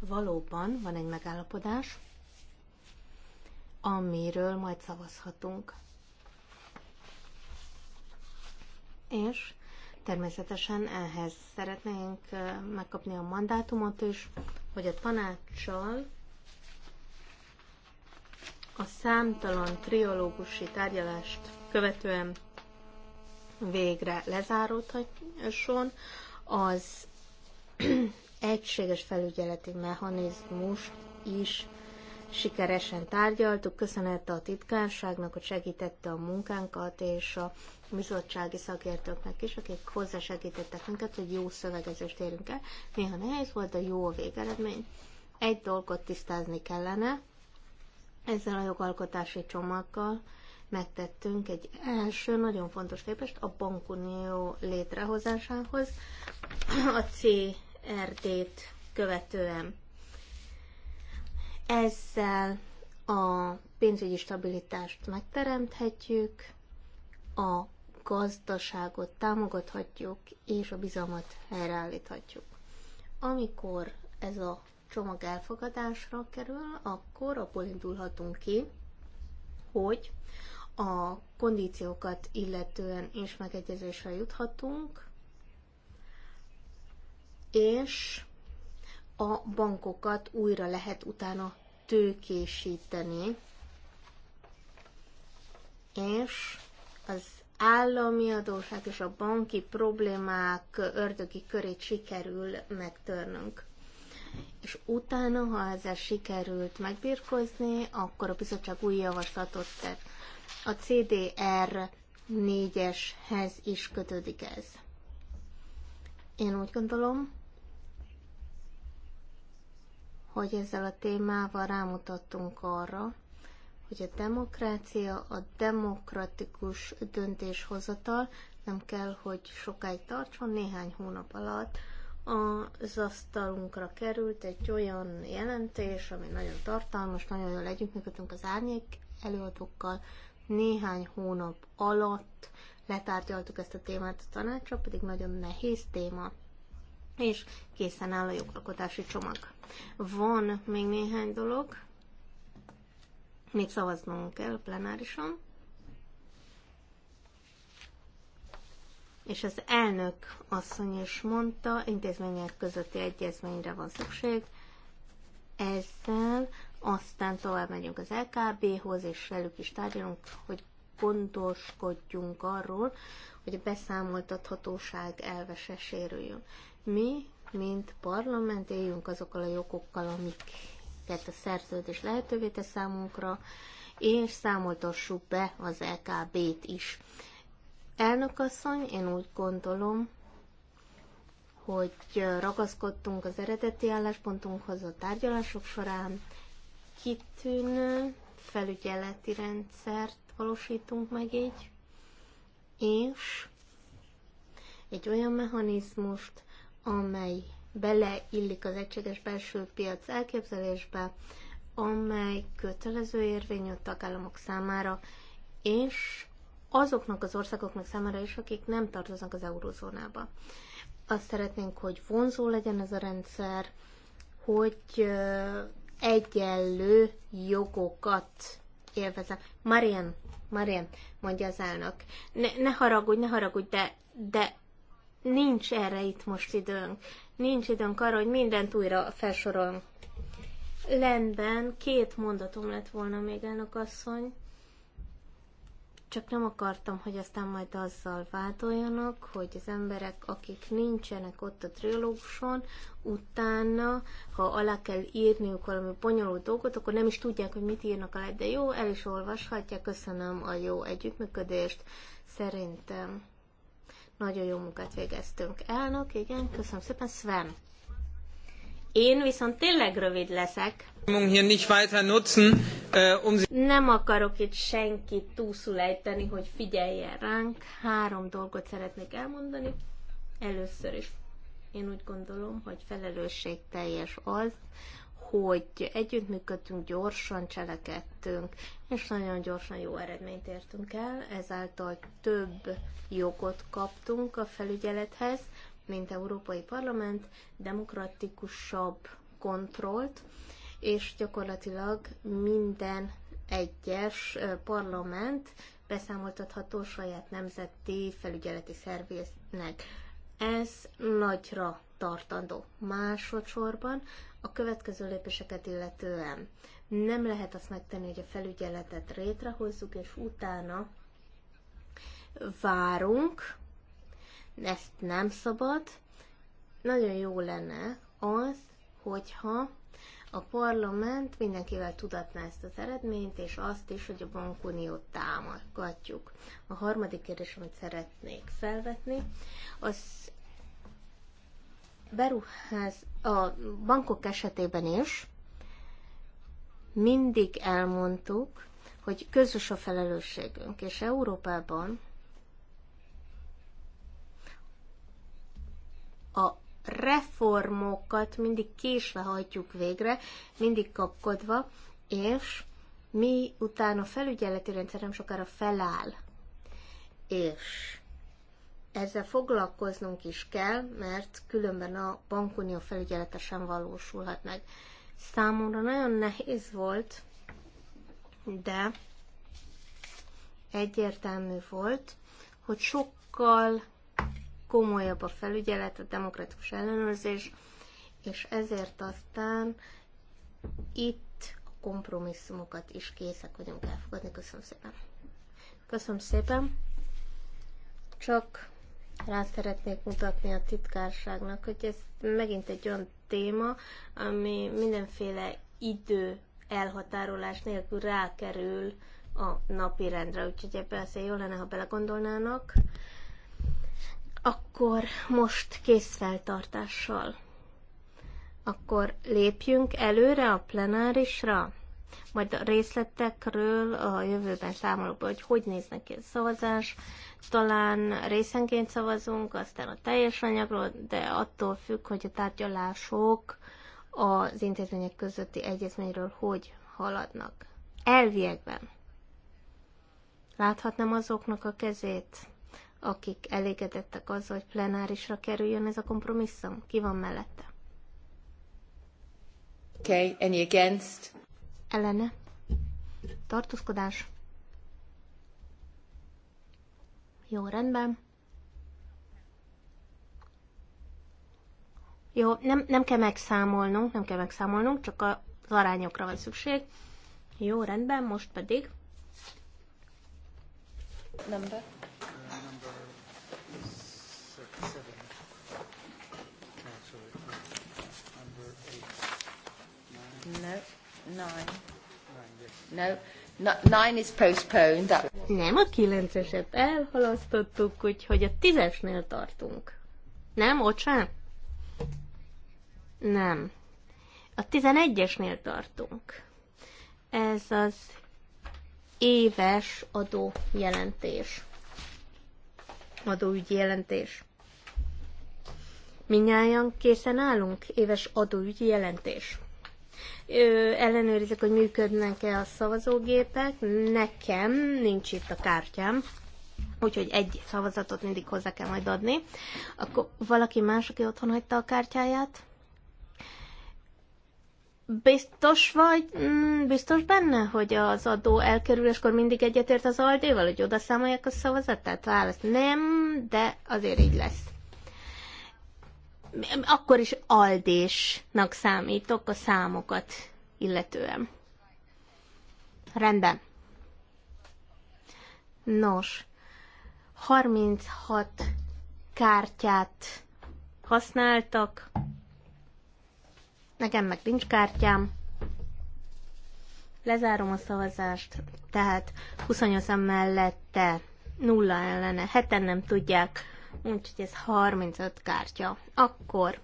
valóban van egy megállapodás, amiről majd szavazhatunk. és természetesen ehhez szeretnénk megkapni a mandátumot is, hogy a tanácssal a számtalan triológusi tárgyalást követően végre lezáródhasson az egységes felügyeleti mechanizmus is sikeresen tárgyaltuk. köszönette a titkárságnak, hogy segítette a munkánkat, és a bizottsági szakértőknek is, akik hozzásegítettek minket, hogy jó szövegezést érünk el. Néha nehéz volt, de jó a végeredmény. Egy dolgot tisztázni kellene, ezzel a jogalkotási csomaggal megtettünk egy első nagyon fontos lépést a bankunió létrehozásához, a CRD-t követően ezzel a pénzügyi stabilitást megteremthetjük, a gazdaságot támogathatjuk, és a bizalmat helyreállíthatjuk. Amikor ez a csomag elfogadásra kerül, akkor abból indulhatunk ki, hogy a kondíciókat illetően is megegyezésre juthatunk, és a bankokat újra lehet utána tőkésíteni, és az állami adóság és a banki problémák ördögi körét sikerül megtörnünk. És utána, ha ezzel sikerült megbírkozni, akkor a bizottság új javaslatot tett. A CDR 4-eshez is kötődik ez. Én úgy gondolom, hogy ezzel a témával rámutattunk arra, hogy a demokrácia, a demokratikus döntéshozatal nem kell, hogy sokáig tartson, néhány hónap alatt az asztalunkra került egy olyan jelentés, ami nagyon tartalmas, nagyon jól együttműködtünk az árnyék előadókkal, néhány hónap alatt letárgyaltuk ezt a témát a tanácsra, pedig nagyon nehéz téma és készen áll a jogalkotási csomag. Van még néhány dolog, még szavaznunk kell plenárison, és az elnök asszony is mondta, intézmények közötti egyezményre van szükség, ezzel aztán tovább megyünk az LKB-hoz, és velük is tárgyalunk, hogy gondoskodjunk arról, hogy a beszámoltathatóság elve se sérüljön. Mi, mint parlament éljünk azokkal a jogokkal, amiket a szerződés lehetővé tesz számunkra, és számoltassuk be az LKB-t is. Elnökasszony, én úgy gondolom, hogy ragaszkodtunk az eredeti álláspontunkhoz a tárgyalások során, kitűnő felügyeleti rendszert valósítunk meg így, és egy olyan mechanizmust, amely beleillik az egységes belső piac elképzelésbe, amely kötelező érvényű a tagállamok számára, és azoknak az országoknak számára is, akik nem tartoznak az eurozónába. Azt szeretnénk, hogy vonzó legyen ez a rendszer, hogy egyenlő jogokat élvezem. Marian, Marian, mondja az elnök, ne, ne haragudj, ne haragudj, de, de Nincs erre itt most időnk. Nincs időnk arra, hogy mindent újra felsorolom. Lendben két mondatom lett volna még, elnök asszony. Csak nem akartam, hogy aztán majd azzal vádoljanak, hogy az emberek, akik nincsenek ott a trilóguson, utána, ha alá kell írniuk valami bonyolult dolgot, akkor nem is tudják, hogy mit írnak alá, de jó, el is olvashatják, köszönöm a jó együttműködést, szerintem nagyon jó munkát végeztünk. Elnök, igen, köszönöm szépen, Sven. Én viszont tényleg rövid leszek. Äh, um Nem akarok itt senkit túlszulejteni, hogy figyeljen ránk. Három dolgot szeretnék elmondani. Először is én úgy gondolom, hogy felelősségteljes az, hogy együttműködtünk, gyorsan cselekedtünk, és nagyon gyorsan jó eredményt értünk el, ezáltal több jogot kaptunk a felügyelethez, mint Európai Parlament, demokratikusabb kontrollt, és gyakorlatilag minden egyes parlament beszámoltatható saját nemzeti felügyeleti szervésznek. Ez nagyra tartandó. Másodszorban a következő lépéseket illetően. Nem lehet azt megtenni, hogy a felügyeletet rétrehozzuk, és utána várunk. Ezt nem szabad. Nagyon jó lenne az, hogyha a parlament mindenkivel tudatná ezt az eredményt, és azt is, hogy a bankuniót támogatjuk. A harmadik kérdés, amit szeretnék felvetni, az beruház, a bankok esetében is mindig elmondtuk, hogy közös a felelősségünk, és Európában a reformokat mindig késve hajtjuk végre, mindig kapkodva, és mi utána a felügyeleti rendszer nem sokára feláll. És ezzel foglalkoznunk is kell, mert különben a bankunió felügyelete sem valósulhat meg. Számomra nagyon nehéz volt, de egyértelmű volt, hogy sokkal komolyabb a felügyelet, a demokratikus ellenőrzés, és ezért aztán itt a kompromisszumokat is készek vagyunk elfogadni. Köszönöm szépen. Köszönöm szépen. Csak rá szeretnék mutatni a titkárságnak, hogy ez megint egy olyan téma, ami mindenféle idő elhatárolás nélkül rákerül a napi rendre, úgyhogy ebbe azért jó lenne, ha belegondolnának. Akkor most készfeltartással. Akkor lépjünk előre a plenárisra, majd a részletekről a jövőben számolok be, hogy hogy néznek ki a szavazás, talán részenként szavazunk, aztán a teljes anyagról, de attól függ, hogy a tárgyalások az intézmények közötti egyezményről hogy haladnak. Elviekben. Láthatnám azoknak a kezét, akik elégedettek azzal, hogy plenárisra kerüljön ez a kompromisszum? Ki van mellette? Okay, any against? Ellene. Tartózkodás. Jó, rendben. Jó, nem, nem kell megszámolnunk, nem kell megszámolnunk, csak az arányokra van szükség. Jó, rendben, most pedig. Number. No, nine. No, nine is postponed. That... Nem, a kilenceset elhalasztottuk, úgyhogy a tízesnél tartunk. Nem, ott sem? Nem. A tizenegyesnél tartunk. Ez az éves adójelentés. Adóügyi jelentés. Minnyáján készen állunk, éves adóügyi jelentés ellenőrizik, hogy működnek-e a szavazógépek. Nekem nincs itt a kártyám, úgyhogy egy szavazatot mindig hozzá kell majd adni. Akkor valaki más, aki otthon hagyta a kártyáját? Biztos vagy, mm, biztos benne, hogy az adó elkerüléskor mindig egyetért az aldéval, hogy oda számolják a szavazatát? Válasz nem, de azért így lesz akkor is aldésnak számítok a számokat illetően. Rendben. Nos, 36 kártyát használtak. Nekem meg nincs kártyám. Lezárom a szavazást, tehát 28 mellette nulla ellene, heten nem tudják úgyhogy ez 35 kártya. Akkor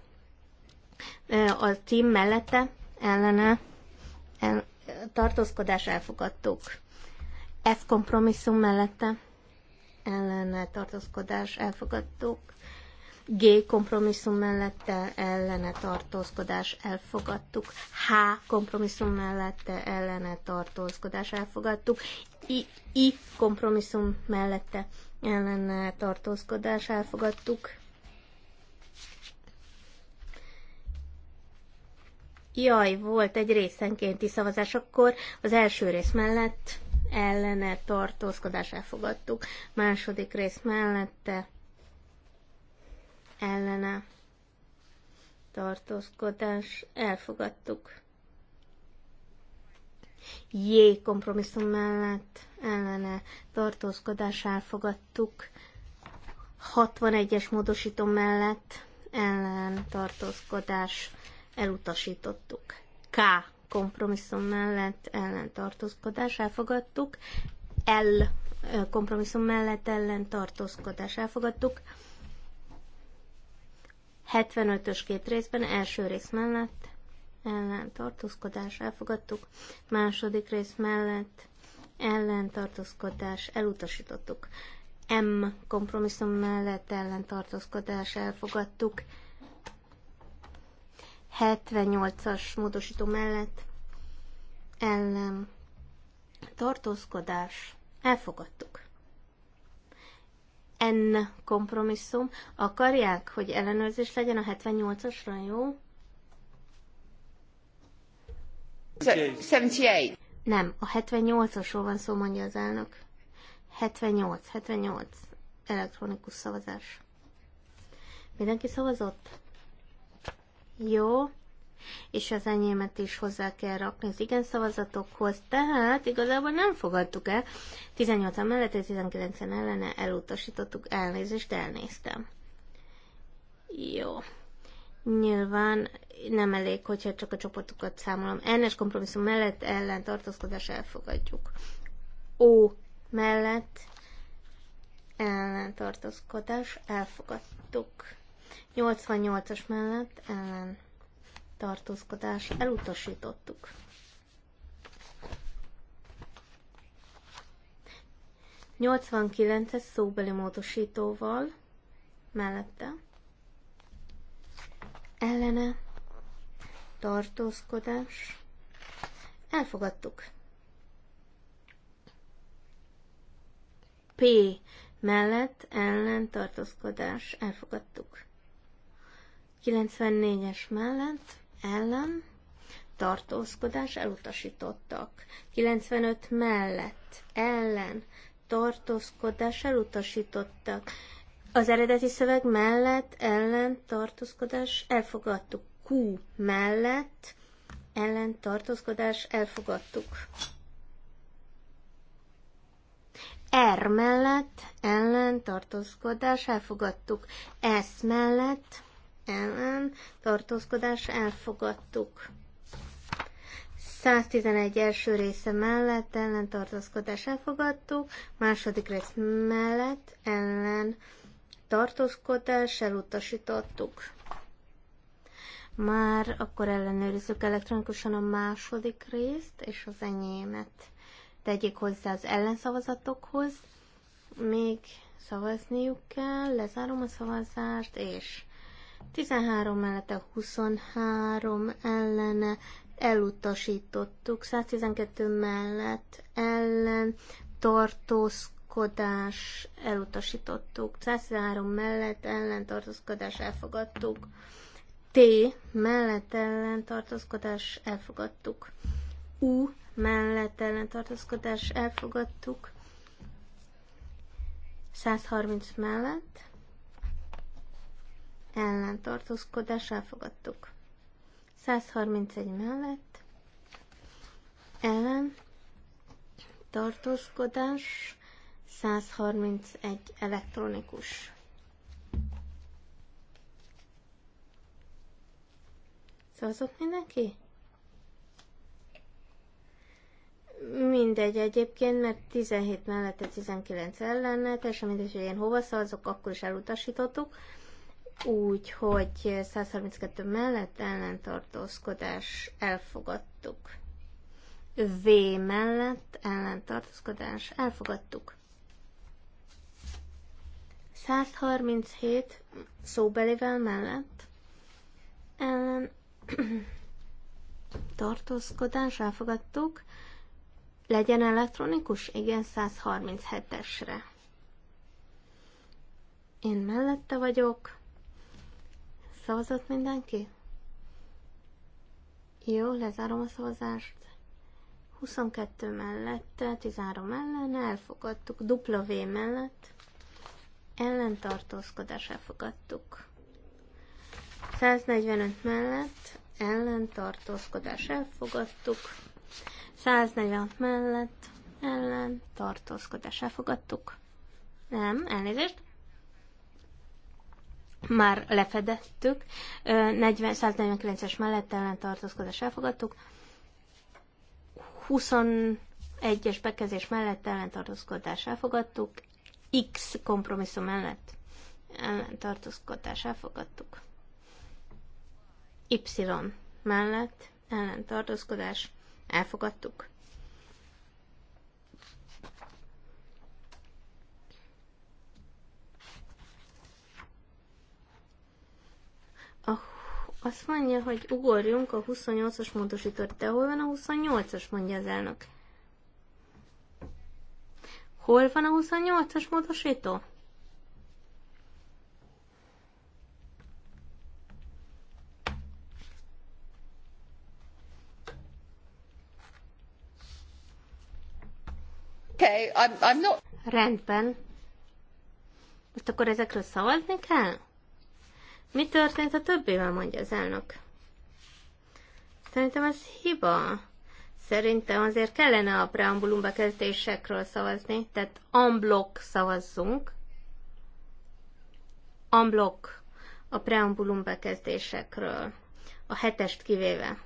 a cím mellette ellene el, tartózkodás elfogadtuk. Ez kompromisszum mellette ellene tartózkodás elfogadtuk. G kompromisszum mellette ellene tartózkodás elfogadtuk, H kompromisszum mellette ellene tartózkodás elfogadtuk, I, I kompromisszum mellette ellene tartózkodás elfogadtuk. Jaj, volt egy részenkénti szavazás, akkor az első rész mellett ellene tartózkodás elfogadtuk, második rész mellette ellene tartózkodás elfogadtuk. J kompromisszum mellett ellene tartózkodás elfogadtuk. 61-es módosító mellett ellen tartózkodás elutasítottuk. K kompromisszum mellett ellen tartózkodás elfogadtuk. L kompromisszum mellett ellen tartózkodás elfogadtuk. 75-ös két részben, első rész mellett ellen tartózkodás elfogadtuk, második rész mellett ellen tartózkodás elutasítottuk, M kompromisszum mellett ellen tartózkodás elfogadtuk, 78-as módosító mellett ellen tartózkodás elfogadtuk. N kompromisszum. Akarják, hogy ellenőrzés legyen a 78-asra, jó? 78. Nem, a 78-asról van szó, mondja az elnök. 78, 78. Elektronikus szavazás. Mindenki szavazott? Jó. És az enyémet is hozzá kell rakni az igen szavazatokhoz. Tehát igazából nem fogadtuk el. 18 mellett, 19 ellene elutasítottuk. Elnézést, elnéztem. Jó. Nyilván nem elég, hogyha csak a csoportokat számolom. Ennes kompromisszum mellett ellen tartózkodás elfogadjuk. Ó mellett ellen tartózkodás elfogadtuk. 88-as mellett ellen tartózkodás elutasítottuk. Nyolcvankilences szóbeli módosítóval mellette ellene tartózkodás elfogadtuk. P mellett ellen tartózkodás elfogadtuk. 94-es mellett ellen tartózkodás elutasítottak. 95 mellett ellen tartózkodás elutasítottak. Az eredeti szöveg mellett ellen tartózkodás elfogadtuk. Q mellett ellen tartózkodás elfogadtuk. R mellett ellen tartózkodás elfogadtuk. S mellett ellen tartózkodás elfogadtuk. 111 első része mellett ellen tartózkodás elfogadtuk, második rész mellett ellen tartózkodás elutasítottuk. Már akkor ellenőrizzük elektronikusan a második részt és az enyémet. Tegyék hozzá az ellenszavazatokhoz. Még szavazniuk kell, lezárom a szavazást, és 13 mellette 23 ellene elutasítottuk, 112 mellett ellen tartózkodás tartózkodás elutasítottuk, 113 mellett ellentartózkodás elfogadtuk, T mellett ellentartózkodás elfogadtuk, U mellett ellentartózkodás elfogadtuk, 130 mellett ellentartózkodás elfogadtuk. 131 mellett ellen tartózkodás 131 elektronikus. Szavazott mindenki? Mindegy egyébként, mert 17 mellette 19 ellene, teljesen mindegy, hogy én hova szavazok, akkor is elutasítottuk. Úgyhogy 132 mellett ellentartózkodás elfogadtuk. V mellett ellentartózkodás elfogadtuk. 137 szóbelivel mellett ellen tartózkodás elfogadtuk. Legyen elektronikus? Igen, 137-esre. Én mellette vagyok. Szavazott mindenki? Jó, lezárom a szavazást. 22 mellette, 13 ellen, elfogadtuk. Dupla V mellett ellentartózkodás elfogadtuk. 145 mellett ellentartózkodás elfogadtuk. 146 mellett ellentartózkodás elfogadtuk. Nem, elnézést. Már lefedettük. 40, 149-es mellett ellentartózkodás elfogadtuk. 20 egyes bekezés mellett ellentartózkodás elfogadtuk, X kompromisszum mellett ellen tartózkodás elfogadtuk. Y mellett ellen tartózkodás elfogadtuk. A, azt mondja, hogy ugorjunk a 28-as módosított, de hol van a 28-as, mondja az elnök. Hol van a 28-as módosító? Okay, I'm, I'm not... Rendben. Most akkor ezekről szavazni kell? Mi történt a többével, mondja az elnök. Szerintem ez hiba. Szerintem azért kellene a preambulum bekezdésekről szavazni, tehát unblock szavazzunk. Unblock a preambulum bekezdésekről. A hetest kivéve.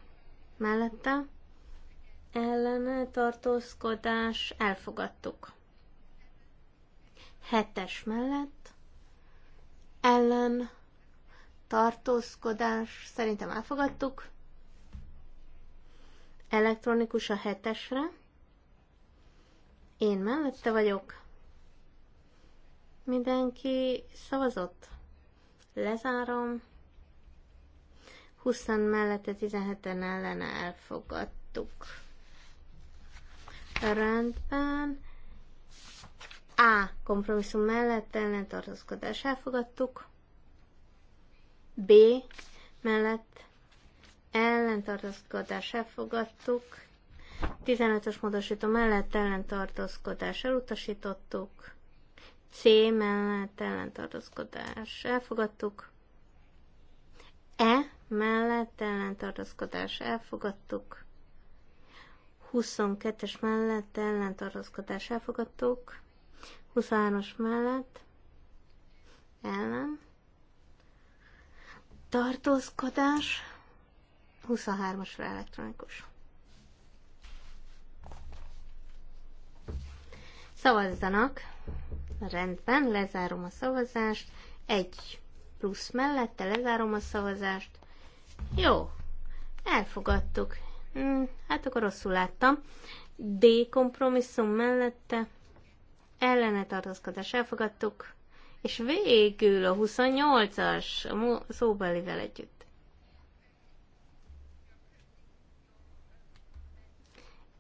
Mellette ellene tartózkodás elfogadtuk. Hetes mellett ellen tartózkodás szerintem elfogadtuk. Elektronikus a hetesre. Én mellette vagyok. Mindenki szavazott. Lezárom. 20 mellette 17-en ellene elfogadtuk. Rendben. A. Kompromisszum mellett ellentartózkodás elfogadtuk. B. Mellett ellentartózkodás elfogadtuk, 15-ös módosító mellett ellentartózkodás elutasítottuk, C mellett ellentartózkodás elfogadtuk, E mellett ellentartózkodás elfogadtuk, 22-es mellett ellentartózkodás elfogadtuk, 23-as mellett ellen tartózkodás 23-asra elektronikus. Szavazzanak. Rendben, lezárom a szavazást. Egy plusz mellette lezárom a szavazást. Jó, elfogadtuk. Hmm, hát akkor rosszul láttam. D kompromisszum mellette ellene tartózkodás elfogadtuk. És végül a 28-as szóbelivel együtt.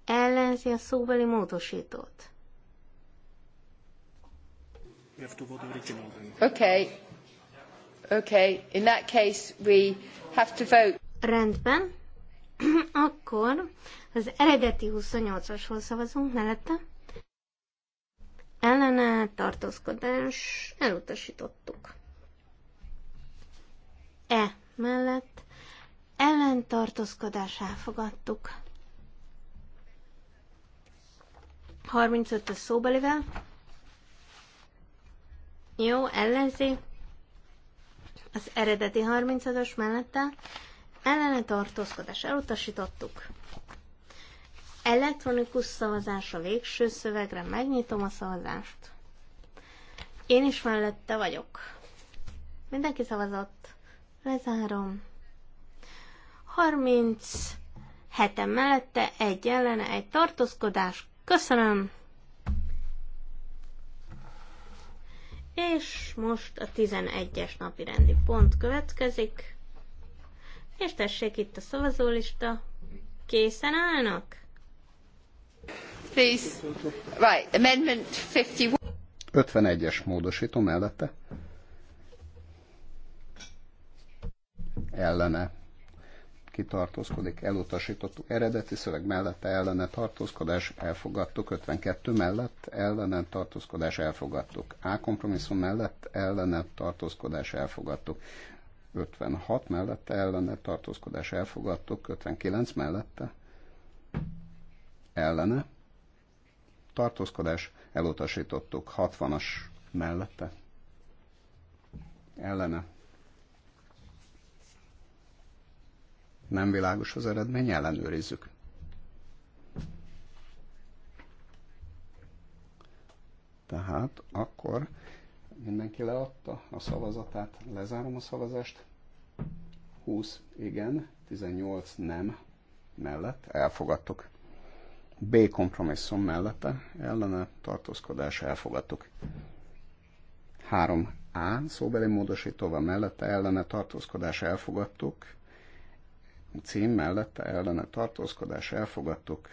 ellenzi a szóbeli módosítót. Okay. Okay. In that case we have to vote. Rendben. Akkor az eredeti 28-ashoz szavazunk mellette. Ellene tartózkodás elutasítottuk. E mellett ellen tartózkodás elfogadtuk. 35 szóbelivel. Jó, ellenzi. Az eredeti 35-ös mellette ellene tartózkodás elutasítottuk. Elektronikus szavazás a végső szövegre, megnyitom a szavazást. Én is mellette vagyok. Mindenki szavazott. Lezárom. 37 mellette, egy ellene, egy tartózkodás. Köszönöm. És most a 11-es napi rendi pont következik. És tessék itt a szavazólista. Készen állnak? Please. Right, amendment 51. 51-es módosító mellette. Ellene kitartózkodik, elutasítottuk eredeti szöveg mellett ellene tartózkodás, elfogadtuk, 52 mellett ellene tartózkodás, elfogadtuk, A kompromisszum mellett ellene tartózkodás, elfogadtuk, 56 mellett ellene tartózkodás, elfogadtuk, 59 mellette ellene tartózkodás, elutasítottuk, 60-as mellette ellene nem világos az eredmény, ellenőrizzük. Tehát akkor mindenki leadta a szavazatát, lezárom a szavazást. 20 igen, 18 nem mellett elfogadtuk. B kompromisszum mellette ellene tartózkodás elfogadtuk. 3A szóbeli módosítóval mellette ellene tartózkodás elfogadtuk cím mellette ellene tartózkodás elfogadtuk,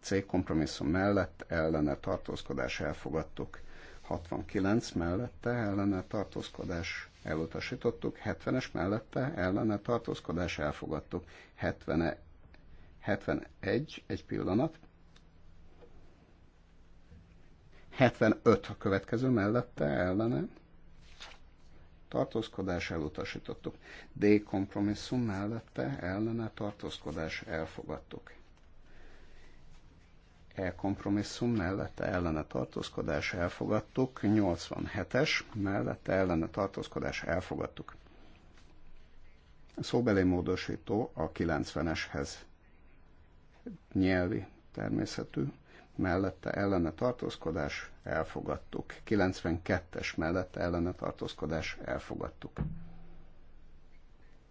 C kompromisszum mellett ellene tartózkodás elfogadtuk, 69 mellette ellene tartózkodás elutasítottuk, 70-es mellette ellene tartózkodás elfogadtuk, 70 71, egy pillanat, 75 a következő mellette ellene tartózkodás elutasítottuk. D kompromisszum mellette ellene tartózkodás elfogadtuk. E kompromisszum mellette ellene tartózkodás elfogadtuk. 87-es mellette ellene tartózkodás elfogadtuk. A szóbeli módosító a 90-eshez nyelvi természetű mellette ellene tartózkodás elfogadtuk. 92-es mellette ellene tartózkodás elfogadtuk.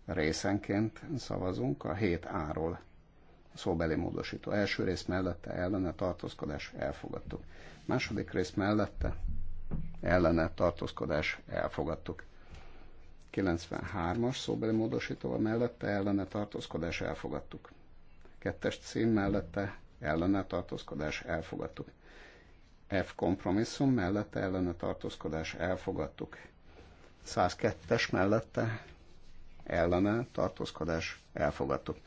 Részenként szavazunk a 7A-ról. Szóbeli módosító. Első rész mellette ellene tartózkodás elfogadtuk. Második rész mellette ellene tartózkodás elfogadtuk. 93-as szóbeli módosítóval mellette ellene tartózkodás elfogadtuk. Kettes cím mellette ellene tartózkodás elfogadtuk. F kompromisszum mellette ellene tartózkodás elfogadtuk. 102-es mellette ellene tartózkodás elfogadtuk.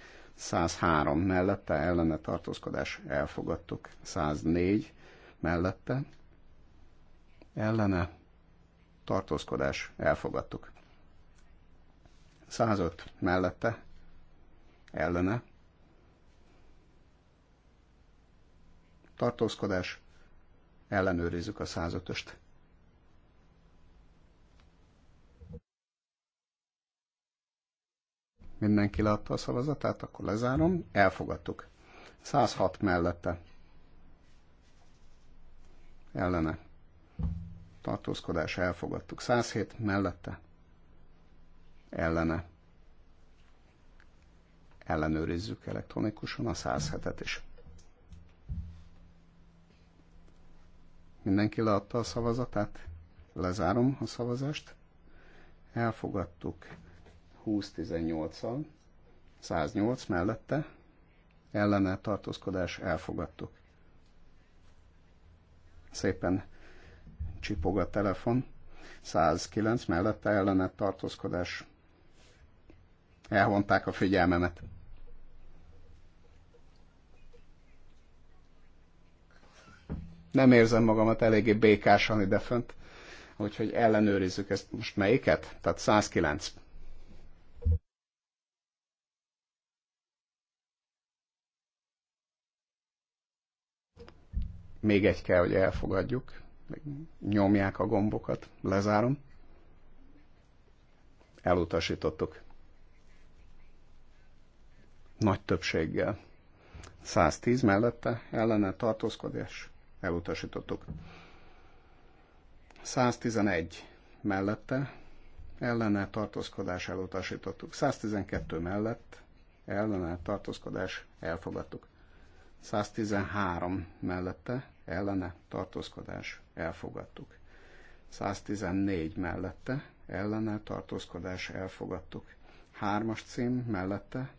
103 mellette ellene tartózkodás elfogadtuk. 104 mellette ellene tartózkodás elfogadtuk. 105 mellette ellene tartózkodás, ellenőrizzük a 105-öst. Mindenki látta a szavazatát, akkor lezárom, elfogadtuk. 106 mellette. Ellene. Tartózkodás elfogadtuk. 107 mellette. Ellene. Ellenőrizzük elektronikusan a 107-et is. Mindenki leadta a szavazatát? Lezárom a szavazást. Elfogadtuk 20-18-al, 108 mellette, ellene tartózkodás elfogadtuk. Szépen csipog a telefon, 109 mellette ellene tartózkodás. Elvonták a figyelmemet. nem érzem magamat eléggé békásan idefönt, úgyhogy ellenőrizzük ezt most melyiket, tehát 109. Még egy kell, hogy elfogadjuk. Nyomják a gombokat, lezárom. Elutasítottuk. Nagy többséggel. 110 mellette ellene tartózkodás elutasítottuk. 111 mellette, ellene tartózkodás elutasítottuk. 112 mellett, ellene tartózkodás elfogadtuk. 113 mellette, ellene tartózkodás elfogadtuk. 114 mellette, ellene tartózkodás elfogadtuk. Hármas cím mellette,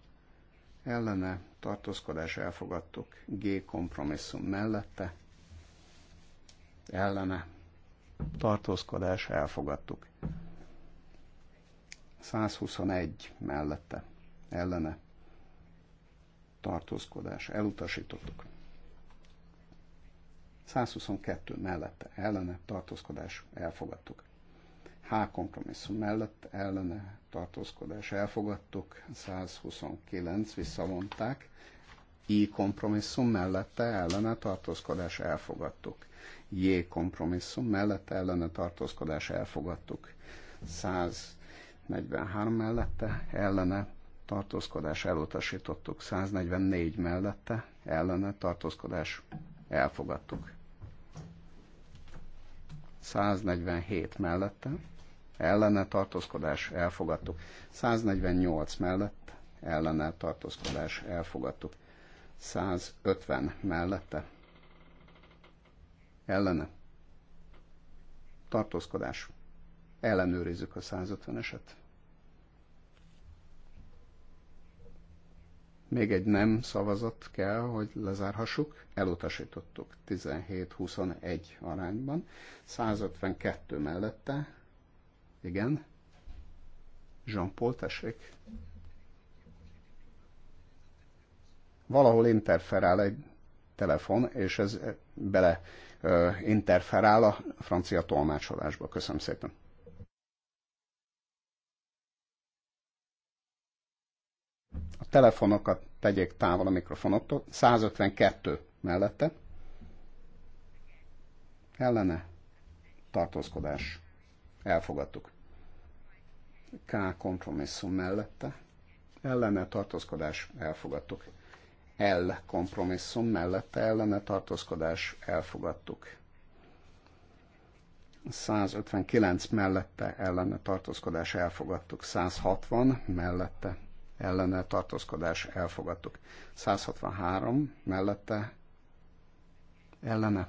ellene tartózkodás elfogadtuk. G kompromisszum mellette, ellene tartózkodás elfogadtuk. 121 mellette ellene tartózkodás elutasítottuk. 122 mellette ellene tartózkodás elfogadtuk. H kompromisszum mellett ellene tartózkodás elfogadtuk, 129 visszavonták, I kompromisszum mellette ellene tartózkodás elfogadtuk. J kompromisszum mellette ellene tartózkodás elfogadtuk. 143 mellette ellene tartózkodás elutasítottuk. 144 mellette ellene tartózkodás elfogadtuk. 147 mellette ellene tartózkodás elfogadtuk. 148 mellett ellene tartózkodás elfogadtuk. 150 mellette. Ellene. Tartózkodás. Ellenőrizzük a 150-eset. Még egy nem szavazat kell, hogy lezárhassuk. Elutasítottuk 17-21 arányban. 152 mellette. Igen. Jean-Paul, tessék. valahol interferál egy telefon, és ez bele interferál a francia tolmácsolásba. Köszönöm szépen. A telefonokat tegyék távol a mikrofonoktól. 152 mellette. Ellene tartózkodás. Elfogadtuk. K kompromisszum mellette. Ellene tartózkodás. Elfogadtuk. El kompromisszum mellette ellene tartózkodás elfogadtuk. 159 mellette ellene tartózkodás elfogadtuk, 160 mellette ellene tartózkodás elfogadtuk, 163 mellette ellene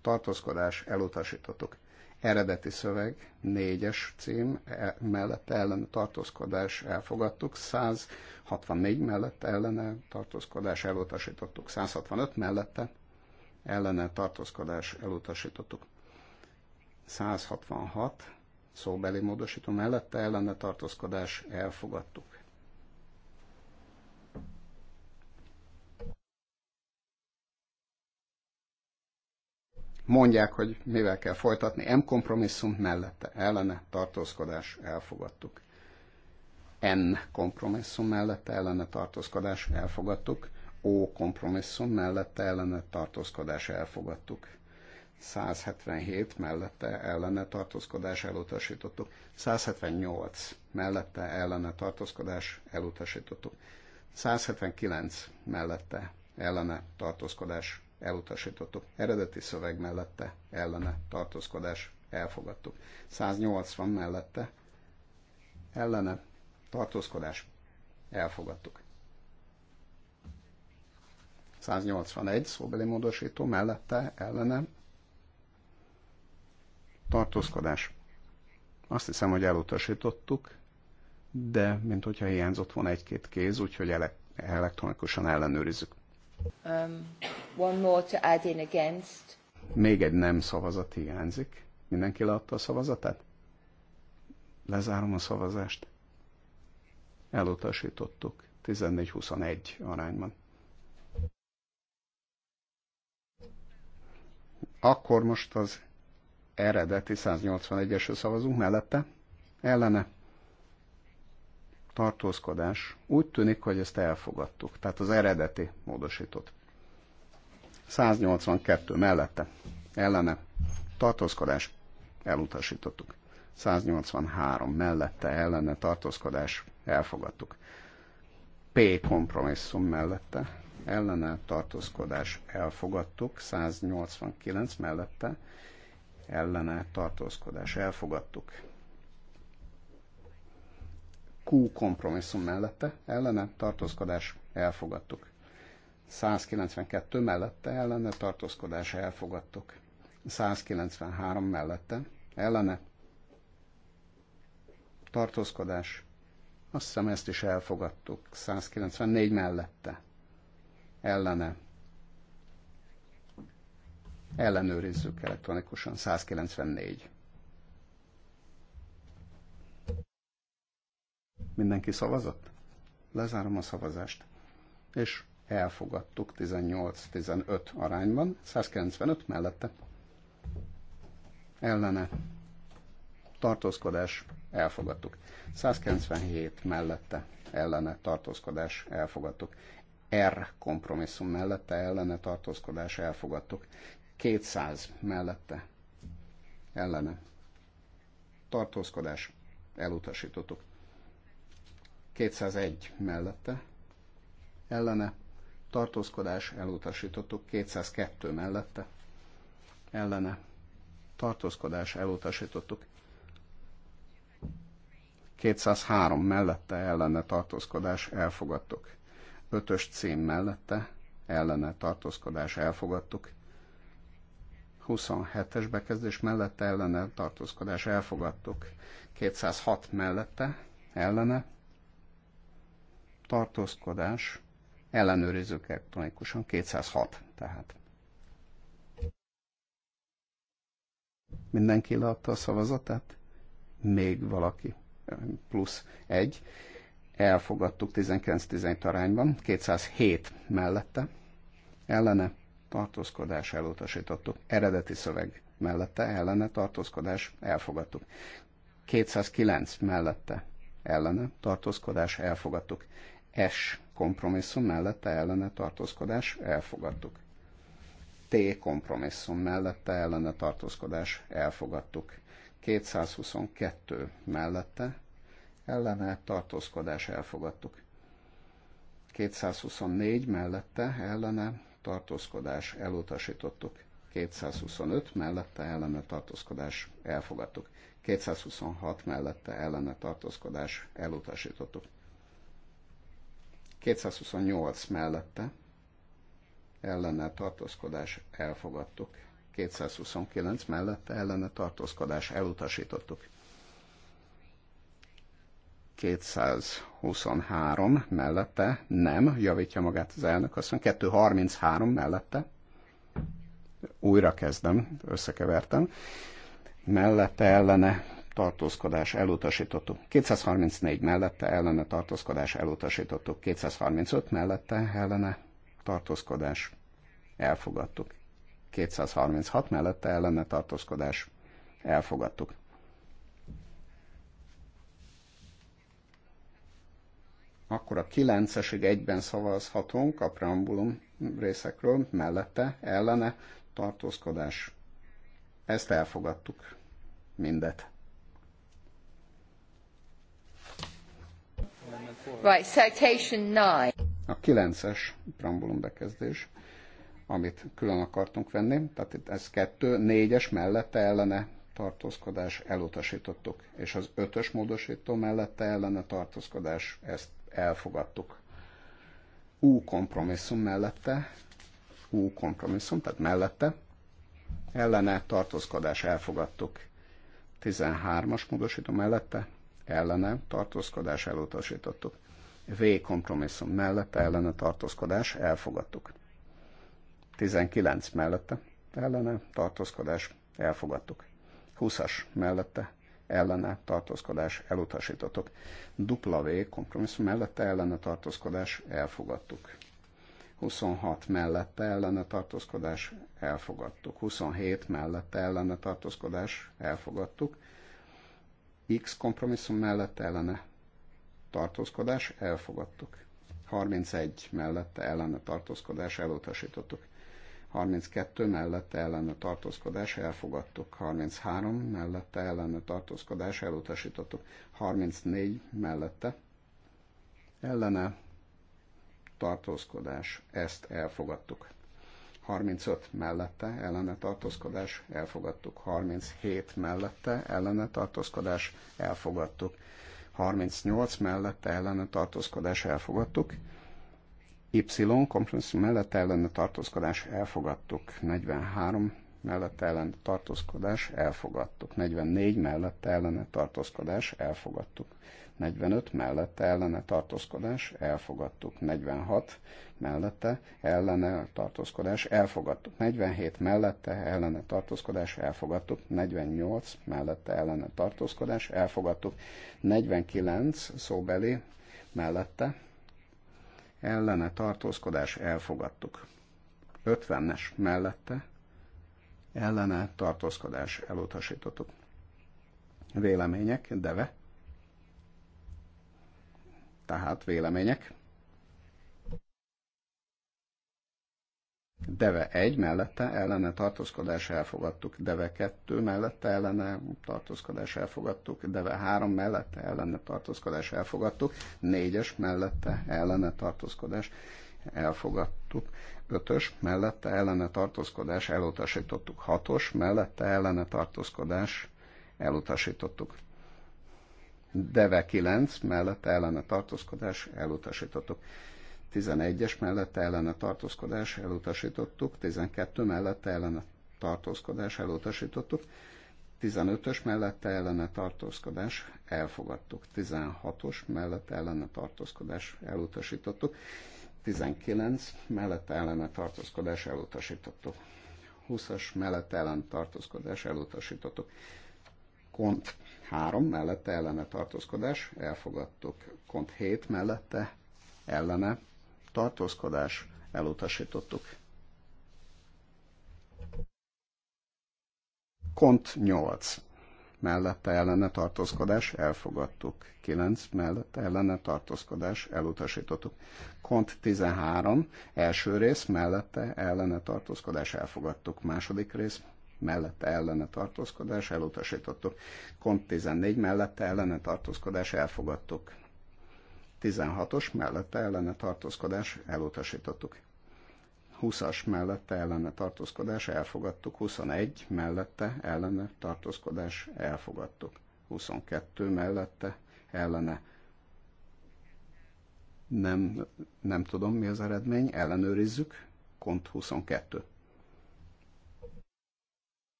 tartózkodás elutasítottuk, Eredeti szöveg, négyes cím e, mellett ellen tartózkodás elfogadtuk, 164 mellett ellene tartózkodás elutasítottuk, 165 mellette ellene tartózkodás elutasítottuk. 166 szóbeli módosító mellette ellene tartózkodás elfogadtuk. mondják, hogy mivel kell folytatni. M kompromisszum mellette ellene tartózkodás elfogadtuk. N kompromisszum mellette ellene tartózkodás elfogadtuk. O kompromisszum mellette ellene tartózkodás elfogadtuk. 177 mellette ellene tartózkodás elutasítottuk. 178 mellette ellene tartózkodás elutasítottuk. 179 mellette ellene tartózkodás elutasítottuk. Eredeti szöveg mellette ellene tartózkodás elfogadtuk. 180 mellette ellene tartózkodás elfogadtuk. 181 szóbeli módosító mellette ellene tartózkodás. Azt hiszem, hogy elutasítottuk, de mint hogyha hiányzott volna egy-két kéz, úgyhogy ele elektronikusan ellenőrizzük. Um, one more to add in against. Még egy nem szavazat hiányzik. Mindenki leadta a szavazatát? Lezárom a szavazást. Elutasítottuk. 14-21 arányban. Akkor most az eredeti 181-esről szavazunk mellette. Ellene tartózkodás, úgy tűnik, hogy ezt elfogadtuk, tehát az eredeti módosított. 182 mellette, ellene, tartózkodás, elutasítottuk. 183 mellette, ellene, tartózkodás, elfogadtuk. P kompromisszum mellette, ellene, tartózkodás, elfogadtuk. 189 mellette, ellene, tartózkodás, elfogadtuk. Kú kompromisszum mellette ellene tartózkodás elfogadtuk. 192 mellette ellene tartózkodás elfogadtuk. 193 mellette ellene tartózkodás. Azt hiszem ezt is elfogadtuk. 194 mellette ellene ellenőrizzük elektronikusan. 194. Mindenki szavazott? Lezárom a szavazást. És elfogadtuk 18-15 arányban, 195 mellette. Ellene tartózkodás elfogadtuk. 197 mellette ellene tartózkodás elfogadtuk. R kompromisszum mellette ellene tartózkodás elfogadtuk. 200 mellette ellene tartózkodás elutasítottuk. 201 mellette ellene tartózkodás elutasítottuk 202 mellette ellene tartózkodás elutasítottuk 203 mellette ellene tartózkodás elfogadtuk. 5-ös cím mellette ellene tartózkodás elfogadtuk. 27-es bekezdés mellette ellene tartózkodás elfogadtuk. 206 mellette ellene tartózkodás, ellenőrizzük elektronikusan, 206 tehát. Mindenki leadta a szavazatát? Még valaki, plusz egy. Elfogadtuk 19 15 arányban, 207 mellette, ellene tartózkodás elutasítottuk. Eredeti szöveg mellette, ellene tartózkodás elfogadtuk. 209 mellette, ellene tartózkodás elfogadtuk. S kompromisszum mellette ellene tartózkodás elfogadtuk. T kompromisszum mellette ellene tartózkodás elfogadtuk. 222 mellette ellene tartózkodás elfogadtuk. 224 mellette ellene tartózkodás elutasítottuk. 225 mellette ellene tartózkodás elfogadtuk. 226 mellette ellene tartózkodás elutasítottuk. 228 mellette ellene tartózkodás elfogadtuk. 229 mellette ellene tartózkodás elutasítottuk. 223 mellette nem, javítja magát az elnök, azt mondja 233 mellette, újra kezdem, összekevertem, mellette ellene tartózkodás elutasítottuk. 234 mellette ellene tartózkodás elutasítottuk. 235 mellette ellene tartózkodás elfogadtuk. 236 mellette ellene tartózkodás elfogadtuk. Akkor a 9-esig egyben szavazhatunk a preambulum részekről, mellette ellene tartózkodás. Ezt elfogadtuk mindet. Right, citation nine. A kilences es preambulum bekezdés, amit külön akartunk venni, tehát itt ez kettő, négyes mellette ellene tartózkodás elutasítottuk, és az ötös módosító mellette ellene tartózkodás, ezt elfogadtuk. U kompromisszum mellette, U kompromisszum, tehát mellette, ellene tartózkodás elfogadtuk. 13-as módosító mellette, ellene tartózkodás elutasítottuk. V kompromisszum mellett ellene tartózkodás elfogadtuk. 19 mellette ellene tartózkodás elfogadtuk. 20-as mellette ellene tartózkodás elutasítottuk. Dupla V kompromisszum mellette ellene tartózkodás elfogadtuk. 26 mellette ellene tartózkodás elfogadtuk. 27 mellette ellene tartózkodás elfogadtuk. X kompromisszum mellett ellene tartózkodás elfogadtuk. 31 mellette ellene tartózkodás elutasítottuk. 32 mellette ellene tartózkodás elfogadtuk, 33 mellette ellene tartózkodás elutasítottuk, 34 mellette ellene tartózkodás, ezt elfogadtuk. 35 mellette ellene tartózkodás elfogadtuk, 37 mellette ellene tartózkodás elfogadtuk, 38 mellette ellene tartózkodás elfogadtuk, Y kompromisszum mellette ellene tartózkodás elfogadtuk, 43 mellette ellene tartózkodás elfogadtuk, 44 mellette ellene tartózkodás elfogadtuk. 45 mellette ellene tartózkodás elfogadtuk, 46 mellette ellene tartózkodás elfogadtuk, 47 mellette ellene tartózkodás elfogadtuk, 48 mellette ellene tartózkodás elfogadtuk, 49 szóbeli mellette ellene tartózkodás elfogadtuk. 50-es mellette ellene tartózkodás elutasítottuk. Vélemények, deve tehát vélemények. Deve 1 mellette ellene tartózkodás elfogadtuk, Deve 2 mellette ellene tartózkodás elfogadtuk, Deve 3 mellette ellene tartózkodás elfogadtuk, 4-es mellette ellene tartózkodás elfogadtuk, 5-ös mellette ellene tartózkodás elutasítottuk, 6-os mellette ellene tartózkodás elutasítottuk. Deve 9 mellett ellene tartózkodás elutasítottuk. 11-es mellett ellene tartózkodás elutasítottuk, 12 mellett ellene tartózkodás elutasítottuk, 15-ös mellette ellene tartózkodás elfogadtuk, 16-os mellette ellene tartózkodás elutasítottuk, 19 mellette ellene tartózkodás elutasítottuk, 20-as mellette ellene tartózkodás elutasítottuk, Kont 3 mellette ellene tartózkodás, elfogadtuk. Kont 7 mellette ellene tartózkodás, elutasítottuk. Kont 8 mellette ellene tartózkodás, elfogadtuk. 9 mellette ellene tartózkodás, elutasítottuk. Kont 13, első rész mellette ellene tartózkodás, elfogadtuk. Második rész mellette ellene tartózkodás elutasítottuk. Kont 14 mellette ellene tartózkodás elfogadtuk. 16-os mellette ellene tartózkodás elutasítottuk. 20-as mellette ellene tartózkodás elfogadtuk, 21 mellette ellene tartózkodás elfogadtuk, 22 mellette ellene nem, nem tudom mi az eredmény, ellenőrizzük, kont 22.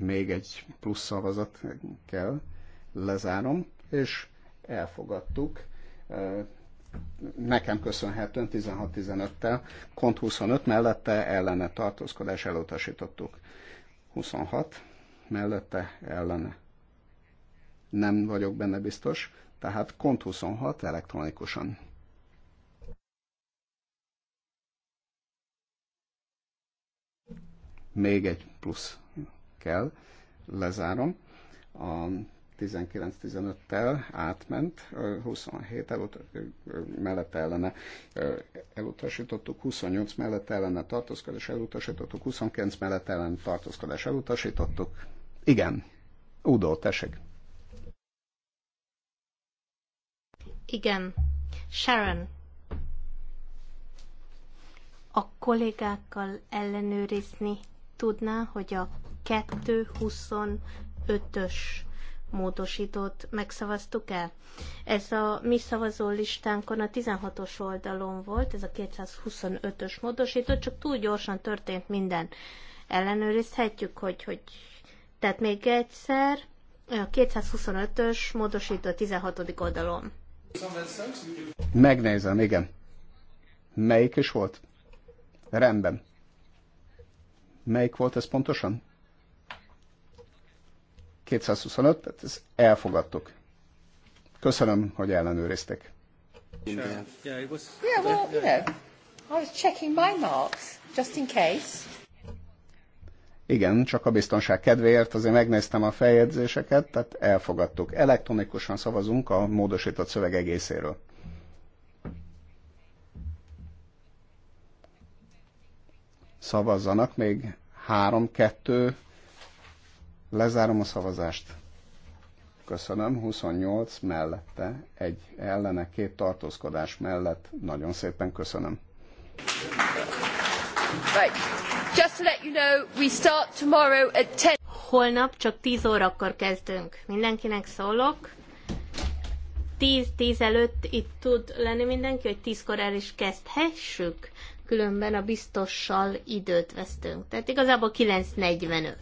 még egy plusz szavazat kell, lezárom, és elfogadtuk. Nekem köszönhetően 16-15-tel, kont 25 mellette ellene tartózkodás elutasítottuk. 26 mellette ellene. Nem vagyok benne biztos, tehát kont 26 elektronikusan. Még egy plusz kell, lezárom. A 19-15-tel átment, 27 elut- mellett ellene elutasítottuk, 28 mellett ellene tartózkodás elutasítottuk, 29 mellett ellen tartózkodás elutasítottuk. Igen, Udo, tessék. Igen, Sharon, a kollégákkal ellenőrizni tudná, hogy a 225-ös módosítót megszavaztuk el. Ez a mi szavazó listánkon a 16-os oldalon volt, ez a 225-ös módosító, csak túl gyorsan történt minden. Ellenőrizhetjük, hogy, hogy... Tehát még egyszer, a 225-ös módosító a 16. oldalon. Megnézem, igen. Melyik is volt? Rendben. Melyik volt ez pontosan? 225, tehát ezt elfogadtuk. Köszönöm, hogy ellenőriztek. yeah, well, you know, I was checking my marks, just in case. Igen, csak a biztonság kedvéért azért megnéztem a feljegyzéseket, tehát elfogadtuk. Elektronikusan szavazunk a módosított szöveg egészéről. Szavazzanak még 3, 2, Lezárom a szavazást. Köszönöm, 28 mellette, egy ellene, két tartózkodás mellett. Nagyon szépen köszönöm. Right. Just to let you know, we start tomorrow at 10. Holnap csak 10 órakor kezdünk. Mindenkinek szólok. 10-10 előtt itt tud lenni mindenki, hogy 10-kor el is kezdhessük, különben a biztossal időt vesztünk. Tehát igazából 9.45.